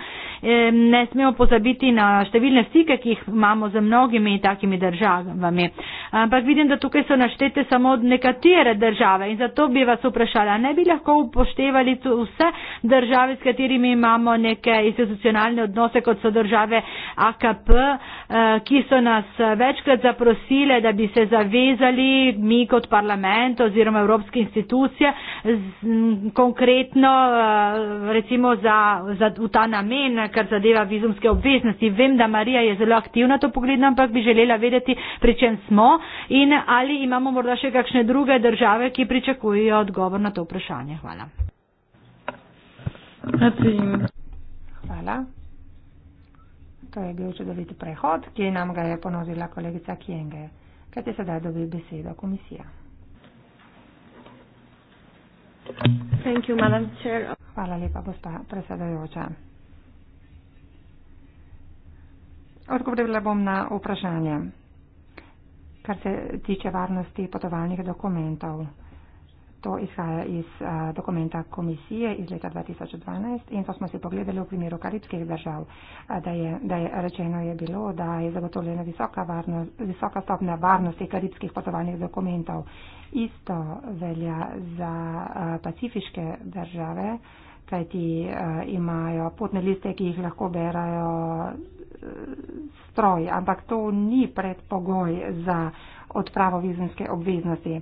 ne smemo pozabiti na številne stike, ki jih imamo z mnogimi takimi državami. Ampak vidim, da tukaj so naštete samo nekatere države in zato bi vas vprašala, ne bi lahko upoštevali vse države, s katerimi imamo neke institucionalne odnose, kot so države AKP, eh, ki so nas večkrat zaprosile, da bi se zavezali mi kot parlament oziroma evropske institucije konkretno eh, recimo za, za, v ta namen kar zadeva vizumske obveznosti. Vem, da Marija je zelo aktivna to pogled, ampak bi želela vedeti, pri čem smo in ali imamo morda še kakšne druge države, ki pričakujejo odgovor na to vprašanje. Hvala. Hvala. To je bil čudovit prehod, ki nam ga je ponovila kolegica Kienge. Kaj te sedaj dobi besedo komisija? Hvala lepa, gospa predsedajoča. Odgovorila bom na vprašanje, kar se tiče varnosti potovalnih dokumentov. To izhaja iz uh, dokumenta komisije iz leta 2012 in to smo si pogledali v primeru karibskih držav, da je, da je rečeno je bilo, da je zagotovljena visoka, varnost, visoka stopna varnosti karibskih potovalnih dokumentov. Isto velja za uh, pacifiške države, kajti uh, imajo potne liste, ki jih lahko berajo stroj, ampak to ni predpogoj za odpravo vizumske obveznosti.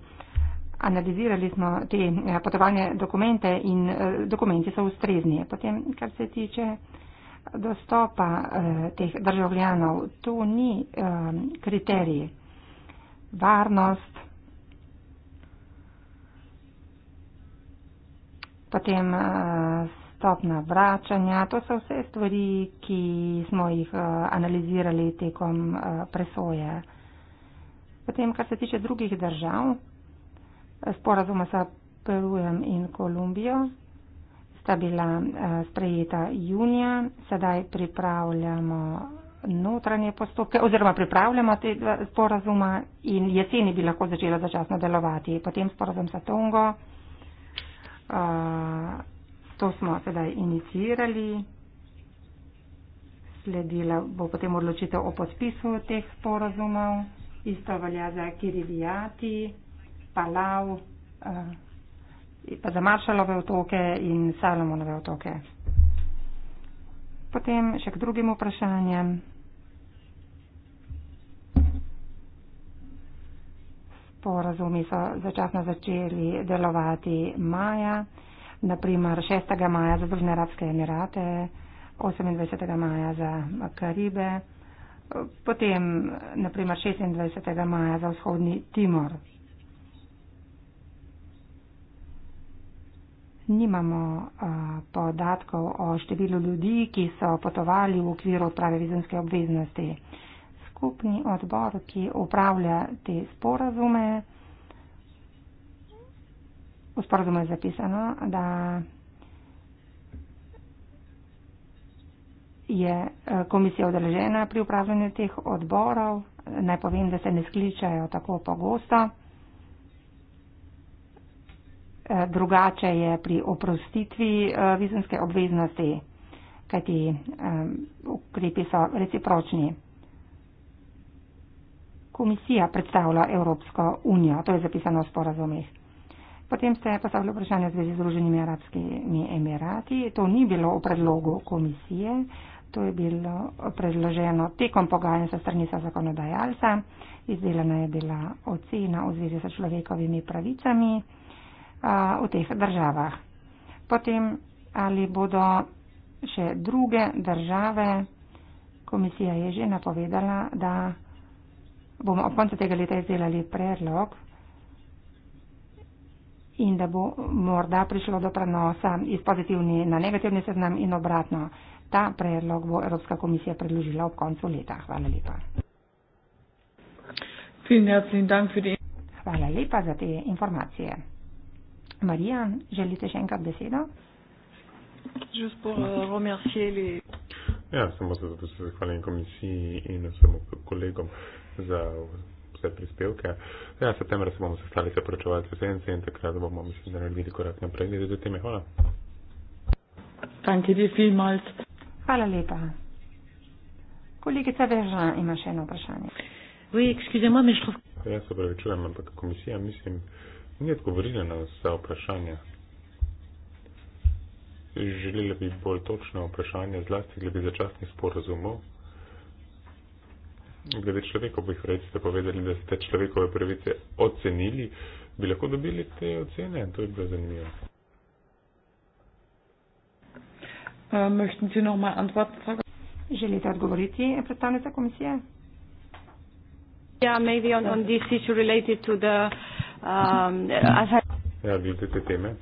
Analizirali smo te eh, potovalne dokumente in eh, dokumenti so ustrezni. Potem, kar se tiče dostopa eh, teh državljanov, to ni kriterij. Varnost. Potem stopna vračanja. To so vse stvari, ki smo jih eh, analizirali tekom eh, presoje. Potem, kar se tiče drugih držav, eh, sporazuma sa Perujem in Kolumbijo sta bila sprejeta junija, sedaj pripravljamo notranje postopke oziroma pripravljamo te sporazuma in jeseni bi lahko začela začasno delovati. Potem sporazum sa Tongo. Uh, To smo sedaj inicirali. Sledila bo potem odločitev o podpisu teh sporozumov. Isto velja za Kirilijati, Palau, eh, pa za Maršalove otoke in Salomonove otoke. Potem še k drugim vprašanjem. Sporazumi so začasno začeli delovati maja naprimer 6. maja za Združene arabske emirate, 28. maja za Karibe, potem naprimer 26. maja za vzhodni Timor. Nimamo podatkov o številu ljudi, ki so potovali v okviru odprave vizumske obveznosti. Skupni odbor, ki upravlja te sporazume, V sporazumu je zapisano, da je eh, komisija odrežena pri upravljanju teh odborov. Naj povem, da se ne skličajo tako pogosto. Eh, drugače je pri oprostitvi eh, vizumske obveznosti, kajti ukrepi so recipročni. Komisija predstavlja Evropsko unijo, to je zapisano v sporazumih. Potem ste postavili vprašanje v zvezi z Združenimi arabskimi emirati. To ni bilo v predlogu komisije, to je bilo predloženo tekom pogajanj sa strani sa zakonodajalca. Izdelana je bila ocena v zvezi sa človekovimi pravicami a, v teh državah. Potem, ali bodo še druge države, komisija je že napovedala, da bomo ob koncu tega leta izdelali predlog in da bo morda prišlo do prenosa iz pozitivni na negativni seznam in obratno. Ta predlog bo Evropska komisija predložila ob koncu leta. Hvala lepa. Hvala lepa za te informacije. Marija, želite še enkrat besedo? Eh, ja, samo zato, da se zahvalim komisiji in vsem kolegom za vse prispevke. Ja, septembra se bomo sestali se poročevalci v senci in takrat bomo, mislim, naredili korak naprej. Zdaj, zdaj, zdaj, hvala. Thank you, Fimalt. Hvala lepa. Kolegica Veža ima še eno vprašanje. Vi, excusez-moi, mais je trouve... Ja, se pravičujem, ampak komisija, mislim, ni odgovorila na vse vprašanja. Želeli bi bolj točno vprašanje, zlasti glede začasnih sporozumov glede človekovih pravic ste povedali, da ste človekove pravice ocenili, bi lahko dobili te ocene? To je bilo zanimivo. E, Želite odgovoriti, predstavnica komisije? Yeah, ja, maybe on, on this issue related to the um, Ja, glede te teme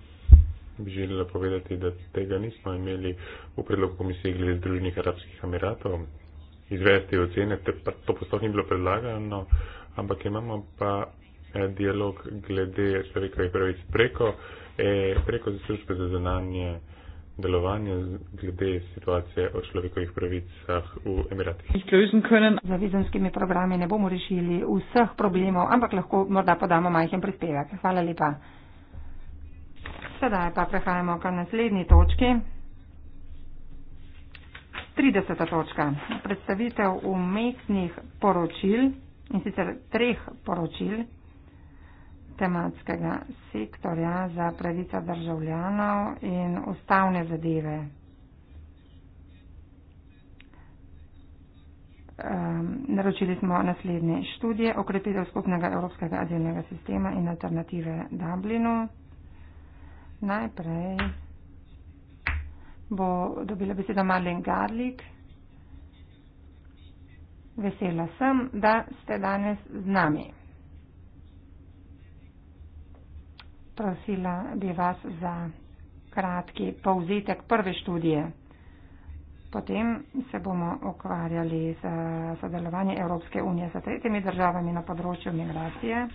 bi želela povedati, da tega nismo imeli v predlogu komisije glede Združenih arabskih emiratov izvesti ocene, te pa to postoh ni bilo predlagano, ampak imamo pa eh, dialog glede človekovih pravic preko, eh, preko službe za zunanje delovanje glede situacije o človekovih pravicah v Emiratih. Z vizumskimi programi ne bomo rešili vseh problemov, ampak lahko morda podamo majhen prispevek. Hvala lepa. Sedaj pa prehajamo k naslednji točki. 30. točka. Predstavitev umestnih poročil in sicer treh poročil tematskega sektorja za pravica državljanov in ustavne zadeve. Um, naročili smo naslednje študije okrepitev skupnega evropskega azilnega sistema in alternative Dublinu. Najprej bo dobila besedo Marlen Garlik. Vesela sem, da ste danes z nami. Prosila bi vas za kratki povzetek prve študije. Potem se bomo ukvarjali z sodelovanjem Evropske unije s tretjimi državami na področju migracije.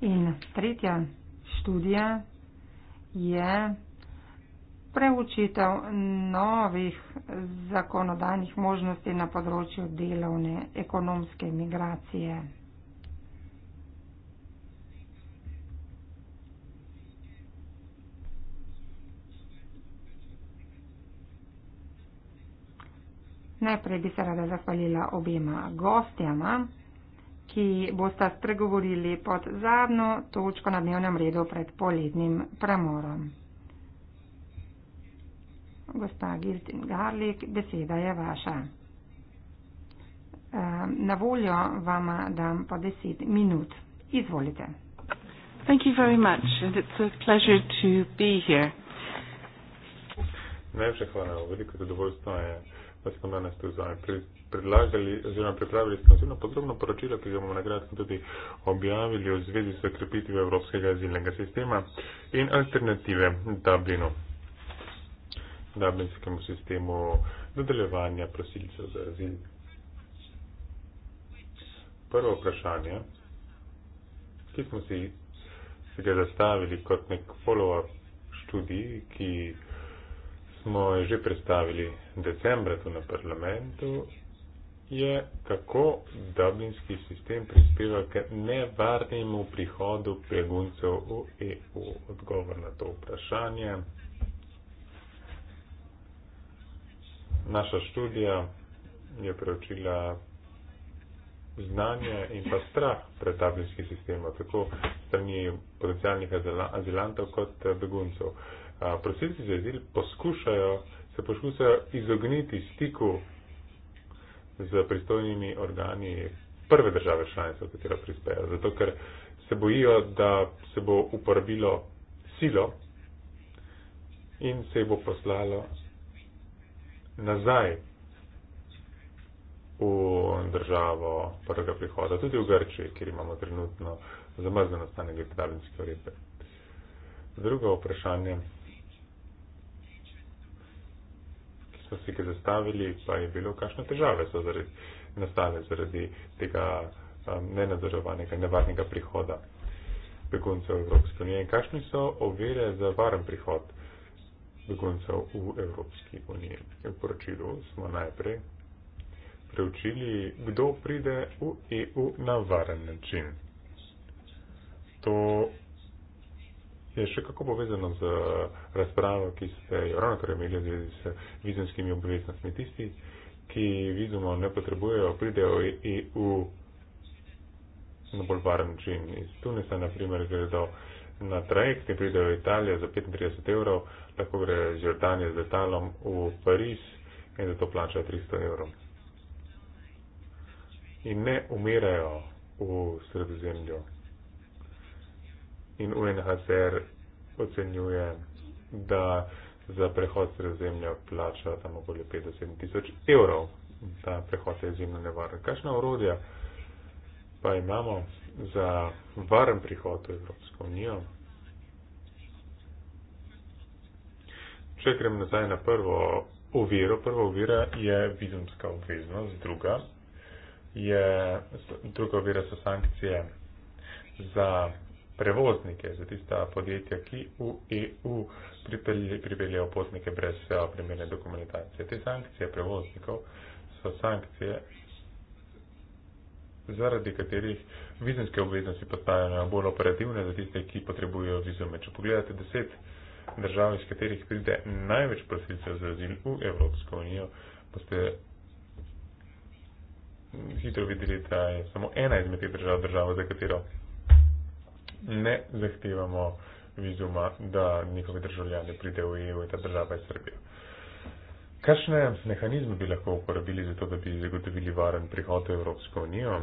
In tretja študija je preučitev novih zakonodajnih možnosti na področju delovne ekonomske migracije. Najprej bi se rada zahvalila obima gostjama ki bosta spregovorili pod zadnjo točko na dnevnem redu pred polednim premorom. Gospa Giltin Garlik, beseda je vaša. Ehm, na voljo vam dam po deset minut. Izvolite. Thank you very much and it's a pleasure to be here. Najlepša hvala, veliko zadovoljstvo je da smo danes tu z vami predlagali oziroma pripravili ekskluzivno podrobno poročilo, ki ga bomo nagradno tudi objavili v zvezi s okrepitvijo Evropskega azilnega sistema in alternative Dublinu, Dublinskemu sistemu nadaljevanja prosilcev za azil. Prvo vprašanje, ki smo si ga zastavili kot nek follow-up študij, ki smo že predstavili decembra tu na parlamentu, je kako dublinski sistem prispeva k nevarnemu prihodu preguncev v EU. Odgovor na to vprašanje. Naša študija je preučila znanje in pa strah pred dublinskim sistemom, tako strani potencialnih azilantov kot beguncov. Uh, prosilci za azil poskušajo, se poskušajo izogniti stiku z pristojnimi organi prve države članice, v katero prispejo. Zato, ker se bojijo, da se bo uporabilo silo in se bo poslalo nazaj v državo prvega prihoda, tudi v Grčiji, kjer imamo trenutno zamrzneno stanje getarinske orepe. Drugo vprašanje. so si ga zastavili, pa je bilo kakšne težave so zaradi, nastale zaradi tega um, nenadzorovanega, nevarnega prihoda beguncev v Evropske unije. In kakšne so ovire za varen prihod beguncev v Evropski uniji? V poročilu smo najprej preučili, kdo pride v EU na varen način. To je še kako povezano z razpravo, ki ste jo ravno kar imeli v zvezi s vizumskimi obveznostmi. Tisti, ki vizumov ne potrebujejo, pridejo v EU na bolj varen način. Iz Tunisa, na primer, gredo na trajekt, ne pridejo v Italijo za 35 evrov, lahko gre z Jordanijo z letalom v Pariz in zato plačajo 300 evrov. In ne umirajo v sredozemlju in UNHCR ocenjuje, da za prehod sredo zemljo plača tam okoli 57 tisoč evrov. Ta prehod je izjemno nevaren. Kakšna orodja pa imamo za varen prihod v Evropsko unijo? Če grem nazaj na prvo oviro, prva ovira je vizumska obveznost, druga je, druga ovira so sankcije za prevoznike, za tista podjetja, ki v EU pripeljejo potnike brez eh, primerne dokumentacije. Te sankcije prevoznikov so sankcije, zaradi katerih vizumske obveznosti postajajo bolj operativne za tiste, ki potrebujejo vizume. Če pogledate deset držav, iz katerih pride največ prosilcev za azil v Evropsko unijo, boste hitro videli, da je samo ena izmed teh držav država, za katero ne zahtevamo vizuma, da njihovi državljani pride v EU in ta država je Srbija. Kakšne mehanizme bi lahko uporabili za to, da bi zagotovili varen prihod v Evropsko unijo?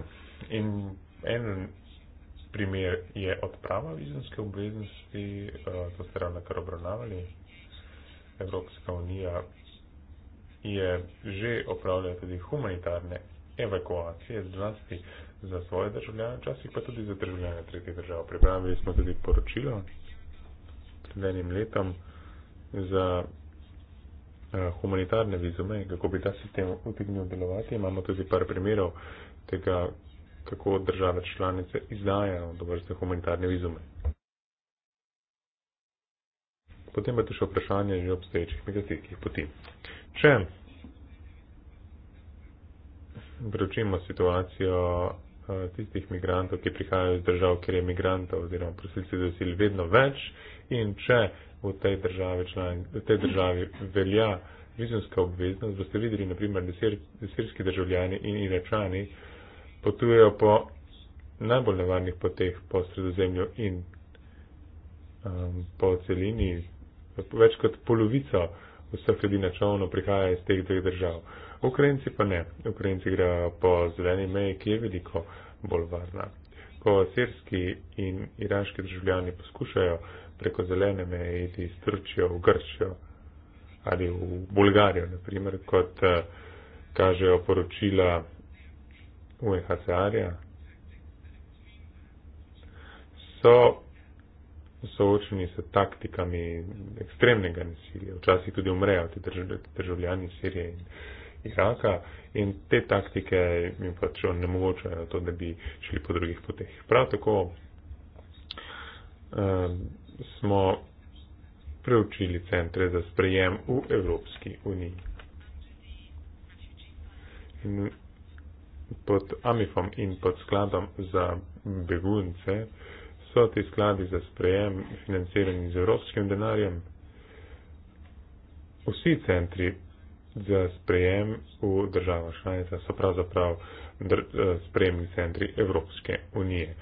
In en primer je odprava vizumske obveznosti, eh, to ste ravno kar obravnavali. Evropska unija je že opravljala tudi humanitarne evakuacije, zlasti za svoje državljane, včasih pa tudi za državljane tretjih držav. Pripravili smo tudi poročilo pred enim letom za eh, humanitarne vizume, kako bi ta sistem utegnil delovati. Imamo tudi par primerov tega, kako države članice izdajajo dovoljstve humanitarne vizume. Potem pa je tu še vprašanje že obstoječih migracijskih poti. Če preučimo situacijo Eh, tistih migrantov, ki prihajajo iz držav, kjer je migrantov oziroma prosilci za sil vedno več in če v tej državi, člen, v tej državi velja vizumska obveznost, boste videli naprimer, da sirski državljani in iračani potujejo po najbolj nevarnih poteh po sredozemlju in um, po celini, več kot polovico vseh ljudi na čovnu prihaja iz teh dveh držav. Ukrajinci pa ne. Ukrajinci grejo po zeleni meji, ki je veliko bolj varna. Ko sirski in iraški državljani poskušajo preko zelene meje iti iz Turčijo v Grčijo ali v Bulgarijo, naprimer, kot eh, kažejo poročila UNHCR-ja, so soočeni s taktikami ekstremnega nasilja. Včasih tudi umrejo ti državljani Sirije in Turčije. Iraka in te taktike jim pač onemogočajo to, da bi šli po drugih poteh. Prav tako um, smo preučili centre za sprejem v Evropski uniji. In pod Amifom in pod skladom za begunce so ti skladi za sprejem financirani z evropskim denarjem. Vsi centri za sprejem v država članica so pravzaprav dr, eh, sprejemni centri Evropske unije.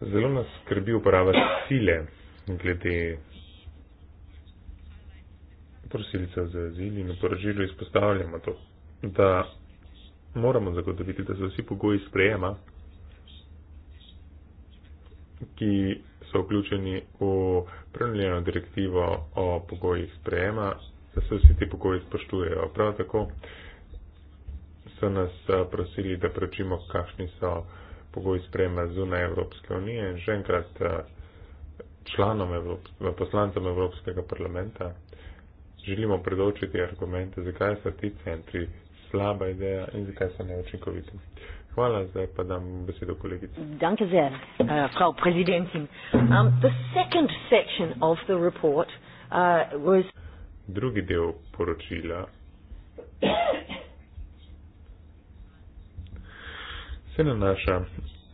Zelo nas skrbi uporaba sile glede prosilcev za azil in v poražilu izpostavljamo to, da moramo zagotoviti, da so vsi pogoji sprejema, ki so vključeni v prenuljeno direktivo o pogojih sprejema, da se vsi ti pogoji spoštujejo. Prav tako so nas eh, prosili, da prečimo, kakšni so pogoji sprejema zunaj Evropske unije in že enkrat eh, članom Evropske, poslancem Evropskega parlamenta želimo predočiti argumente, zakaj so ti centri slaba ideja in zakaj so neučinkoviti. Hvala, zdaj pa dam besedo kolegici. Danke sehr, uh, frau Präsidentin. Um, the second section of the report uh, was drugi del poročila. Se nanaša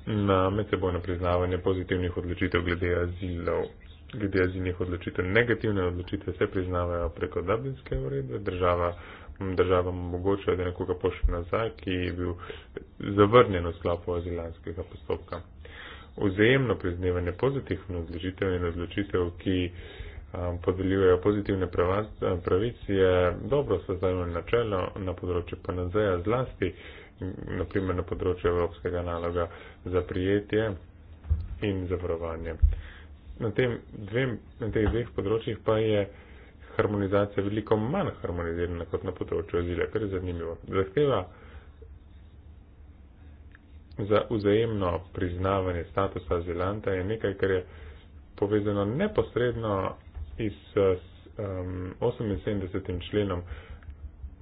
na medsebojno priznavanje pozitivnih odločitev glede azilov. Glede azilnih odločitev negativne odločitve se priznavajo preko Dublinske uredbe. Država, država omogoča, da nekoga pošlje nazaj, ki je bil zavrnjen v sklopu azilanskega postopka. Vzajemno priznavanje pozitivnih odločitev in odločitev, ki uh, podeljujejo pozitivne pravice, je dobro sestavljeno načelo na področju PNZ-ja zlasti, naprimer na področju evropskega naloga za prijetje in zavarovanje. Na, dvem, na teh dveh področjih pa je harmonizacija veliko manj harmonizirana kot na področju azila, kar je zanimivo. Zahteva za vzajemno priznavanje statusa azilanta je nekaj, kar je povezano neposredno iz s, um, 78. členom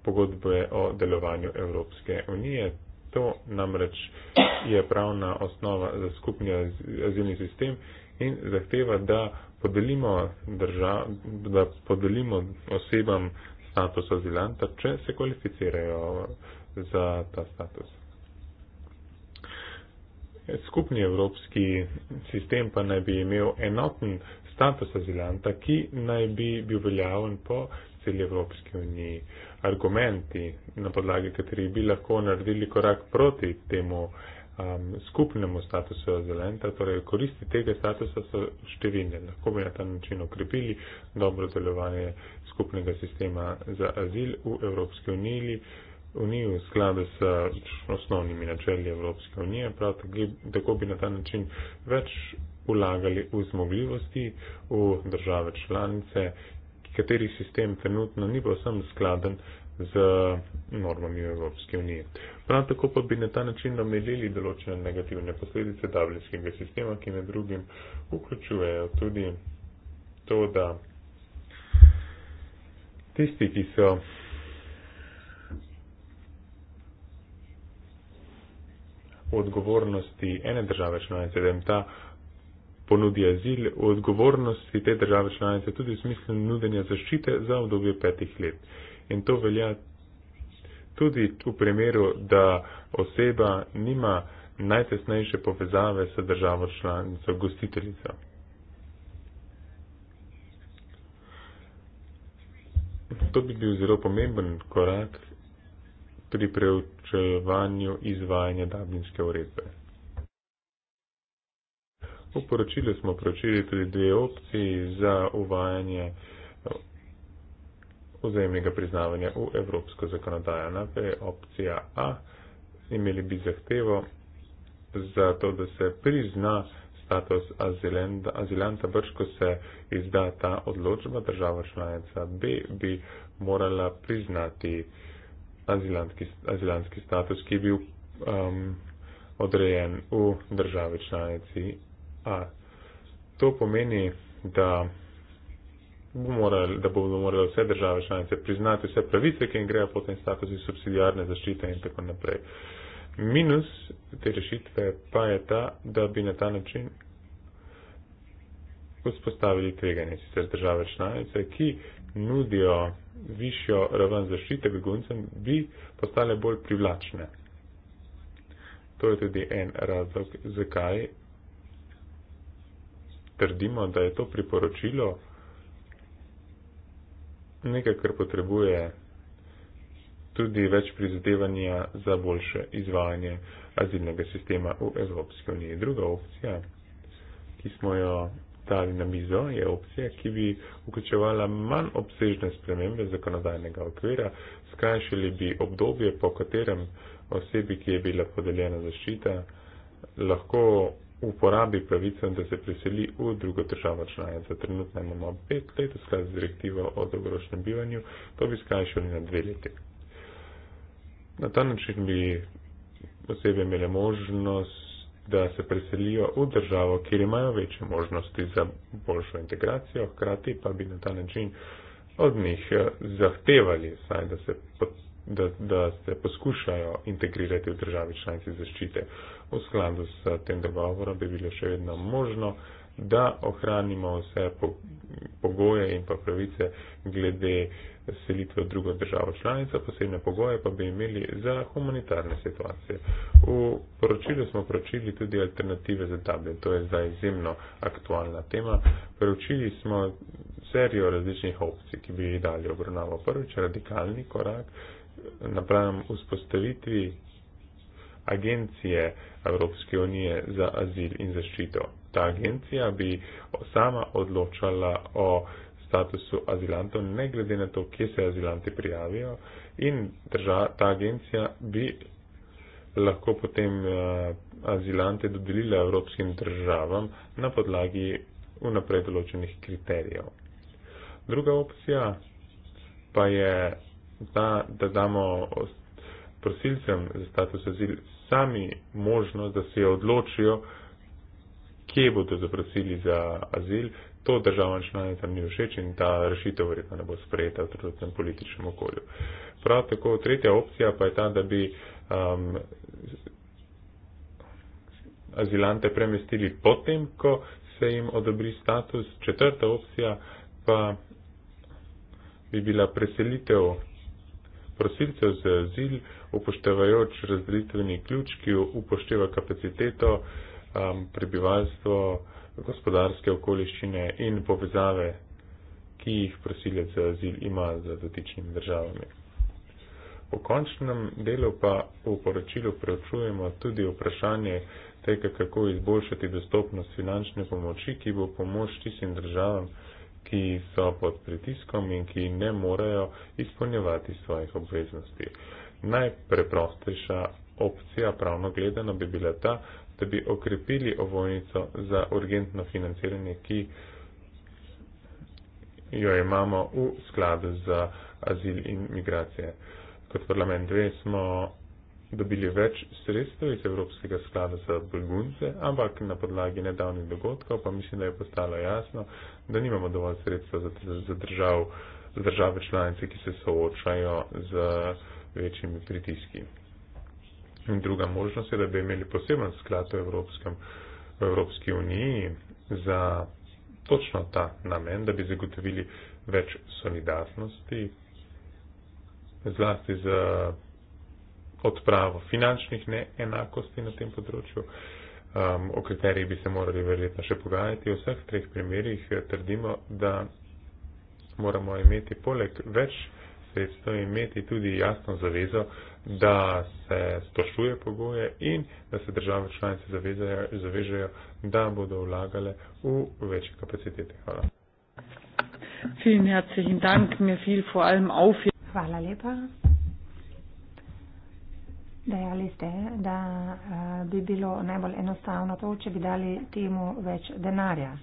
pogodbe o delovanju Evropske unije. To namreč je pravna osnova za skupni azilni sistem in zahteva, da podelimo, držav, da podelimo osebam status azilanta, če se kvalificirajo za ta status. Skupni evropski sistem pa naj bi imel enoten status azilanta, ki naj bi bil veljaven po celi Evropski uniji. Argumenti, na podlagi katerih bi lahko naredili korak proti temu um, skupnemu statusu azilanta, torej koristi tega statusa so številne. Lahko bi na ta način okrepili dobro delovanje skupnega sistema za azil v Evropski uniji. Unijo v skladu s osnovnimi načeli Evropske unije, prav tako bi na ta način več ulagali v zmogljivosti v države članice, katerih sistem trenutno ni povsem skladen z normami Evropske unije. Prav tako pa bi na ta način omejili določene negativne posledice davljskega sistema, ki med drugim vključujejo tudi to, da tisti, ki so v odgovornosti ene države članice, da jim ta ponudi azil v odgovornosti te države članice tudi v smislu nudenja zaščite za obdobje petih let. In to velja tudi v primeru, da oseba nima najtesnejše povezave s državo članico, gostiteljico. To bi bil zelo pomemben korak pri preučevanju izvajanja Dabinske uredbe. V poročilu smo pročili tudi dve opciji za uvajanje eh, vzajemnega priznavanja v evropsko zakonodajo. Najprej opcija A, imeli bi zahtevo za to, da se prizna status azilanta, brž ko se izda ta odločba, država članica B bi morala priznati azilantski status, ki je bil um, odrejen v državi članici To pomeni, da, bo moral, da bodo morali vse države članice priznati vse pravice, ki jim grejo potem statusi subsidijarne zaščite in tako naprej. Minus te rešitve pa je ta, da bi na ta način vzpostavili tveganje sicer države članice, ki nudijo višjo raven zaščite beguncem, bi postale bolj privlačne. To je tudi en razlog, zakaj trdimo, da je to priporočilo nekaj, kar potrebuje tudi več prizadevanja za boljše izvajanje azilnega sistema v Evropski uniji. Druga opcija, ki smo jo dali na mizo, je opcija, ki bi vključevala manj obsežne spremembe zakonodajnega okvira, skrajšali bi obdobje, po katerem osebi, ki je bila podeljena zaščita, lahko uporabi pravico, da se priseli v drugo državo članico. Trenutno imamo pet let v skladu z direktivo o dolgoročnem bivanju, to bi skrajšali na dve leti. Na ta način bi osebe imele možnost, da se preselijo v državo, kjer imajo večje možnosti za boljšo integracijo, hkrati pa bi na ta način od njih eh, zahtevali, saj, da, se, da, da se poskušajo integrirati v državi članici zaščite v skladu s tem dogovorom bi bilo še vedno možno, da ohranimo vse pogoje in pa pravice glede selitve v drugo državo članico, posebne pogoje pa bi imeli za humanitarne situacije. V poročilu smo pročili tudi alternative za tablet, to je zdaj izjemno aktualna tema. Pročili smo serijo različnih opcij, ki bi jih dali obravnavo. Prvič radikalni korak napravim vzpostavitvi agencije Evropske unije za azil in zaščito. Ta agencija bi sama odločala o statusu azilantov, ne glede na to, kje se azilanti prijavijo in drža, ta agencija bi lahko potem eh, azilante dodelila evropskim državam na podlagi vnaprej določenih kriterijev. Druga opcija pa je ta, da damo prosilcem za status azil sami možnost, da se odločijo, kje bodo zaprosili za azil. To državam članicam ni všeč in ta rešitev verjetno ne bo sprejeta v trenutnem političnem okolju. Prav tako tretja opcija pa je ta, da bi um, azilante premestili potem, ko se jim odobri status. Četrta opcija pa bi bila preselitev prosilcev za azil upoštevajoč razdelitveni ključ, ki upošteva kapaciteto, um, prebivalstvo, gospodarske okoliščine in povezave, ki jih prosilec za azil ima z dotičnimi državami. V končnem delu pa v poročilu preučujemo tudi vprašanje tega, kako izboljšati dostopnost finančne pomoči, ki bo pomoč tistim državam, ki so pod pritiskom in ki ne morejo izpolnjevati svojih obveznosti. Najpreprostejša opcija, pravno gledano, bi bila ta, da bi okrepili ovojnico za urgentno financiranje, ki jo imamo v skladu za azil in migracije. Kot parlament 2 smo dobili več sredstev iz Evropskega sklada za begunce, ampak na podlagi nedavnih dogodkov pa mislim, da je postalo jasno, da nimamo dovolj sredstev za, za, za, držav, za države članice, ki se soočajo z večjimi pritiski. In druga možnost je, da bi imeli poseben sklad v, v Evropski uniji za točno ta namen, da bi zagotovili več solidarnosti, zlasti za odpravo finančnih neenakosti na tem področju. Um, o kriterijih bi se morali verjetno še pogajati. V vseh treh primerjih eh, trdimo, da moramo imeti poleg več sredstvo imeti tudi jasno zavezo, da se sprašuje pogoje in da se države članice zavežejo, da bodo vlagale v večje kapacitete. Hvala. Hvala lepa. Dejali ste, da eh, bi bilo najbolj enostavno to, če bi dali temu več denarja.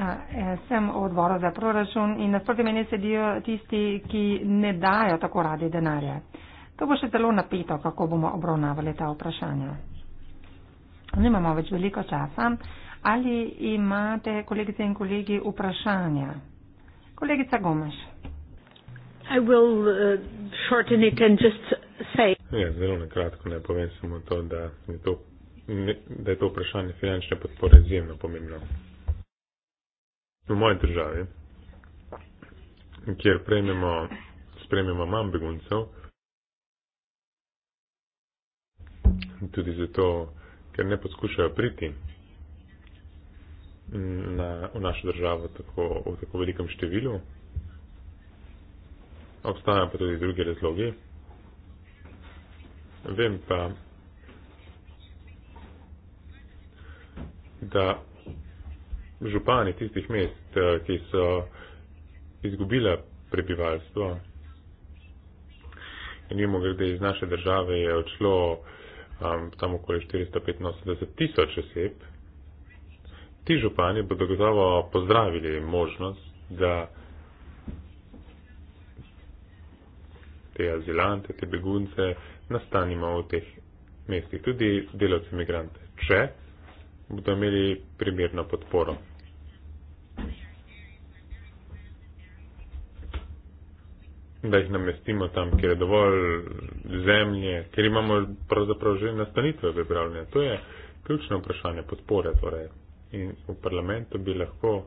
E, sem v odboru za proračun in nasproti meni sedijo tisti, ki ne dajo tako radi denarja. To bo še zelo napeto, kako bomo obravnavali ta vprašanja. Nimamo več veliko časa. Ali imate, kolegice in kolegi, vprašanja? Kolegica Gomeš. Uh, ja, zelo na kratko ne povem samo to, da je to, da je to vprašanje finančne podpore izjemno pomembno v moji državi, kjer prejmemo, sprejmemo manj beguncev, tudi zato, ker ne poskušajo priti na, v našo državo tako, v tako velikem številu. Obstajajo pa tudi drugi razlogi. Vem pa, da župani tistih mest, eh, ki so izgubile prebivalstvo. In imamo grede iz naše države je odšlo um, tam okoli 485 tisoč oseb. Ti župani bodo gotovo pozdravili možnost, da te azilante, te begunce nastanimo v teh mestih, tudi delavci migrante, če bodo imeli primerno podporo. da jih namestimo tam, kjer je dovolj zemlje, kjer imamo pravzaprav že nastanitve pripravljene. To je ključno vprašanje podpore. Torej. In v parlamentu bi lahko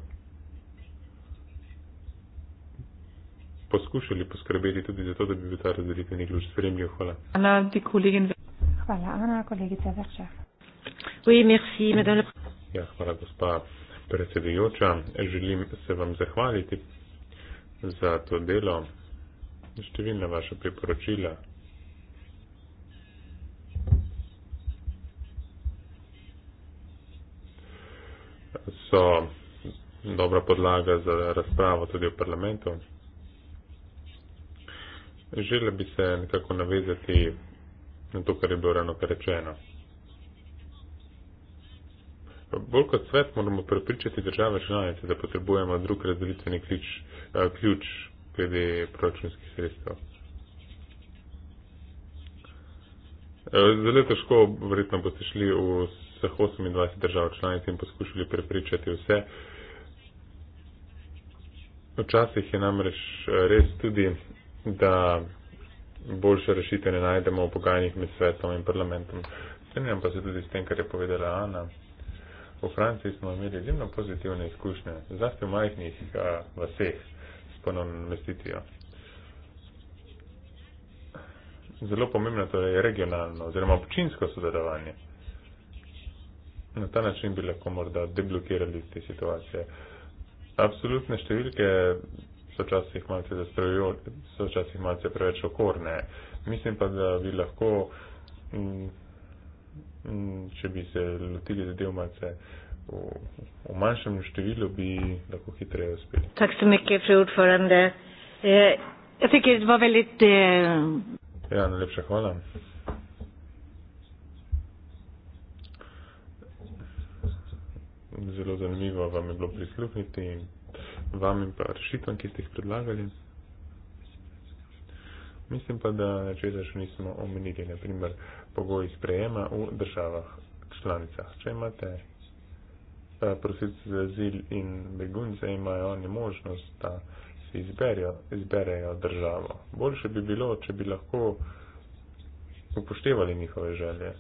poskušali poskrbeti tudi za to, da bi bil ta razdelitveni ključ spremljiv. Hvala. Hvala, ti kolegin. Hvala, Ana, kolegica Vrča. Oui, merci, madame. Ja, hvala, gospa predsedujoča. Želim se vam zahvaliti za to delo številna vaša priporočila. So dobra podlaga za razpravo tudi v parlamentu. Žele bi se nekako navezati na to, kar je bilo rano rečeno. Bolj kot svet moramo prepričati države članice, da potrebujemo drug razdelitveni ključ, eh, ključ glede proračunskih sredstev. E, zelo težko, verjetno boste šli v vseh 28 držav članic in poskušali prepričati vse. Včasih je namreč res tudi, da boljše rešitve ne najdemo v pogajanjih med svetom in parlamentom. Strenjam pa se tudi s tem, kar je povedala Ana. V Franciji smo imeli izjemno pozitivne izkušnje, zlasti v majhnih vaseh ponovno namestitvijo. Zelo pomembno torej je regionalno oziroma občinsko sodelovanje. Na ta način bi lahko morda deblokirali te situacije. Absolutne številke so včasih malce, so včasih malce preveč okorne. Mislim pa, da bi lahko, m, mm, m, mm, če bi se lotili zadev malce, m, v manjšem številu bi lahko hitreje uspeli. Tak se mi kje preutvoram, da je ja, tako zelo velik. Eh. Ja, najlepša hvala. Zelo zanimivo vam je bilo prisluhniti in vam in pa rešitvam, ki ste jih predlagali. Mislim pa, da česa še nismo omenili, naprimer pogoji sprejema v državah članicah. Če imate Eh, prosilci za azil in begunce imajo oni možnost, da si izberjo, izberejo državo. Boljše bi bilo, če bi lahko upoštevali njihove želje.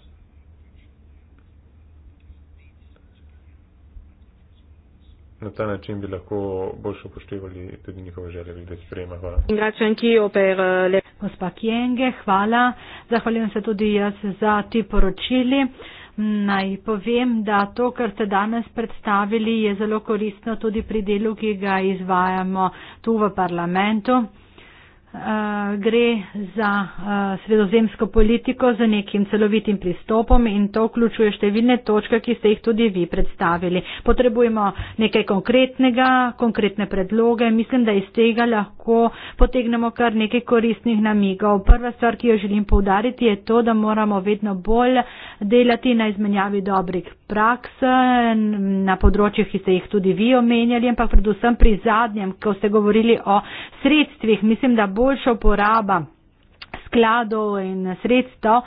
Na ta način bi lahko boljše upoštevali tudi njihove želje, glede sprejema. Hvala. Eh, Gospa Kienge, hvala. Zahvaljujem se tudi jaz za ti poročili. Naj povem, da to, kar ste danes predstavili, je zelo koristno tudi pri delu, ki ga izvajamo tu v parlamentu. Eh, gre za uh, sredozemsko politiko z nekim celovitim pristopom in to vključuje številne točke, ki ste jih tudi vi predstavili. Potrebujemo nekaj konkretnega, konkretne predloge. Mislim, da iz tega lahko potegnemo kar nekaj koristnih namigov. Prva stvar, ki jo želim povdariti, je to, da moramo vedno bolj delati na izmenjavi dobrih praks eh, na področjih, ki ste jih tudi vi omenjali, ampak predvsem pri zadnjem, ko ste govorili o sredstvih. Mislim, da bo boljša uporaba skladov in sredstev.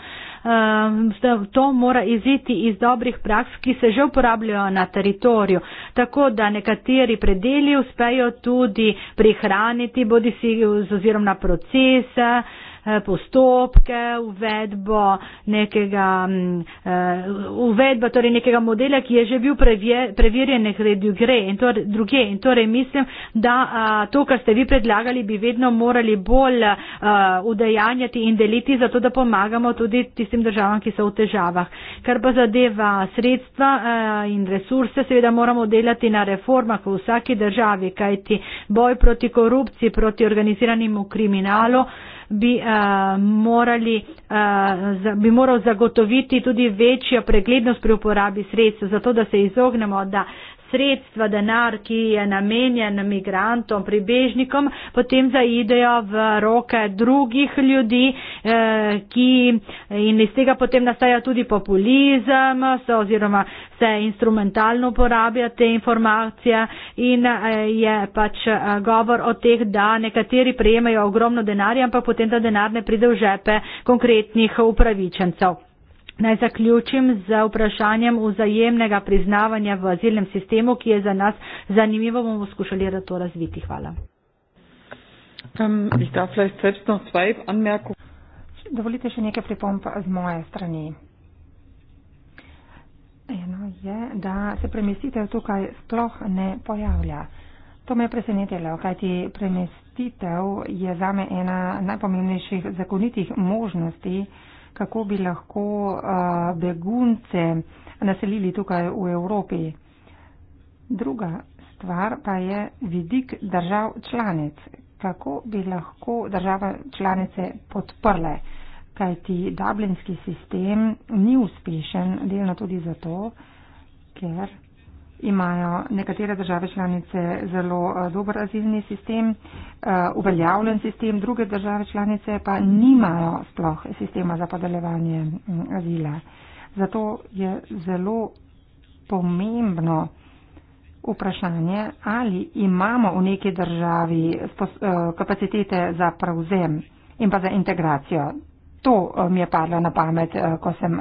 Eh, to mora iziti iz dobrih praks, ki se že uporabljajo na teritoriju, tako da nekateri predeli uspejo tudi prihraniti, bodi si z ozirom na procese. Eh, postopke, uvedbo nekega, mm, eh, uvedbo torej nekega modela, ki je že bil preverjen nekredju gre in torej druge. In torej mislim, da to, kar ste vi predlagali, bi vedno morali bolj eh, udejanjati in deliti, zato da pomagamo tudi tistim državam, ki so v težavah. Kar pa zadeva sredstva in resurse, seveda moramo delati na reformah v vsaki državi, kajti boj proti korupciji, proti organiziranemu kriminalu bi, uh, morali, uh, za, bi moral zagotoviti tudi večjo preglednost pri uporabi sredstev, zato da se izognemo, da sredstva, denar, ki je namenjen migrantom, pribežnikom, potem zaidejo v roke drugih ljudi eh, ki, in iz tega potem nastaja tudi populizem se, oziroma se instrumentalno uporablja te informacije in eh, je pač eh, govor o teh, da nekateri prejemajo ogromno denarja, ampak potem ta denar ne pride v žepe konkretnih upravičencev. Naj zaključim z vprašanjem vzajemnega priznavanja v azilnem sistemu, ki je za nas zanimivo, bomo skušali to razviti. Hvala. Dovolite še nekaj pripomp z moje strani. Eno je, da se premestitev tukaj sploh ne pojavlja. To me je presenetilo, kajti premestitev je zame ena najpomembnejših zakonitih možnosti, kako bi lahko uh, begunce naselili tukaj v Evropi. Druga stvar pa je vidik držav članic, kako bi lahko država članice podprle, kajti dublinski sistem ni uspešen, delno tudi zato, ker imajo nekatere države članice zelo eh, dober azilni sistem, eh, uveljavljen sistem, druge države članice pa nimajo sploh sistema za podeljevanje mm, azila. Zato je zelo pomembno vprašanje, ali imamo v neki državi eh, kapacitete za prevzem in pa za integracijo. To mi je padlo na pamet, ko sem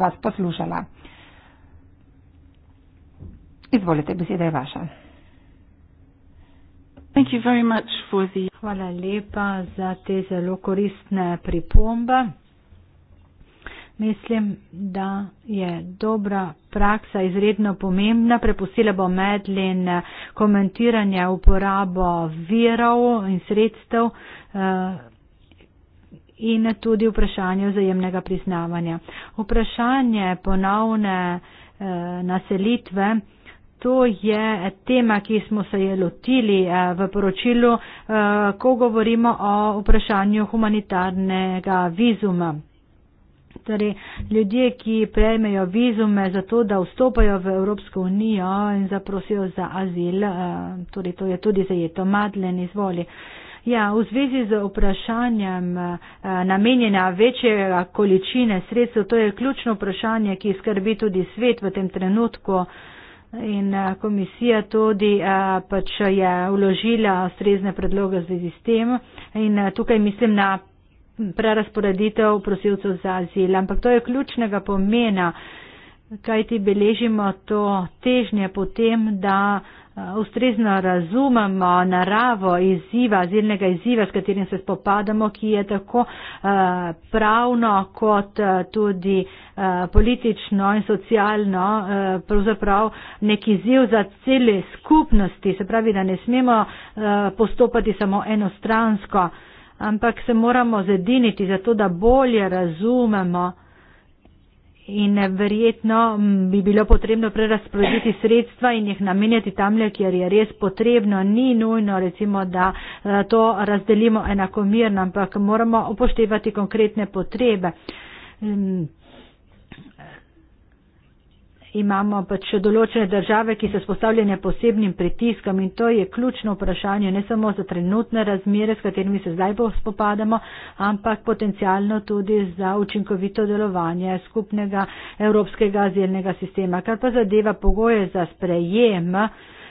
vas poslušala. Izvolite, beseda je vaša. Hvala lepa za te zelo koristne pripombe. Mislim, da je dobra praksa izredno pomembna. Prepustila bom medlin komentiranje uporabo virov in sredstev eh, in tudi vprašanje vzajemnega priznavanja. Vprašanje ponovne eh, naselitve to je tema, ki smo se je lotili eh, v poročilu, eh, ko govorimo o vprašanju humanitarnega vizuma. Torej, ljudje, ki prejmejo vizume za to, da vstopajo v Evropsko unijo in zaprosijo za azil, eh, torej to je tudi zajeto, Madlen izvoli. Ja, v zvezi z vprašanjem namenjena večje količine sredstev, to je ključno vprašanje, ki skrbi tudi svet v tem trenutku in eh, komisija tudi eh, pač je vložila strezne predloge z sistem in eh, tukaj mislim na prerasporeditev prosilcev za azil. Ampak to je ključnega pomena, kaj ti beležimo to težnje potem, da Eh, ustrezno razumemo naravo izziva, zirnega izziva, s katerim se spopadamo, ki je tako eh, pravno kot eh, tudi politično in socialno pravzaprav nek izziv za cele skupnosti, se pravi, da ne smemo postopati samo enostransko, ampak se moramo zediniti za to, da bolje razumemo in verjetno bi bilo potrebno prerasporediti sredstva in jih namenjati tam, kjer je res potrebno. Ni nujno, recimo, da eh, to razdelimo enakomirno, ampak moramo upoštevati konkretne potrebe imamo pač določene države, ki so spostavljene posebnim pritiskom in to je ključno vprašanje ne samo za trenutne razmere, s katerimi se zdaj bo spopadamo, ampak potencialno tudi za učinkovito delovanje skupnega evropskega azilnega sistema. Kar pa zadeva pogoje za sprejem,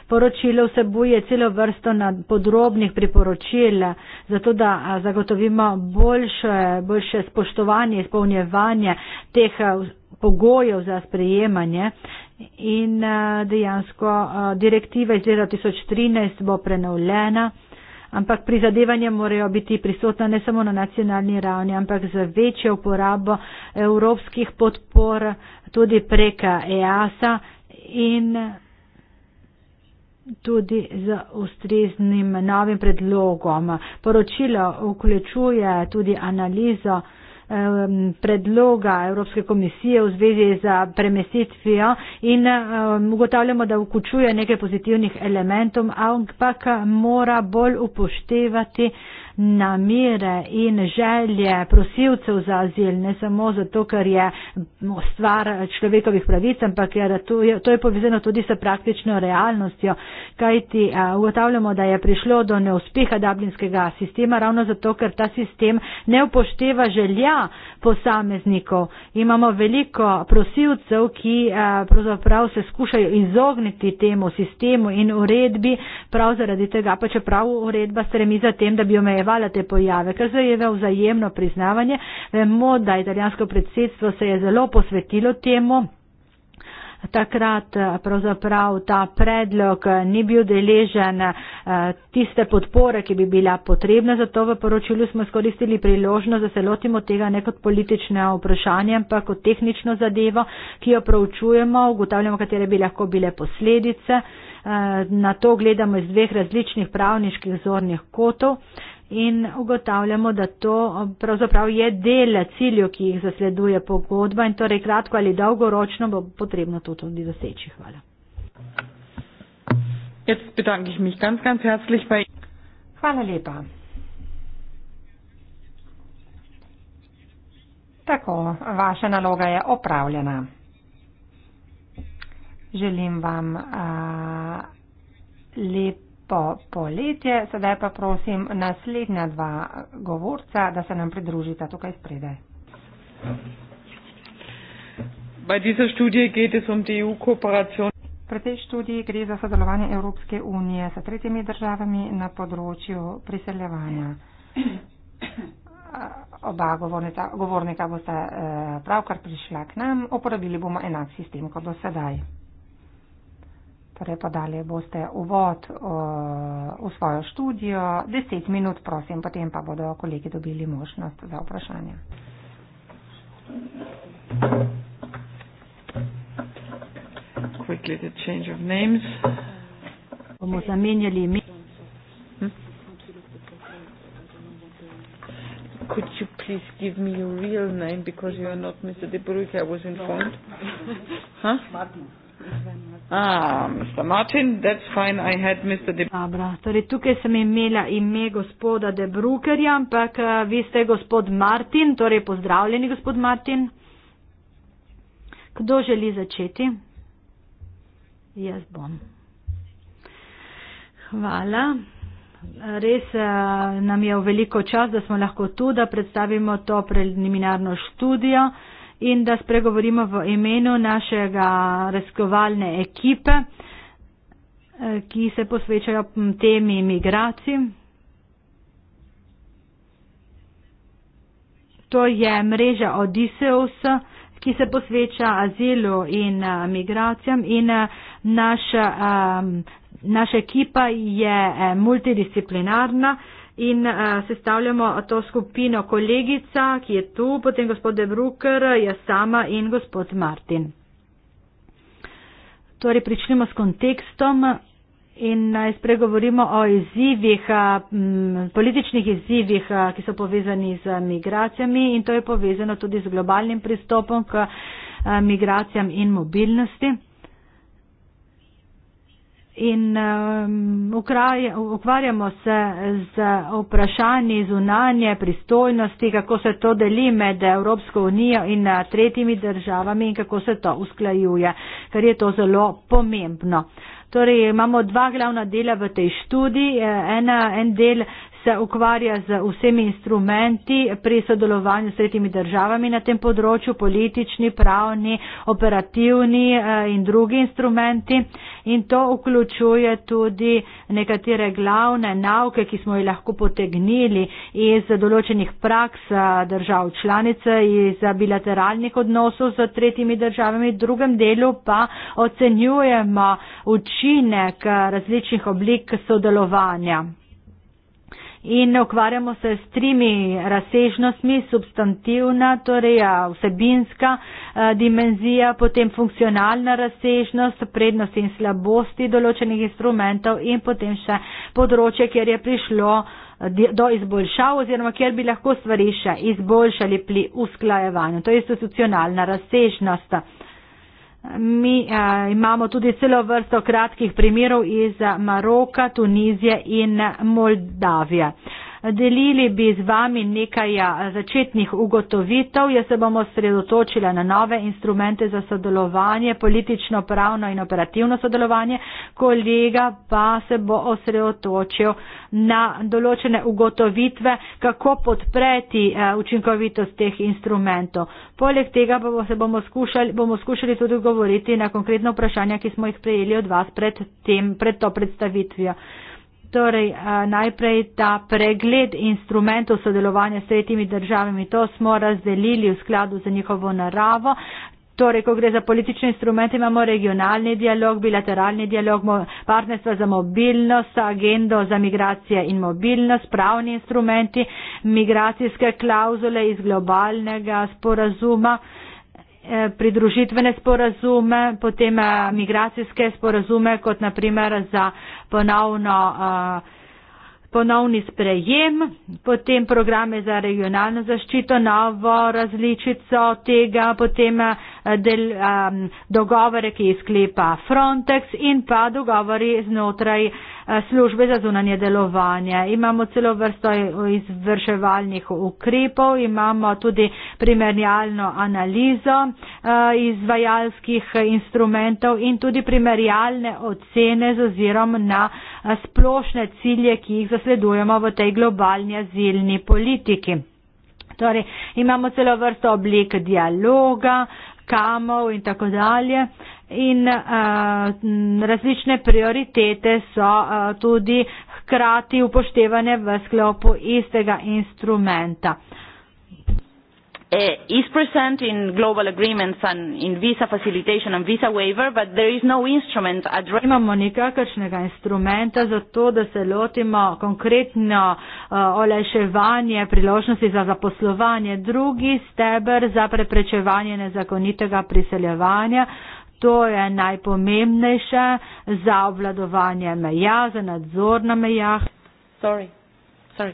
poročilo vsebuje celo vrsto podrobnih priporočil, zato da zagotovimo boljše, boljše spoštovanje, izpolnjevanje teh pogojev za sprejemanje in eh, dejansko eh, direktiva iz leta 2013 bo prenovljena, ampak prizadevanja morajo biti prisotna ne samo na nacionalni ravni, ampak za večjo uporabo evropskih podpor tudi preka e EASA in tudi z ustreznim novim predlogom. Poročilo vključuje tudi analizo um, predloga Evropske komisije v zvezi z premestitvijo in um, ugotavljamo, da vključuje nekaj pozitivnih elementov, ampak mora bolj upoštevati uh, namere in želje prosilcev za azil, ne samo zato, ker je stvar človekovih pravic, ampak ker to je, to je povezano tudi s praktično realnostjo, kajti ugotavljamo, da je prišlo do neuspeha dublinskega sistema ravno zato, ker ta sistem ne upošteva želja posameznikov. Imamo veliko prosilcev, ki pravzaprav se skušajo izogniti temu sistemu in uredbi prav zaradi tega, pa čeprav uredba stremi za tem, da bi omejevali zamegljevala te pojave, kar zajeva vzajemno priznavanje. Vemo, da italijansko predsedstvo se je zelo posvetilo temu. Takrat eh, pravzaprav ta predlog eh, ni bil deležen eh, tiste podpore, ki bi bila potrebna, zato v poročilu smo skoristili priložnost, da se lotimo tega ne kot politične vprašanje, ampak kot tehnično zadevo, ki jo proučujemo, ugotavljamo, katere bi lahko bile posledice. Na to gledamo iz dveh različnih pravniških zornih kotov in ugotavljamo, da to pravzaprav je del ciljev, ki jih zasleduje pogodba in torej kratko ali dolgoročno bo potrebno to tudi doseči. Hvala. Hvala lepa. Tako, vaša naloga je opravljena. Želim vam a, lep po poletje, sedaj pa prosim naslednja dva govorca, da se nam pridružita tukaj spredaj. Um Pri tej študiji gre za sodelovanje Evropske unije s tretjimi državami na področju priseljevanja. Oba govornika, govornika bosta eh, pravkar prišla k nam, uporabili bomo enak sistem kot do sedaj. Torej pa dalje boste uvod v svojo študijo, 10 minut prosim, potem pa bodo kolegi dobili možnost za vprašanje. Bomo zamenjali ime. Hmm? Could you please give me your real name because you are not Mr. De Bruyke? I was informed. Huh? Martin. Um, Martin, fine, Dobro, torej tukaj sem imela ime gospoda De Brukerja, ampak uh, vi ste gospod Martin, torej pozdravljeni gospod Martin. Kdo želi začeti? Jaz bom. Hvala. Res uh, nam je v veliko čas, da smo lahko tu, da predstavimo to preliminarno študijo in da spregovorimo v imenu našega raziskovalne ekipe, eh, ki se posvečajo temi migracij. To je mreža Odiseus, ki se posveča azilu in eh, migracijam in eh, naš, naša ekipa je multidisciplinarna in uh, sestavljamo to skupino kolegica, ki je tu, potem gospod Debruker, jaz sama in gospod Martin. Torej, pričnemo s kontekstom in naj spregovorimo o izzivih, eh, političnih izzivih, eh, ki so povezani z migracijami in to je povezano tudi z globalnim pristopom k migracijam in mobilnosti in um, ukvarjamo se z vprašanji zunanje pristojnosti, kako se to deli med Evropsko unijo in uh, tretjimi državami in kako se to usklajuje, ker je to zelo pomembno. Torej, imamo dva glavna dela v tej študiji. Eh, en, en del se ukvarja z vsemi instrumenti pri sodelovanju s tretjimi državami na tem področju, politični, pravni, operativni eh, in drugi instrumenti. In to vključuje tudi nekatere glavne nauke, ki smo jih lahko potegnili iz določenih praks eh, držav članice, iz bilateralnih odnosov z tretjimi državami. V drugem delu pa ocenjujemo učinek eh, različnih oblik sodelovanja in ukvarjamo se s trimi razsežnostmi, substantivna, torej ja, vsebinska eh, dimenzija, potem funkcionalna razsežnost, prednosti in slabosti določenih instrumentov in potem še področje, kjer je prišlo eh, do izboljšav oziroma kjer bi lahko stvari še izboljšali pri usklajevanju. To je institucionalna razsežnost. Mi a, eh, imamo tudi celo vrsto kratkih primerov iz Maroka, Tunizije in Moldavije delili bi z vami nekaj ja, začetnih ugotovitev. Jaz se bom osredotočila na nove instrumente za sodelovanje, politično, pravno in operativno sodelovanje. Kolega pa se bo osredotočil na določene ugotovitve, kako podpreti eh, učinkovitost teh instrumentov. Poleg tega bomo, se bomo skušali, bomo skušali tudi govoriti na konkretno vprašanje, ki smo jih prejeli od vas pred, tem, pred to predstavitvijo. Torej, eh, najprej ta pregled instrumentov sodelovanja s tretjimi državami, to smo razdelili v skladu z njihovo naravo. Torej, ko gre za politične instrumente, imamo regionalni dialog, bilateralni dialog, partnerstva za mobilnost, agendo za migracije in mobilnost, pravni instrumenti, migracijske klauzule iz globalnega sporazuma. Eh, pridružitvene sporazume, potem eh, migracijske sporazume, kot naprimer za ponovno. Uh, ponovni sprejem, potem programe za regionalno zaščito, novo različico tega, potem eh, del, um, dogovore, ki jih sklepa Frontex in pa dogovori znotraj eh, službe za zunanje delovanje. Imamo celo vrsto izvrševalnih ukrepov, imamo tudi primerjalno analizo izvajalskih instrumentov in tudi primerjalne ocene z ozirom na splošne cilje, ki jih zasledujemo v tej globalni azilni politiki. Torej, imamo celo vrsto oblik dialoga, kamov in tako dalje. In uh, različne prioritete so uh, tudi hkrati upoštevane v sklopu istega instrumenta. Uh, uh, is present in global agreements and in visa facilitation and visa waiver, but there is no instrument addressing. Eh, nezakonitega priseljevanja. To je najpomembnejše za obvladovanje meja, za nadzor na mejah. Sorry. Sorry.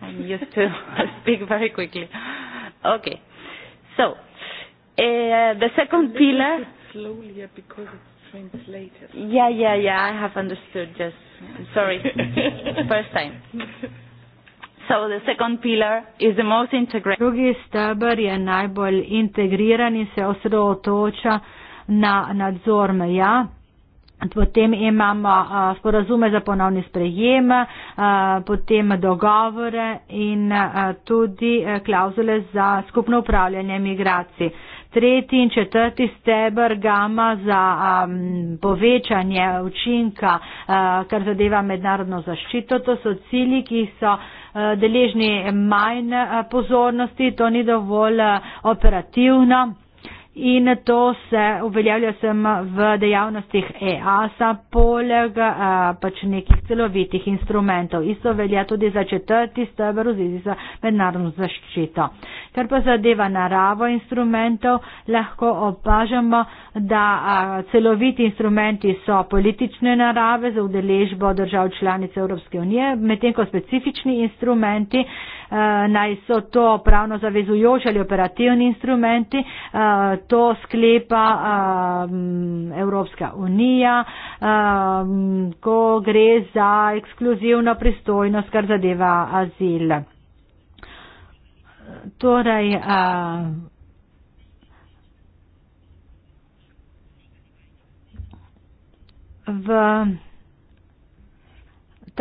I'm used to speak very quickly. Okay. So, uh, the second Maybe pillar. Slowly, because it's translated. Yeah, yeah, yeah. I have understood. Just sorry, first time. So the second pillar is the most integrated. Drugi stebr je najbolj integriran in se osredotoča na nadzor meja. Ja? Potem imamo sporazume za ponovni sprejem, potem dogovore in tudi e, klauzule za skupno upravljanje migracij. Tretji in četrti steber gama za povečanje učinka, kar zadeva mednarodno zaščito, to so cilji, ki so e, deležni manj pozornosti, to ni dovolj operativno in to se uveljavlja sem v dejavnostih EASA, poleg a, eh, pač nekih celovitih instrumentov. Isto velja tudi za četrti stebr v zvezi z mednarodno zaščito. Ker pa zadeva naravo instrumentov, lahko opažamo, da a, eh, celoviti instrumenti so politične narave za udeležbo držav članic Evropske unije, medtem ko specifični instrumenti Eh, naj so to pravno zavezujoči ali operativni instrumenti, eh, to sklepa eh, Evropska unija, ko gre za ekskluzivno pristojnost, kar zadeva azil. Torej, v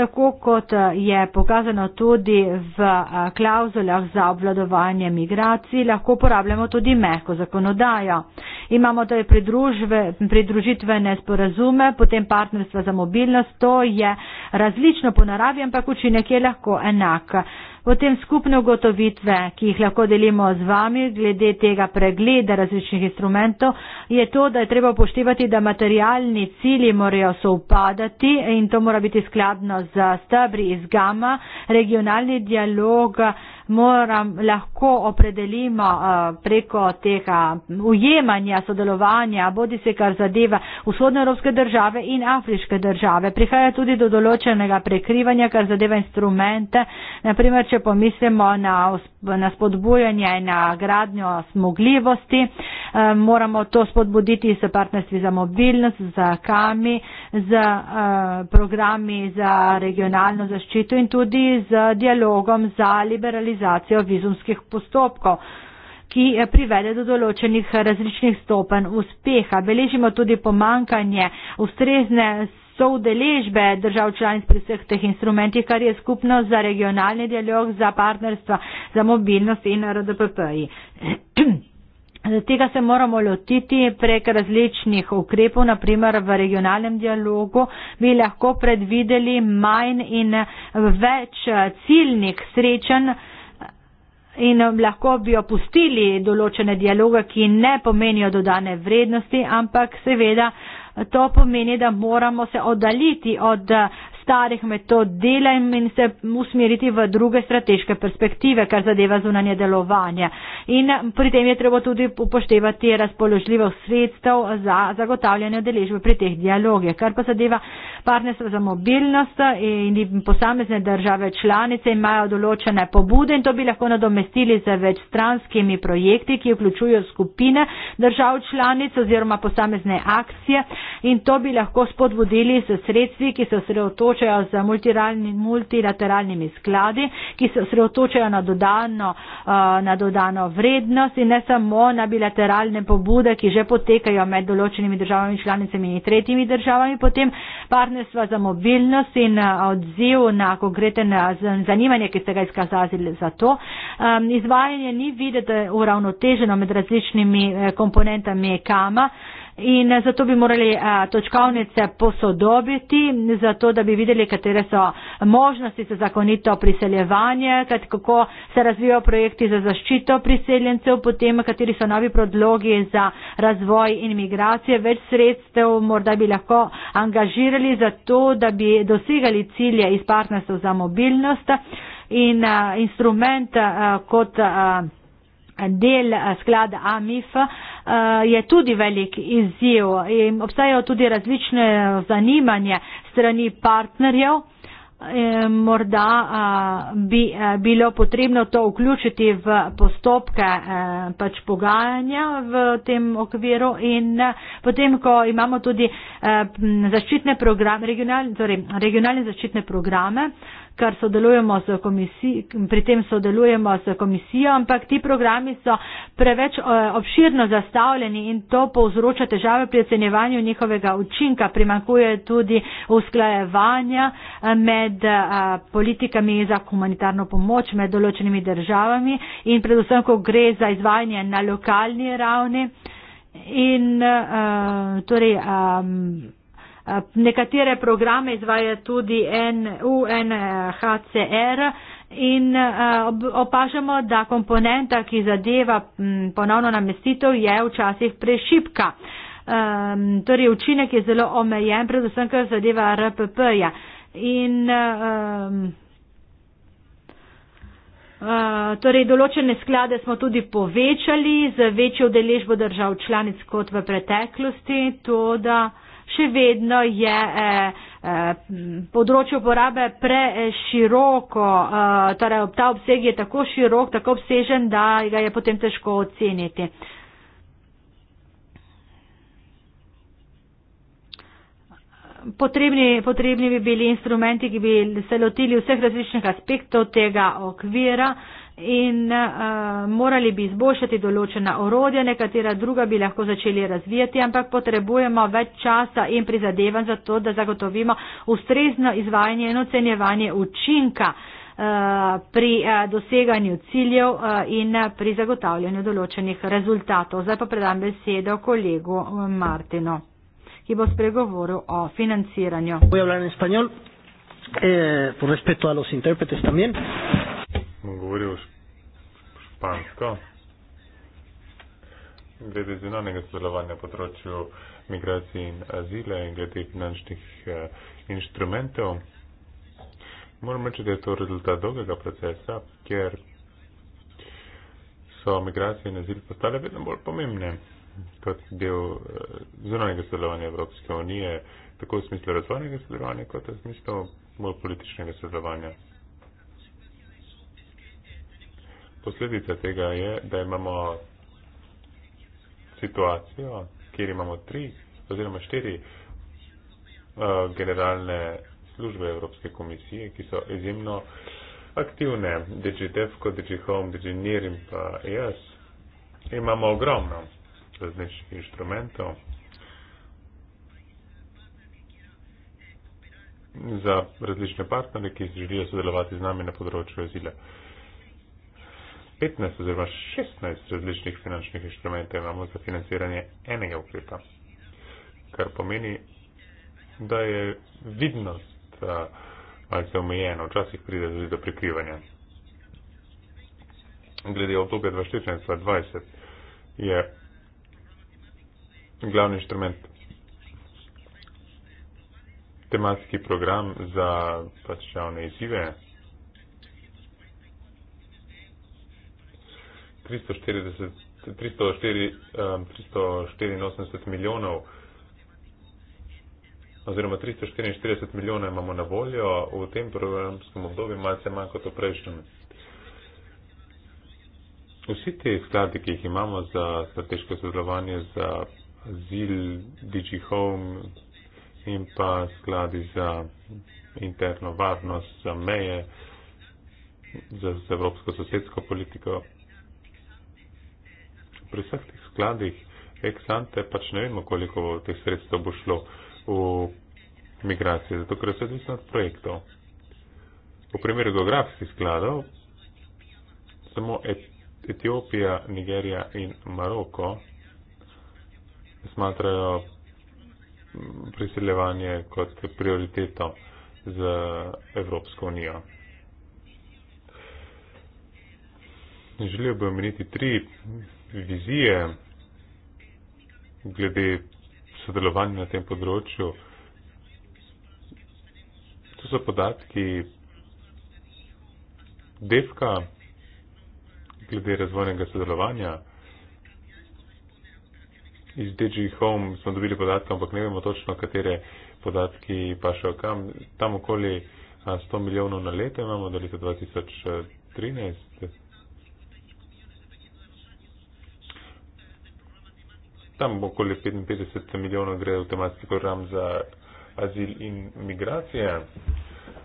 tako kot eh, je pokazano tudi v eh, klauzulah za obvladovanje migracij, lahko uporabljamo tudi mehko zakonodajo. Imamo torej pridružitvene sporazume, potem partnerstva za mobilnost, to je različno po naravi, ampak učinek je lahko enak. Potem skupne ugotovitve, ki jih lahko delimo z vami glede tega pregleda različnih instrumentov, je to, da je treba upoštevati, da materialni cilji morajo soupadati in to mora biti skladno z stabri iz gama. Regionalni dialog moram, lahko opredelimo eh, preko tega ujemanja, sodelovanja, bodi se kar zadeva vzhodnoevropske države in afriške države. Prihaja tudi do določenega prekrivanja, kar zadeva instrumente. Naprimer, če pomislimo na, na spodbujanje na gradnjo smogljivosti, eh, moramo to spodbuditi s partnerstvi za mobilnost, za kami, z eh, programi za regionalno zaščito in tudi z dialogom za liberalizacijo vizumskih postopkov ki eh, privede do določenih različnih stopenj uspeha. Beležimo tudi pomankanje ustrezne so udeležbe držav članic pri vseh teh instrumentih, kar je skupno za regionalni dialog, za partnerstva, za mobilnost in RDPP-ji. Tega se moramo lotiti prek različnih ukrepov, naprimer v regionalnem dialogu bi lahko predvideli manj in več ciljnih srečanj in lahko bi opustili določene dialoge, ki ne pomenijo dodane vrednosti, ampak seveda To pomeni, da moramo se oddaljiti od starih metod dela in se usmeriti v druge strateške perspektive, kar zadeva zunanje delovanje. In pri tem je treba tudi upoštevati razpoložljivo sredstev za zagotavljanje deležbe pri teh dialogih, kar pa zadeva partnerstvo za mobilnost in posamezne države članice imajo določene pobude in to bi lahko nadomestili z večstranskimi projekti, ki vključujo skupine držav članic oziroma posamezne akcije in to bi lahko spodbudili s sredstvi, ki so sredotočeni soočajo z multilateralnimi skladi, ki se osredotočajo na, eh, na dodano vrednost in ne samo na bilateralne pobude, ki že potekajo med določenimi državami članicami in tretjimi državami, potem partnerstva za mobilnost in eh, odziv na konkreten eh, zanimanje, ki ste ga izkazali za to. Izvajanje ni videti uravnoteženo med različnimi komponentami kama in eh, zato bi morali eh, točkovnice posodobiti, zato da bi videli, katere so možnosti za zakonito priseljevanje, kako se razvijajo projekti za zaščito priseljencev, potem kateri so novi predlogi za razvoj in migracije. Več sredstev morda bi lahko angažirali za to, da bi dosegali cilje iz partnerstva za mobilnost in eh, instrument kot del sklada AMIF. Eh, je tudi velik izziv in obstajajo tudi različne zanimanje strani partnerjev. Eh, morda eh, bi bilo potrebno to vključiti v postopke pač pogajanja v tem okviru in potem, ko imamo tudi zaščitne programe, regionalne, torej regionalne zaščitne programe, kar sodelujemo z komisijo, pri tem sodelujemo z komisijo, ampak ti programi so preveč eh, obširno zastavljeni in to povzroča težave pri ocenjevanju njihovega učinka. Primankuje tudi usklajevanja eh, med eh, politikami za humanitarno pomoč med določenimi državami in predvsem, ko gre za izvajanje na lokalni ravni. In, uh, torej, um, Eh, nekatere programe izvaja tudi UNHCR in eh, opažamo, da komponenta, ki zadeva mm, ponovno namestitev, je včasih prešipka. Um, ehm, torej, učinek je zelo omejen, predvsem, kar zadeva RPP-ja. In um, uh, torej, določene sklade smo tudi povečali z večjo deležbo držav članic kot v preteklosti, to da še vedno je eh, eh, področje uporabe preširoko, eh, torej ta obseg je tako širok, tako obsežen, da ga je potem težko oceniti. Potrebni, potrebni bi bili instrumenti, ki bi se lotili vseh različnih aspektov tega okvira, in uh, morali bi izboljšati določena orodja, nekatera druga bi lahko začeli razvijati, ampak potrebujemo več časa in prizadevanj za to, da zagotovimo ustrezno izvajanje in ocenjevanje učinka eh, pri eh, doseganju ciljev in pri zagotavljanju določenih rezultatov. Zdaj pa predam besedo kolegu Martino, ki bo spregovoril o financiranju. Govoril v španjol, eh, po respetu a los interpretes también. Govoril v španjol špansko, glede zunanjega sodelovanja področju migracij in azile in glede finančnih eh, inštrumentov. Moram reči, da je to rezultat dolgega procesa, ker so migracije in azil postale vedno bolj pomembne kot del eh, zunanjega sodelovanja Evropske unije, tako v smislu razvojnega sodelovanja, kot v smislu bolj političnega sodelovanja. posledica tega je, da imamo situacijo, kjer imamo tri oziroma štiri uh, generalne službe Evropske komisije, ki so izjemno aktivne, DigiDevco, DigiHome, DigiNear in pa jaz. Imamo ogromno različnih inštrumentov. za različne partnere, ki želijo sodelovati z nami na področju azila. Uh, 15 oziroma 16 različnih finančnih inštrumentov imamo za financiranje enega ukrepa, kar pomeni, da je vidnost eh, malce omejena, včasih pride tudi do prikrivanja. Glede obdobja 2014-2020 je glavni inštrument tematski program za pač javne izzive 340, 304, um, 384 milijonov oziroma 344 milijonov imamo na voljo v tem programskem obdobju, malce manj kot v prejšnjem. Vsi te skladi, ki jih imamo za strateško sodelovanje, za azil, DigiHome in pa skladi za interno varnost, za meje, za, za evropsko sosedsko politiko, pri vseh teh skladih ex-ante pač ne vemo, koliko teh sredstev bo šlo v migracije, zato ker se odvisno od projektov. V primeru geografskih skladov samo Etiopija, Nigerija in Maroko smatrajo priseljevanje kot prioriteto za Evropsko unijo. Želel bi omeniti tri vizije glede sodelovanja na tem področju. To so podatki DEFKA glede razvojnega sodelovanja. Iz DG Home smo dobili podatke, ampak ne vemo točno, katere podatki pa še kam. Tam okoli 100 milijonov na leto imamo do leta 2013. tam okoli 55 milijonov gre v tematski program za azil in migracije.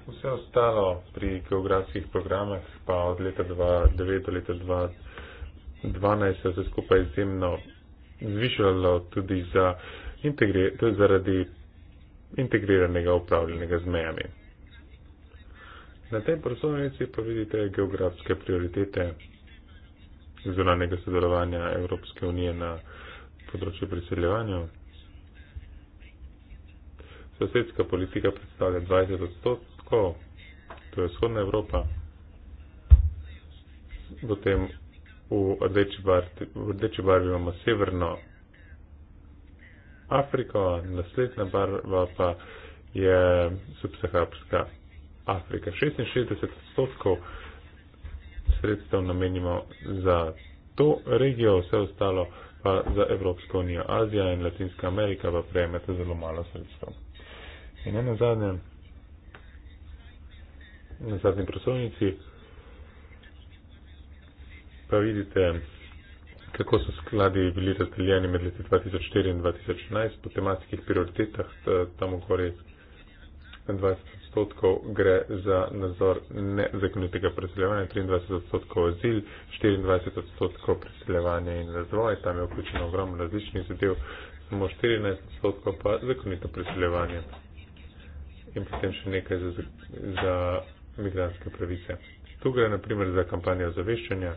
Vse ostalo pri geografskih programah pa od leta 2009 do leta 2012 se je skupaj izjemno zvišalo tudi za integre, zaradi integriranega upravljanja z mejami. Na tej prosovnici pa vidite geografske prioritete zunanega sodelovanja Evropske unije na področje priseljevanja. Sosedska politika predstavlja 20 odstotkov, to je vzhodna Evropa, potem v rdeči, bar, v rdeči barvi imamo severno Afriko, naslednja barva pa je subsaharska Afrika. 66 odstotkov sredstev namenimo za to regijo, vse ostalo pa za Evropsko unijo Azija in Latinska Amerika pa prejmete zelo malo sredstva. In ne na zadnje, na zadnji prosovnici pa vidite, kako so skladi bili razdeljeni med leti 2004 in 2011 po tematskih prioritetah, eh, tam v Koreji. 22 odstotkov gre za nadzor nezakonitega preseljevanja, 23 odstotkov azil, 24 odstotkov preseljevanja in razvoj, tam je vključeno ogromno različnih zadev, samo 14 odstotkov pa zakonito preseljevanje in potem še nekaj za, za migranske pravice. Tu gre naprimer za kampanjo zaveščanja,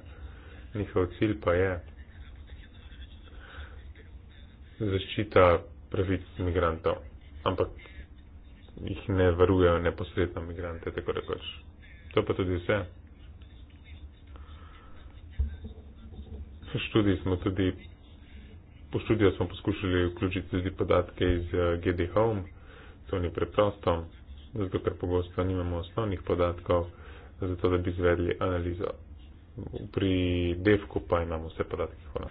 njihov cilj pa je zaščita pravic migrantov. Ampak jih ne varujejo neposredno migrante, tako rekoč. Pač, to pa tudi vse. Študij smo tudi, po študijo smo poskušali vključiti tudi podatke iz eh, GD Home, to ni preprosto, zato ker pogosto nimamo osnovnih podatkov, zato da bi izvedli analizo. Pri devku pa imamo vse podatke. Hvala.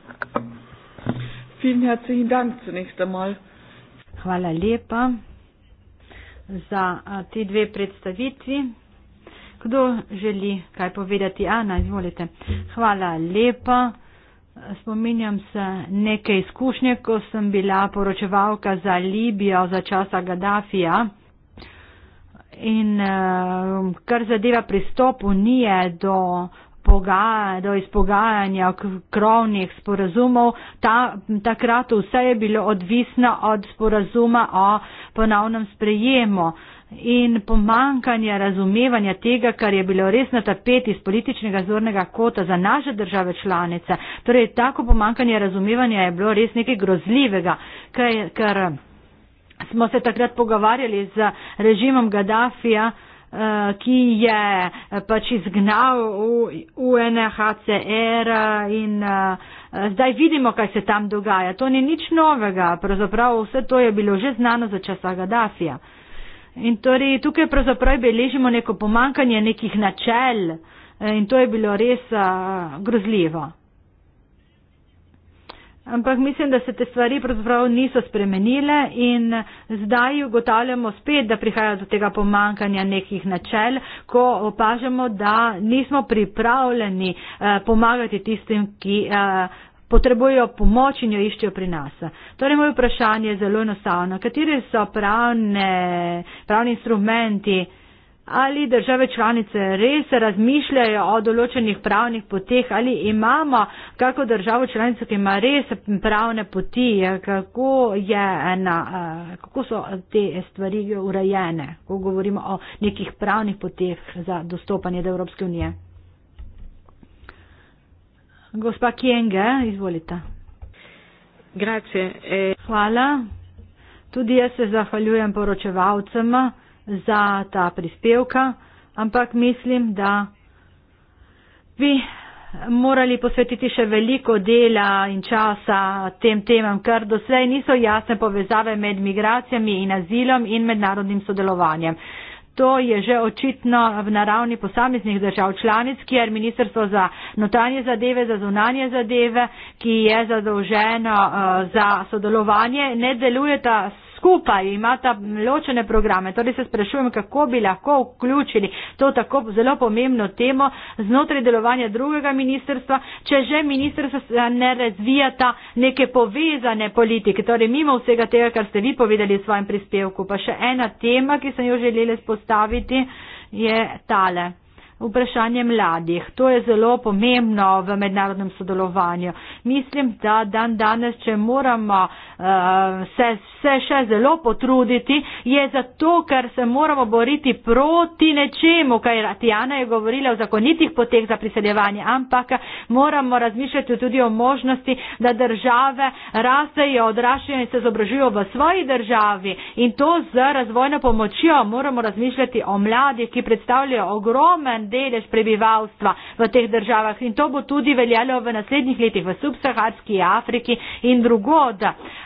Finjaci in danci, nekaj malo. Hvala lepa za ti dve predstavitvi. Kdo želi kaj povedati? Ana, izvolite. Hvala lepa. Spominjam se neke izkušnje, ko sem bila poročevalka za Libijo za časa Gaddafija. In kar zadeva pristop Unije do do izpogajanja krovnih sporazumov. Ta, takrat vse je bilo odvisno od sporazuma o ponovnem sprejemu. In pomankanje razumevanja tega, kar je bilo res na tapeti iz političnega zornega kota za naše države članice, torej tako pomankanje razumevanja je bilo res nekaj grozljivega, ker smo se takrat pogovarjali z režimom Gaddafija. Eh, ki je eh, pač izgnal UNHCR eh, in zdaj vidimo, kaj se tam dogaja. To ni nič novega, pravzaprav vse to je bilo že znano za časa Gaddafija. In torej tukaj pravzaprav beležimo neko pomankanje nekih načel in to je bilo res grozljivo. Ampak mislim, da se te stvari pravzaprav niso spremenile in zdaj ugotavljamo spet, da prihaja do tega pomankanja nekih načel, ko opažamo, da nismo pripravljeni eh, pomagati tistim, ki. Eh, potrebujo pomoč in jo iščejo pri nas. Torej, moje vprašanje je zelo enostavno. Kateri so pravne, pravni instrumenti, ali države članice res razmišljajo o določenih pravnih poteh, ali imamo kako državo članico, ki ima res pravne poti, kako, ena, eh, kako so te stvari urejene, ko govorimo o nekih pravnih poteh za dostopanje do Evropske unije. Gospa Kienge, izvolite. Grazie. Eh. Hvala. Tudi jaz se zahvaljujem poročevalcem za ta prispevka, ampak mislim, da bi morali posvetiti še veliko dela in časa tem temam, ker doslej niso jasne povezave med migracijami in azilom in mednarodnim sodelovanjem. To je že očitno v naravni posameznih držav članic, kjer Ministrstvo za notranje zadeve, za zunanje zadeve, ki je zadolženo uh, za sodelovanje, ne deluje ta skupaj imata ločene programe. Torej se sprašujem, kako bi lahko vključili to tako zelo pomembno temo znotraj delovanja drugega ministrstva, če že ministrstva ne razvijata neke povezane politike. Torej mimo vsega tega, kar ste vi povedali v svojem prispevku. Pa še ena tema, ki sem jo želela spostaviti, je tale vprašanje mladih. To je zelo pomembno v mednarodnem sodelovanju. Mislim, da dan danes, če moramo uh, se, se še zelo potruditi, je zato, ker se moramo boriti proti nečemu, kaj Tijana je govorila o zakonitih poteh za priseljevanje, ampak moramo razmišljati tudi o možnosti, da države rastejo, odraščajo in se izobražujo v svoji državi. In to z razvojno pomočjo moramo razmišljati o mladih, ki predstavljajo ogromen delež prebivalstva v teh državah in to bo tudi veljalo v naslednjih letih v subsaharski Afriki in drugod.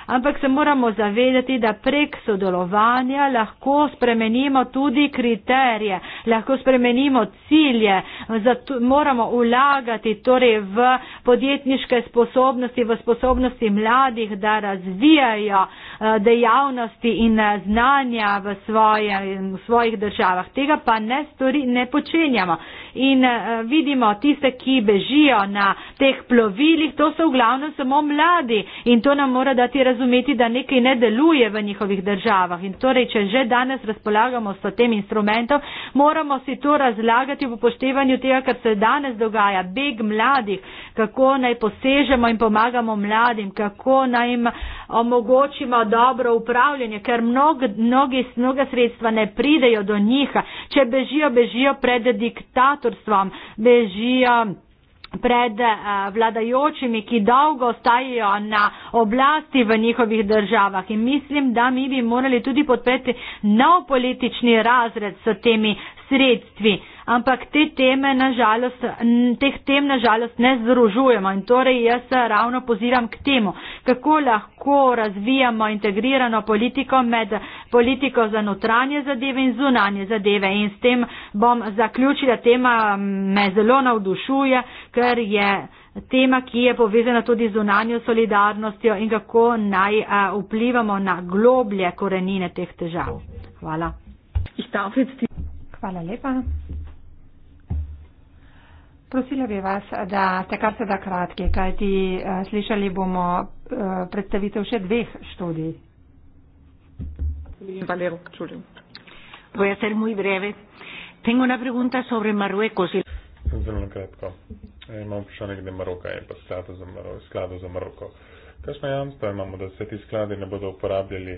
Ampak se moramo zavedati, da prek sodelovanja lahko spremenimo tudi kriterije, lahko spremenimo cilje, zato moramo ulagati torej v podjetniške sposobnosti, v sposobnosti mladih, da razvijajo eh, dejavnosti in eh, znanja v, svoje, v svojih državah. Tega pa ne, stori, ne počenjamo vidimo. In uh, vidimo tiste, ki bežijo na teh plovilih, to so v glavnem samo mladi in to nam mora dati razumeti, da nekaj ne deluje v njihovih državah. In torej, če že danes razpolagamo s tem instrumentom, moramo si to razlagati v upoštevanju tega, kar se danes dogaja, beg mladih, kako naj posežemo in pomagamo mladim, kako naj jim omogočimo dobro upravljanje, ker mnog, mnogi, mnoga sredstva ne pridejo do njih. Če bežijo, bežijo pred dik diktatorstvom, bežijo pred eh, vladajočimi, ki dolgo ostajajo na oblasti v njihovih državah. In mislim, da mi bi morali tudi podpreti nov politični razred s temi sredstvi ampak te teme na žalost, teh tem na žalost ne združujemo in torej jaz eh, ravno poziram k temu, kako lahko razvijamo integrirano politiko med politiko za notranje zadeve in zunanje zadeve in s tem bom zaključila, tema me zelo navdušuje, ker je tema, ki je povezana tudi z zunanjo solidarnostjo in kako naj a, eh, vplivamo na globlje korenine teh težav. Hvala. Hvala lepa. Prosila bi vas, da ste kar se da kratki, kajti eh, slišali bomo eh, predstavitev še dveh študij. Zelo kratko. E, imam vprašanje glede Maroka in pa skladu za, Mar skladu za Maroko. Kakšno jamstvo imamo, da se ti skladi ne bodo uporabljali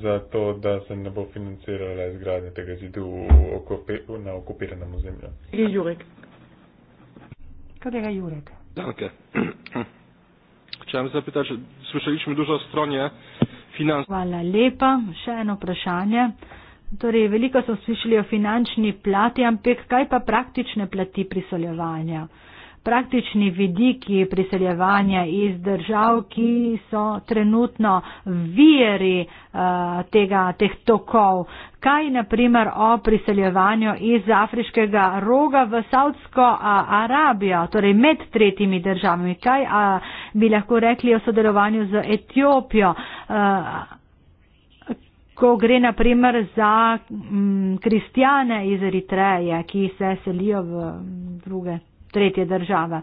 za to, da se ne bo financirala izgradnja tega zidu okupi na okupiranem ozemlju? Jurek kolega Jurek. Danke. Chciałem zapytać, słyszeliśmy dużo o stronie finansowej. Hvala lepa, še eno vprašanje. Torej, veliko smo slišali o finančni plati, ampak kaj pa praktične plati prisoljevanja? praktični vidiki priseljevanja iz držav, ki so trenutno viri eh, tega, teh tokov. Kaj na primer o priseljevanju iz afriškega roga v Saudsko Arabijo, torej med tretjimi državami? Kaj a, bi lahko rekli o sodelovanju z Etiopijo? A, eh, ko gre na primer za mm, kristijane iz Eritreje, ki se selijo v druge tretje države. Eh,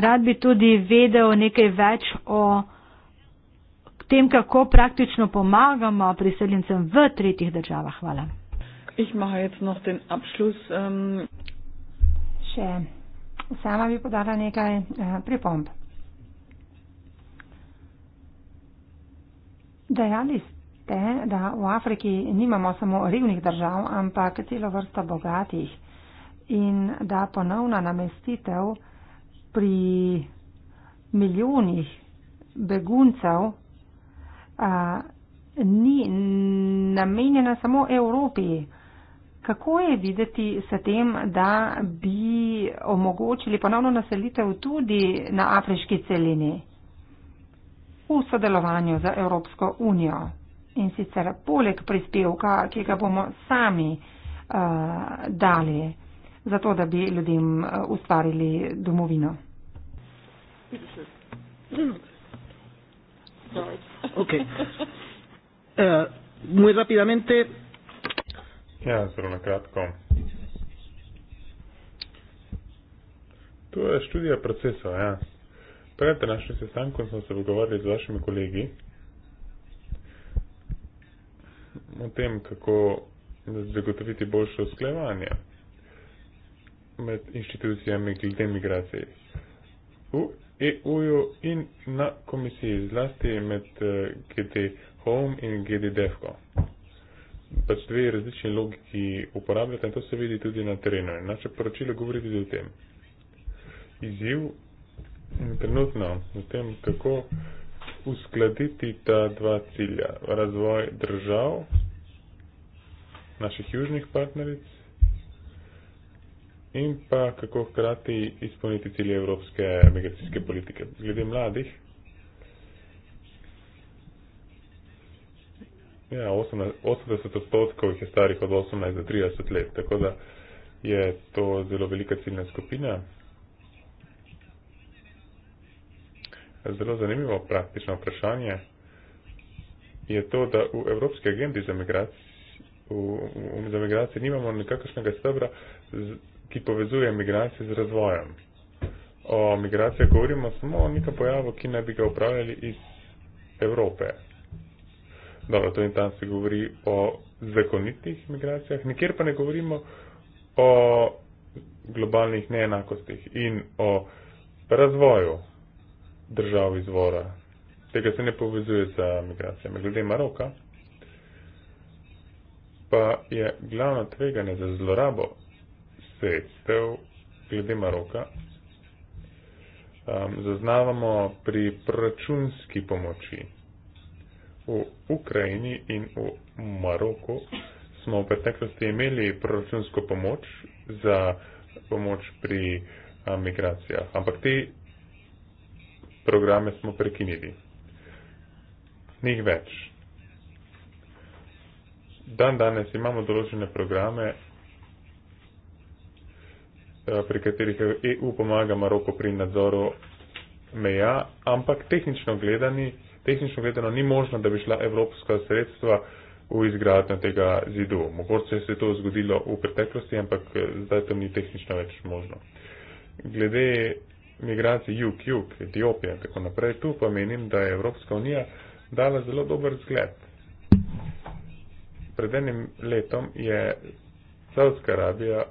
rad bi tudi vedel nekaj več o tem, kako praktično pomagamo priseljencem v tretjih državah. Hvala. Ähm, Še sama bi podala nekaj eh, pripomb. Dejali ste, da v Afriki nimamo samo revnih držav, ampak celo vrsta bogatih in da ponovna namestitev pri milijonih beguncev a, ni namenjena samo Evropi. Kako je videti s tem, da bi omogočili ponovno naselitev tudi na afriški celini v sodelovanju z Evropsko unijo? In sicer poleg prispevka, ki ga bomo sami uh, dali zato da bi ljudem eh, ustvarili domovino. Okay. Uh, muy rápidamente. Ja, zelo na kratko. To je študija procesov. Ja. Pred današnjim sestankom smo se pogovarjali z vašimi kolegi o tem, kako zagotoviti boljše usklejevanje med inštitucijami glede migracij. V EU-ju in na komisiji zlasti med eh, GD Home in GD Defco. Pač dve različne logiki uporabljate in to se vidi tudi na terenu. Naše poročilo govori tudi o tem. Izjiv trenutno v tem, kako uskladiti ta dva cilja. Razvoj držav, naših južnih partneric in pa kako hkrati izpolniti cilje evropske migracijske politike. Glede mladih, ja, 80 odstotkov jih je starih od 18 do 30 let, tako da je to zelo velika ciljna skupina. Zelo zanimivo praktično vprašanje je to, da v Evropski agendi za migracijo, V, v, za migracije nimamo nekakšnega stebra ki povezuje migracije z razvojem. O migracijah govorimo samo o neko pojavo, ki naj bi ga upravljali iz Evrope. Dobro, to in tam se govori o zakonitih migracijah, nikjer pa ne govorimo o globalnih neenakostih in o razvoju držav izvora. Tega se ne povezuje z migracijami. Glede Maroka pa je glavno tveganje za zlorabo sredstev glede Maroka um, zaznavamo pri proračunski pomoči. V Ukrajini in v Maroku smo v preteklosti imeli proračunsko pomoč za pomoč pri um, migracijah, ampak te programe smo prekinili. Njih več. Dan danes imamo določene programe, Eh, pri katerih EU pomaga Maroko pri nadzoru meja, ampak tehnično, gledani, tehnično gledano ni možno, da bi šla evropska sredstva v izgradnjo tega zidu. Mogoče se je to zgodilo v preteklosti, ampak eh, zdaj to ni tehnično več možno. Glede migracij jug-jug, Etiopija in tako naprej, tu pa menim, da je Evropska unija dala zelo dober zgled. Pred enim letom je Saudska Arabija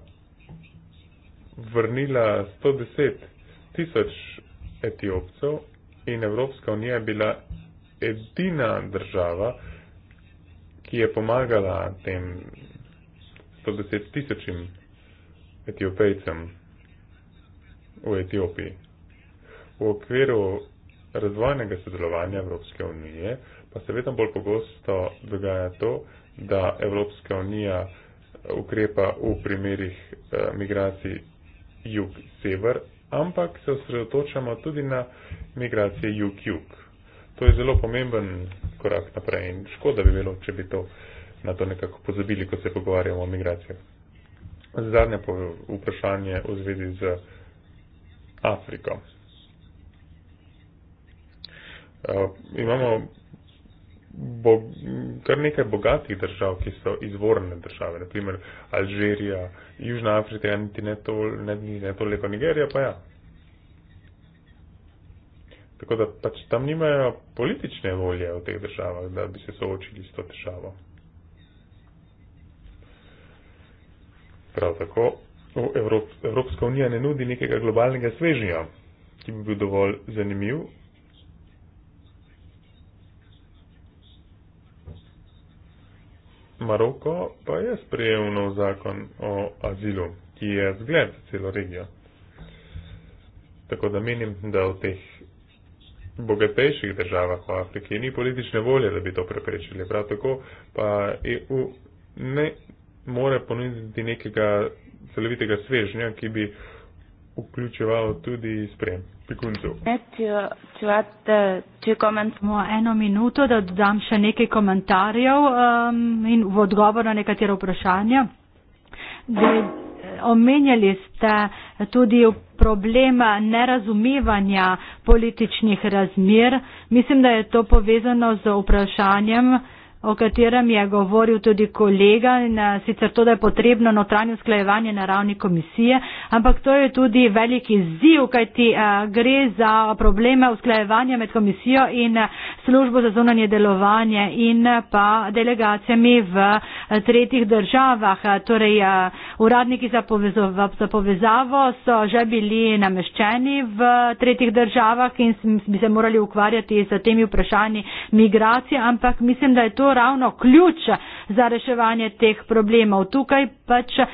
vrnila 110 tisoč etiopcev in Evropska unija je bila edina država, ki je pomagala tem 110 tisočim etiopejcem v Etiopiji. V okviru razvojnega sodelovanja Evropske unije pa se vedno bolj pogosto dogaja to, da Evropska unija ukrepa v primerih eh, migracij jug-sever, ampak se osredotočamo tudi na migracije jug-jug. To je zelo pomemben korak naprej in škoda bi bilo, če bi to na to nekako pozabili, ko se pogovarjamo o migracijah. Zadnje vprašanje v zvezi z Afriko. Uh, imamo bo, kar nekaj bogatih držav, ki so izvorne države, naprimer Alžirija, Južna Afrika, ja, niti ne, to, ne, ne toliko Nigerija, pa ja. Tako da pač tam nimajo politične volje v teh državah, da bi se soočili s to težavo. Prav tako Evrop, Evropska unija ne nudi nekega globalnega svežnja, ki bi bil dovolj zanimiv Maroko pa je sprejel nov zakon o azilu, ki je zgled celo regijo. Tako da menim, da v teh bogatejših državah v Afriki ni politične volje, da bi to preprečili. Prav tako pa EU ne more ponuditi nekega celovitega svežnja, ki bi vključeval tudi sprem. Eh, če lahko komentiramo eno minuto, da dodam še nekaj komentarjev um, in v odgovor na nekatero vprašanje. Eh, omenjali ste tudi problem nerazumevanja političnih razmir. Mislim, da je to povezano z vprašanjem o katerem je govoril tudi kolega, in sicer to, da je potrebno notranje usklajevanje na ravni komisije, ampak to je tudi veliki ziv, kajti eh, gre za probleme usklajevanja med komisijo in eh, službo za zunanje delovanje in eh, pa delegacijami v tretjih državah. Torej, uradniki za povezavo so že bili nameščeni v tretjih državah in bi se morali ukvarjati z temi vprašanji migracije, ampak mislim, da je to ravno ključ za reševanje teh problemov. Tukaj pač eh,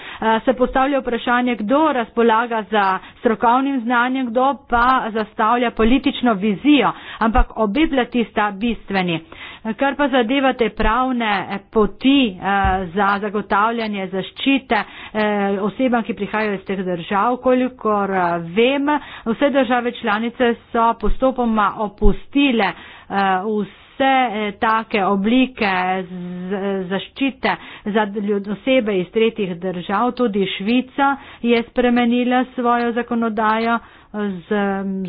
se postavlja vprašanje, kdo razpolaga za strokovnim znanjem, kdo pa zastavlja politično vizijo, ampak obe plati sta bistveni. Kar pa zadevate pravne eh, poti eh, za zagotavljanje zaščite osebam, ki prihajajo iz teh držav, kolikor vem, vse države članice so postopoma opustile vse vse eh, take oblike zaščite za ljud, osebe iz tretjih držav, tudi Švica je spremenila svojo zakonodajo eh, z,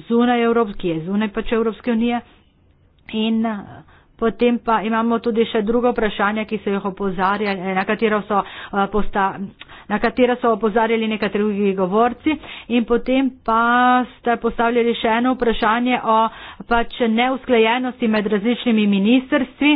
zunaj Evropske, je zunaj pač Evropske unije. In eh, potem pa imamo tudi še drugo vprašanje, ki so jih opozarjali, na katero so postavili na katero so opozarjali nekateri drugi govorci in potem pa ste postavljali še eno vprašanje o pač neusklajenosti med različnimi ministrstvi.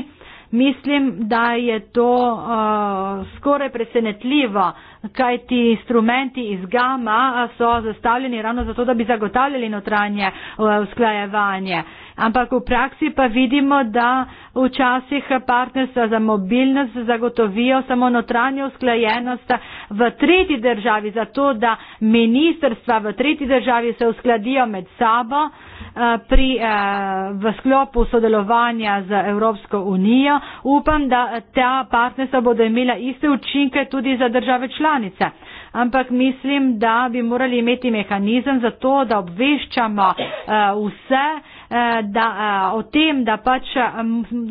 Mislim, da je to uh, skoraj presenetljivo, kaj ti instrumenti iz GAMA so zastavljeni ravno zato, da bi zagotavljali notranje eh, usklajevanje. Ampak v praksi pa vidimo, da včasih partnerstva za mobilnost zagotovijo samo notranjo usklajenost, uh, v tretji državi, zato da ministrstva v tretji državi se uskladijo med sabo eh, pri, eh, v sklopu sodelovanja z Evropsko unijo. Upam, da ta partnerstva bodo imela iste učinke tudi za države članice. Ampak mislim, da bi morali imeti mehanizem za to, da obveščamo eh, vse Eh, da, eh, o tem, da pač eh,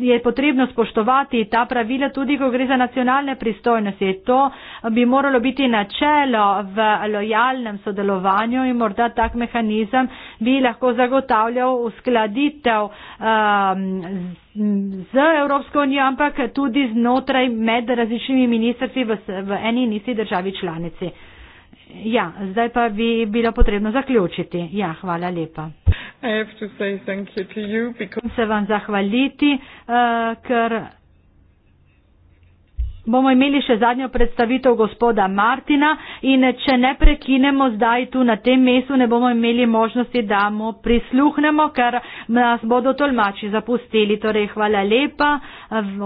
je potrebno spoštovati ta pravila tudi, ko gre za nacionalne pristojnosti. To bi moralo biti načelo v lojalnem sodelovanju in morda tak mehanizem bi lahko zagotavljal uskladitev um, z, z Evropsko unijo, ampak tudi znotraj med različnimi ministrstvi v, v eni in isti državi članici. Ja, zdaj pa bi bilo potrebno zaključiti. Ja, hvala lepa. You, because... Se vam zahvaliti, uh, ker bomo imeli še zadnjo predstavitev gospoda Martina in če ne prekinemo zdaj tu na tem mestu, ne bomo imeli možnosti, da mu prisluhnemo, ker nas bodo tolmači zapustili. Torej, hvala lepa eh,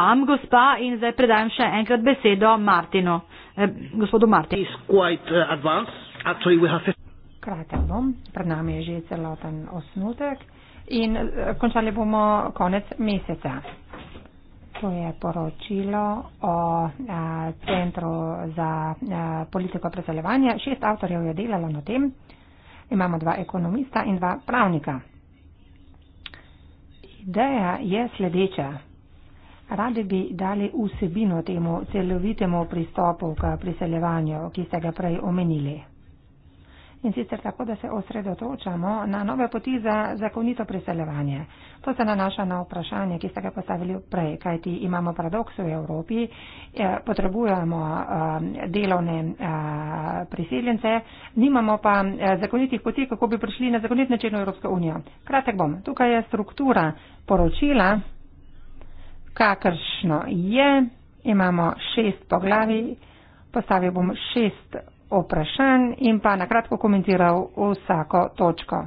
vam, gospa, in zdaj predajam še enkrat besedo Martinu, eh, gospodu Martinu kratek bom, pred nami je že celoten osnutek in eh, končali bomo konec meseca. To je poročilo o a, eh, Centru za a, eh, politiko preseljevanja. Šest avtorjev je delalo na tem. Imamo dva ekonomista in dva pravnika. Ideja je sledeča. Radi bi dali vsebino temu celovitemu pristopu k priseljevanju, ki ste ga prej omenili in sicer tako, da se osredotočamo na nove poti za zakonito priseljevanje. To se nanaša na vprašanje, ki ste ga postavili prej, kajti imamo paradoks v Evropi, eh, potrebujemo eh, delovne eh, priseljence, nimamo pa zakonitih poti, kako bi prišli na zakonit način v Evropsko unijo. Kratek bom. Tukaj je struktura poročila, kakršno je. Imamo šest poglavij, postavil bom šest vprašanj in pa nakratko komentiral vsako točko.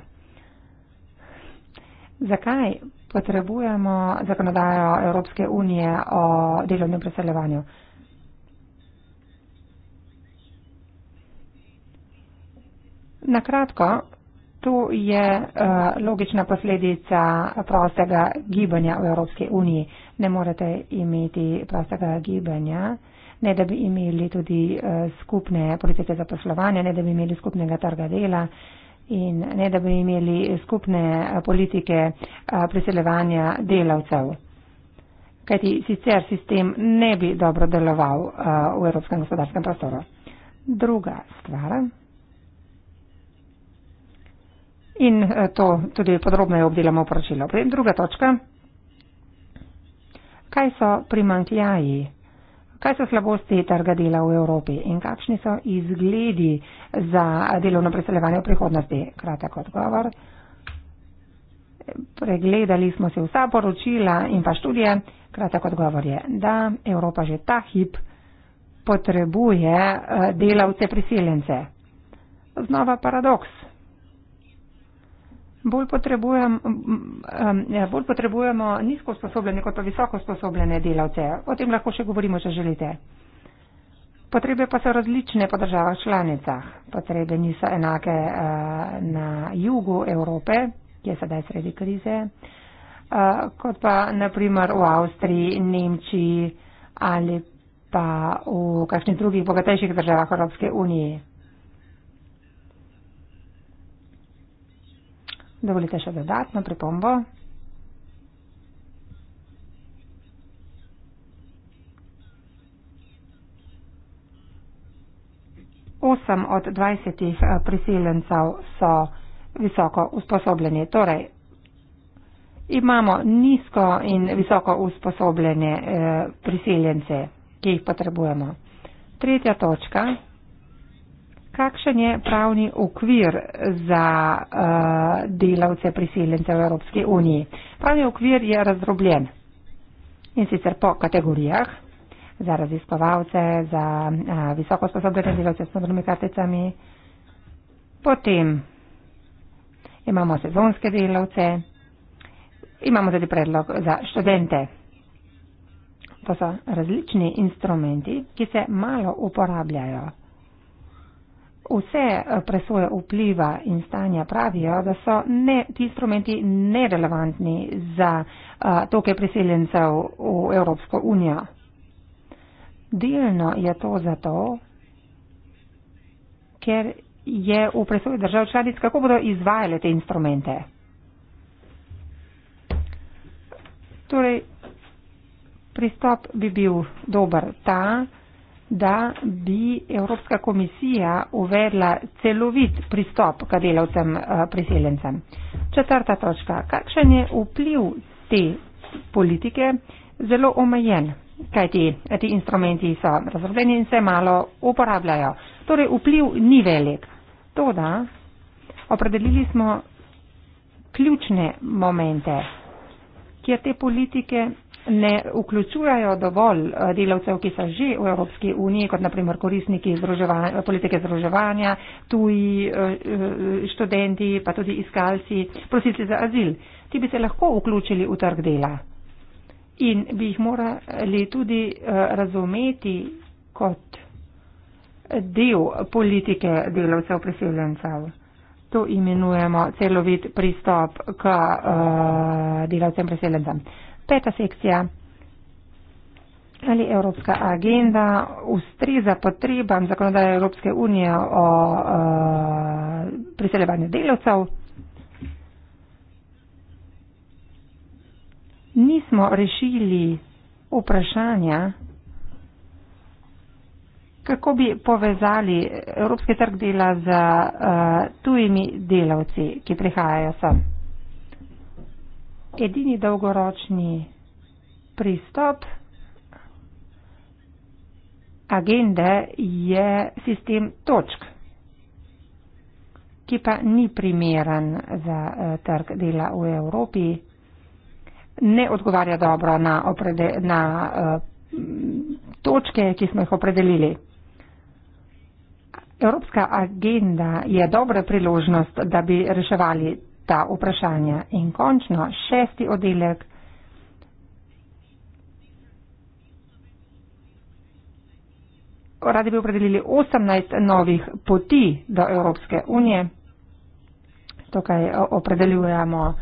Zakaj potrebujemo zakonodajo Evropske unije o delovnem preseljevanju? Nakratko, tu je eh, logična posledica prostega gibanja v Evropski uniji. Ne morete imeti prostega gibanja ne da bi imeli tudi eh, skupne politike zaposlovanja, ne da bi imeli skupnega trga dela in ne da bi imeli skupne eh, politike eh, priseljevanja delavcev. Kajti sicer sistem ne bi dobro deloval v evropskem gospodarskem prostoru. Druga stvar. In to tudi podrobneje obdelamo v poročilu. Druga točka. Kaj so primankljaji kaj so slabosti trga dela v Evropi in kakšni so izgledi za delovno preseljevanje v prihodnosti. Kratek odgovor. Pregledali smo se vsa poročila in pa študije. Kratek odgovor je, da Evropa že ta hip potrebuje eh, delavce priseljence. Znova paradoks. Bolj potrebujemo, um, ja, bolj potrebujemo nizko usposobljene kot pa visoko usposobljene delavce. O tem lahko še govorimo, če želite. Potrebe pa so različne po državah članicah. Potrebe niso enake uh, na jugu Evrope, ki je sedaj sredi krize, uh, kot pa naprimer v Avstriji, Nemčiji ali pa v kakšnih drugih bogatejših državah Evropske unije. Dovolite še dodatno pripombo. Osem od dvajsetih eh, prisiljencev so visoko usposobljeni. Torej, imamo nizko in visoko usposobljene eh, prisiljence, ki jih potrebujemo. Tretja točka. Kakšen je pravni okvir za uh, delavce priseljence v Evropski uniji? Pravni okvir je razdrobljen in sicer po kategorijah za raziskovalce, za uh, visoko sposobne delavce s modrimi karticami. Potem imamo sezonske delavce, imamo tudi predlog za študente. To so različni instrumenti, ki se malo uporabljajo vse eh, presoje vpliva in stanja pravijo, da so ne, ti instrumenti nerelevantni za uh, toke priseljencev v Evropsko unijo. Delno je to zato, ker je v presoji držav članic, kako bodo izvajale te instrumente. Torej, pristop bi bil dober ta, da bi Evropska komisija uvedla celovit pristop k delavcem eh, priseljencem. Četrta točka. Kakšen je vpliv te politike? Zelo omejen, kaj ti, ti instrumenti so razrobljeni in se malo uporabljajo. Torej, vpliv ni velik. Toda, opredelili smo ključne momente, kjer te politike ne vključujajo dovolj eh, delavcev, ki so že v Evropski uniji, kot naprimer koristniki združevanja, politike združevanja, tuji eh, eh, študenti, pa tudi iskalci, prosilci za azil. Ti bi se lahko vključili v trg dela in bi jih morali tudi razumeti kot del politike delavcev priseljencev. To imenujemo celovit pristop k uh, delavcem priseljencem. Uh, Peta sekcija. Ali Evropska agenda ustriza potrebam zakonodaje Evropske unije o uh, priseljevanju delavcev? Nismo rešili vprašanja, kako bi povezali Evropski trg dela z uh, tujimi delavci, ki prihajajo sem edini dolgoročni pristop agende je sistem točk, ki pa ni primeren za eh, trg dela v Evropi, ne odgovarja dobro na, oprede, na eh, točke, ki smo jih opredelili. Evropska agenda je dobra priložnost, da bi reševali ta vprašanja. In končno šesti oddelek. Radi bi opredelili 18 novih poti do Evropske unije. Tukaj eh, opredeljujemo uh,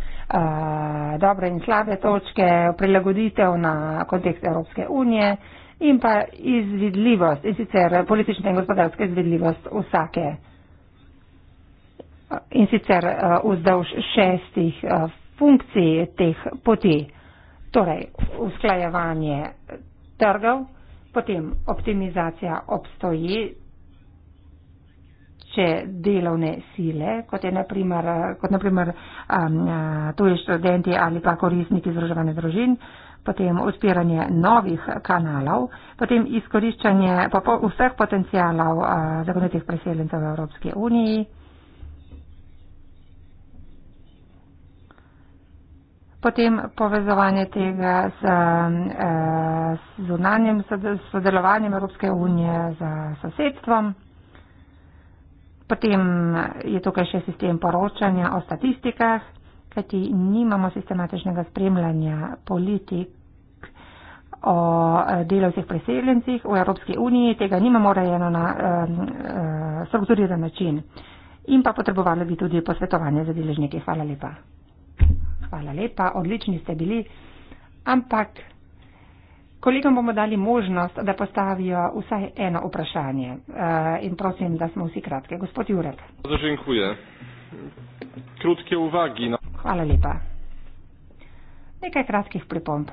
dobre in slabe točke, prilagoditev na kontekst Evropske unije in pa izvidljivost, in sicer politična in gospodarska izvidljivost vsake in sicer eh, vzdolž šestih eh, funkcij teh poti. Torej, usklajevanje trgov, potem optimizacija obstoji, če delovne sile, kot je naprimer, kot naprimer um, eh, tuji študenti ali pa koristniki združevanja družin, potem odpiranje novih kanalov, potem izkoriščanje vseh potencijalov uh, zakonitih preseljencev v Evropski uniji. potem povezovanje tega z um, eh, zunanjem sodelovanjem Evropske unije, z sosedstvom. Potem je tukaj še sistem poročanja o statistikah, kajti nimamo sistematičnega spremljanja politik o eh, delovcih preseljencih v Evropski uniji, tega nimamo rejeno na eh, strukturiran način. In pa potrebovali bi tudi posvetovanje za deležnike. Hvala lepa. Hvala lepa, odlični ste bili. Ampak kolegom bomo dali možnost, da postavijo vsaj eno vprašanje. Uh, in prosim, da smo vsi kratki. Gospod Jurek. Zaženkuje. Krutke uvagi. Na... Hvala lepa. Nekaj kratkih pripomb.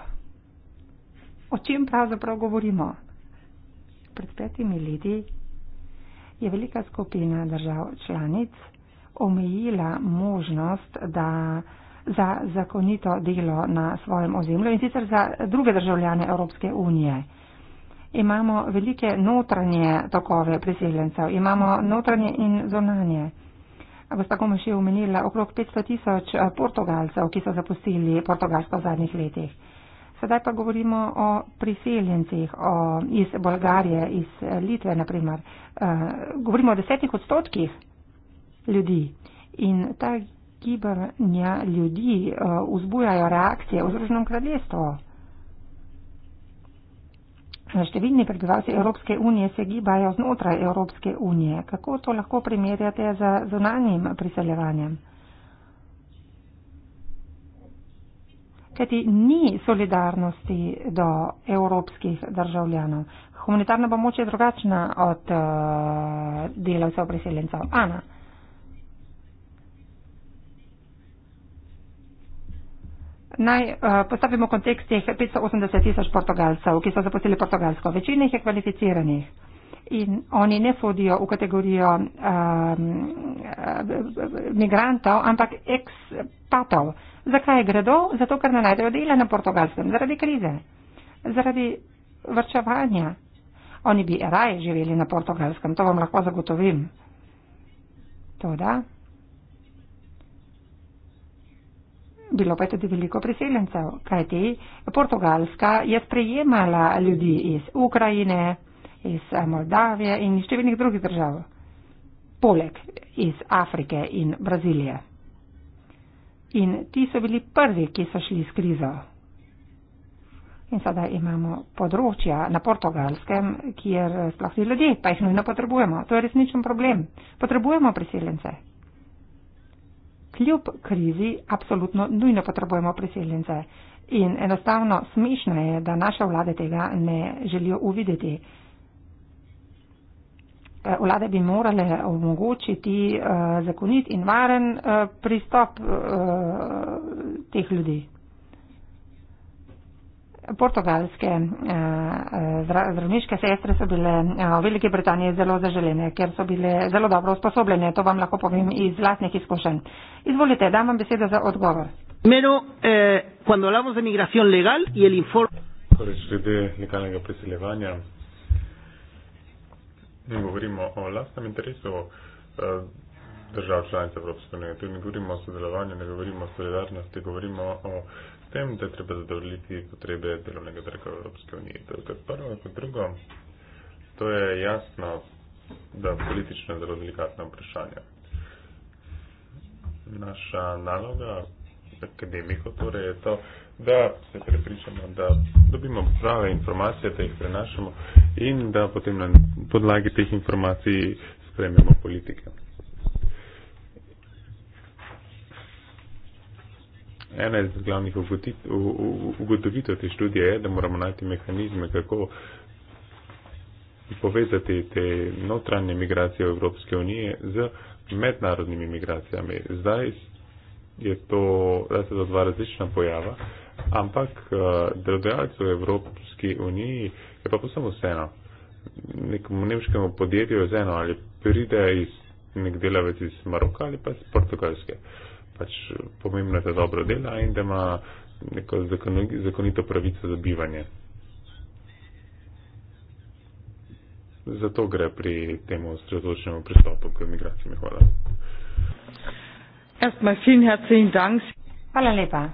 O čem pravzaprav govorimo? Pred petimi leti je velika skupina držav članic omejila možnost, da za zakonito delo na svojem ozemlju in sicer za druge državljane Evropske unije. Imamo velike notranje tokove priseljencev, imamo notranje in zonanje. Gospa Gomes je omenila okrog 500 tisoč eh, portugalcev, ki so zapustili Portugalsko v zadnjih letih. Sedaj pa govorimo o priseljencih o, iz Bolgarije, iz eh, Litve, naprimer. Uh, eh, govorimo o desetih odstotkih ljudi in ta gibanja ljudi uh, vzbujajo reakcije v Združenem kraljestvu. Številni prebivalci Evropske unije se gibajo znotraj Evropske unije. Kako to lahko primerjate z zunanjim priseljevanjem? Kajti ni solidarnosti do evropskih državljanov. Humanitarna pomoč je drugačna od uh, delavcev priseljencev. Ana. Naj uh, postavimo kontekst teh 580 tisoč portugalcev, ki so zaposlili portugalsko. Večina jih je kvalificiranih in oni ne sodijo v kategorijo uh, migrantov, ampak ekspatov. Zakaj gredo? Zato, ker ne najdejo dela na portugalskem, zaradi krize, zaradi vrčevanja. Oni bi raje živeli na portugalskem, to vam lahko zagotovim. Toda, Bilo pa je tudi veliko priseljencev, kajti Portugalska je sprejemala ljudi iz Ukrajine, iz eh, Moldavije in iz številnih drugih držav, poleg iz Afrike in Brazilije. In ti so bili prvi, ki so šli s krizo. In sedaj imamo področja na portugalskem, kjer sploh ni ljudi, pa jih nujno potrebujemo. To je resničen problem. Potrebujemo priseljence kljub krizi absolutno nujno potrebujemo priseljence. In enostavno smešno je, da naše vlade tega ne želijo uvideti. Eh, vlade bi morale omogočiti eh, zakonit in varen eh, pristop teh ljudi portugalske eh, zdravniške sestre so bile eh, v Veliki Britaniji zelo zaželene, ker so bile zelo dobro usposobljene. To vam lahko povem iz vlastnih izkušenj. Izvolite, dam vam besedo za odgovor. Primero, eh, cuando hablamos de migración legal y el informe. Torej, glede legalnega priseljevanja, ne govorimo o lastnem interesu eh, držav članic Evropske unije. Tu ne govorimo o sodelovanju, ne govorimo o solidarnosti, govorimo o tem, da je treba zadovoljiti potrebe delovnega trga Evropske unije. To je kot prvo, kot drugo, to je jasno, da politično je zelo delikatno vprašanje. Naša naloga akademiko torej je to, da se prepričamo, da dobimo prave informacije, da jih prenašamo in da potem na podlagi teh informacij sprememo politike. Ena iz glavnih ugotovitev te študije je, da moramo najti mehanizme, kako povezati te notranje migracije v Evropske unije z mednarodnimi migracijami. Zdaj je to, da se to dva različna pojava, ampak eh, delodajalci v Evropski uniji je pa posebno vseeno. Nekomu nemškemu podjetju je vseeno, ali pride iz nek delavec iz Maroka ali pa iz Portugalske. Uh, pač pomembno je, da dobro dela in da ima neko zakonito pravico za bivanje. Zato gre pri tem osredotočenem pristopu k imigracijam. Hvala. Hvala lepa.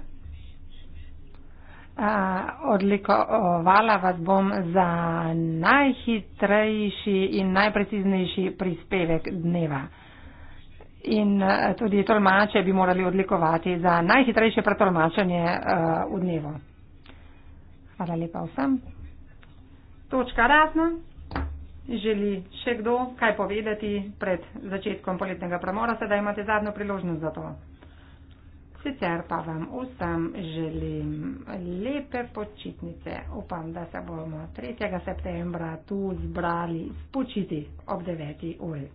Odlikovala vas bom za najhitrejši in najpreciznejši prispevek dneva in eh, tudi tolmače bi morali odlikovati za najhitrejše pretolmačenje eh, v dnevu. Hvala lepa vsem. Točka razna. Želi še kdo kaj povedati pred začetkom poletnega premora, sedaj imate zadnjo priložnost za to. Sicer pa vam vsem želim lepe počitnice. Upam, da se bomo 3. septembra tu zbrali spočiti ob 9. uri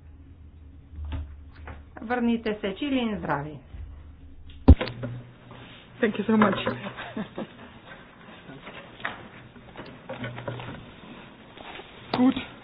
vrnite se čili in zdravi. Thank you so much. Gut.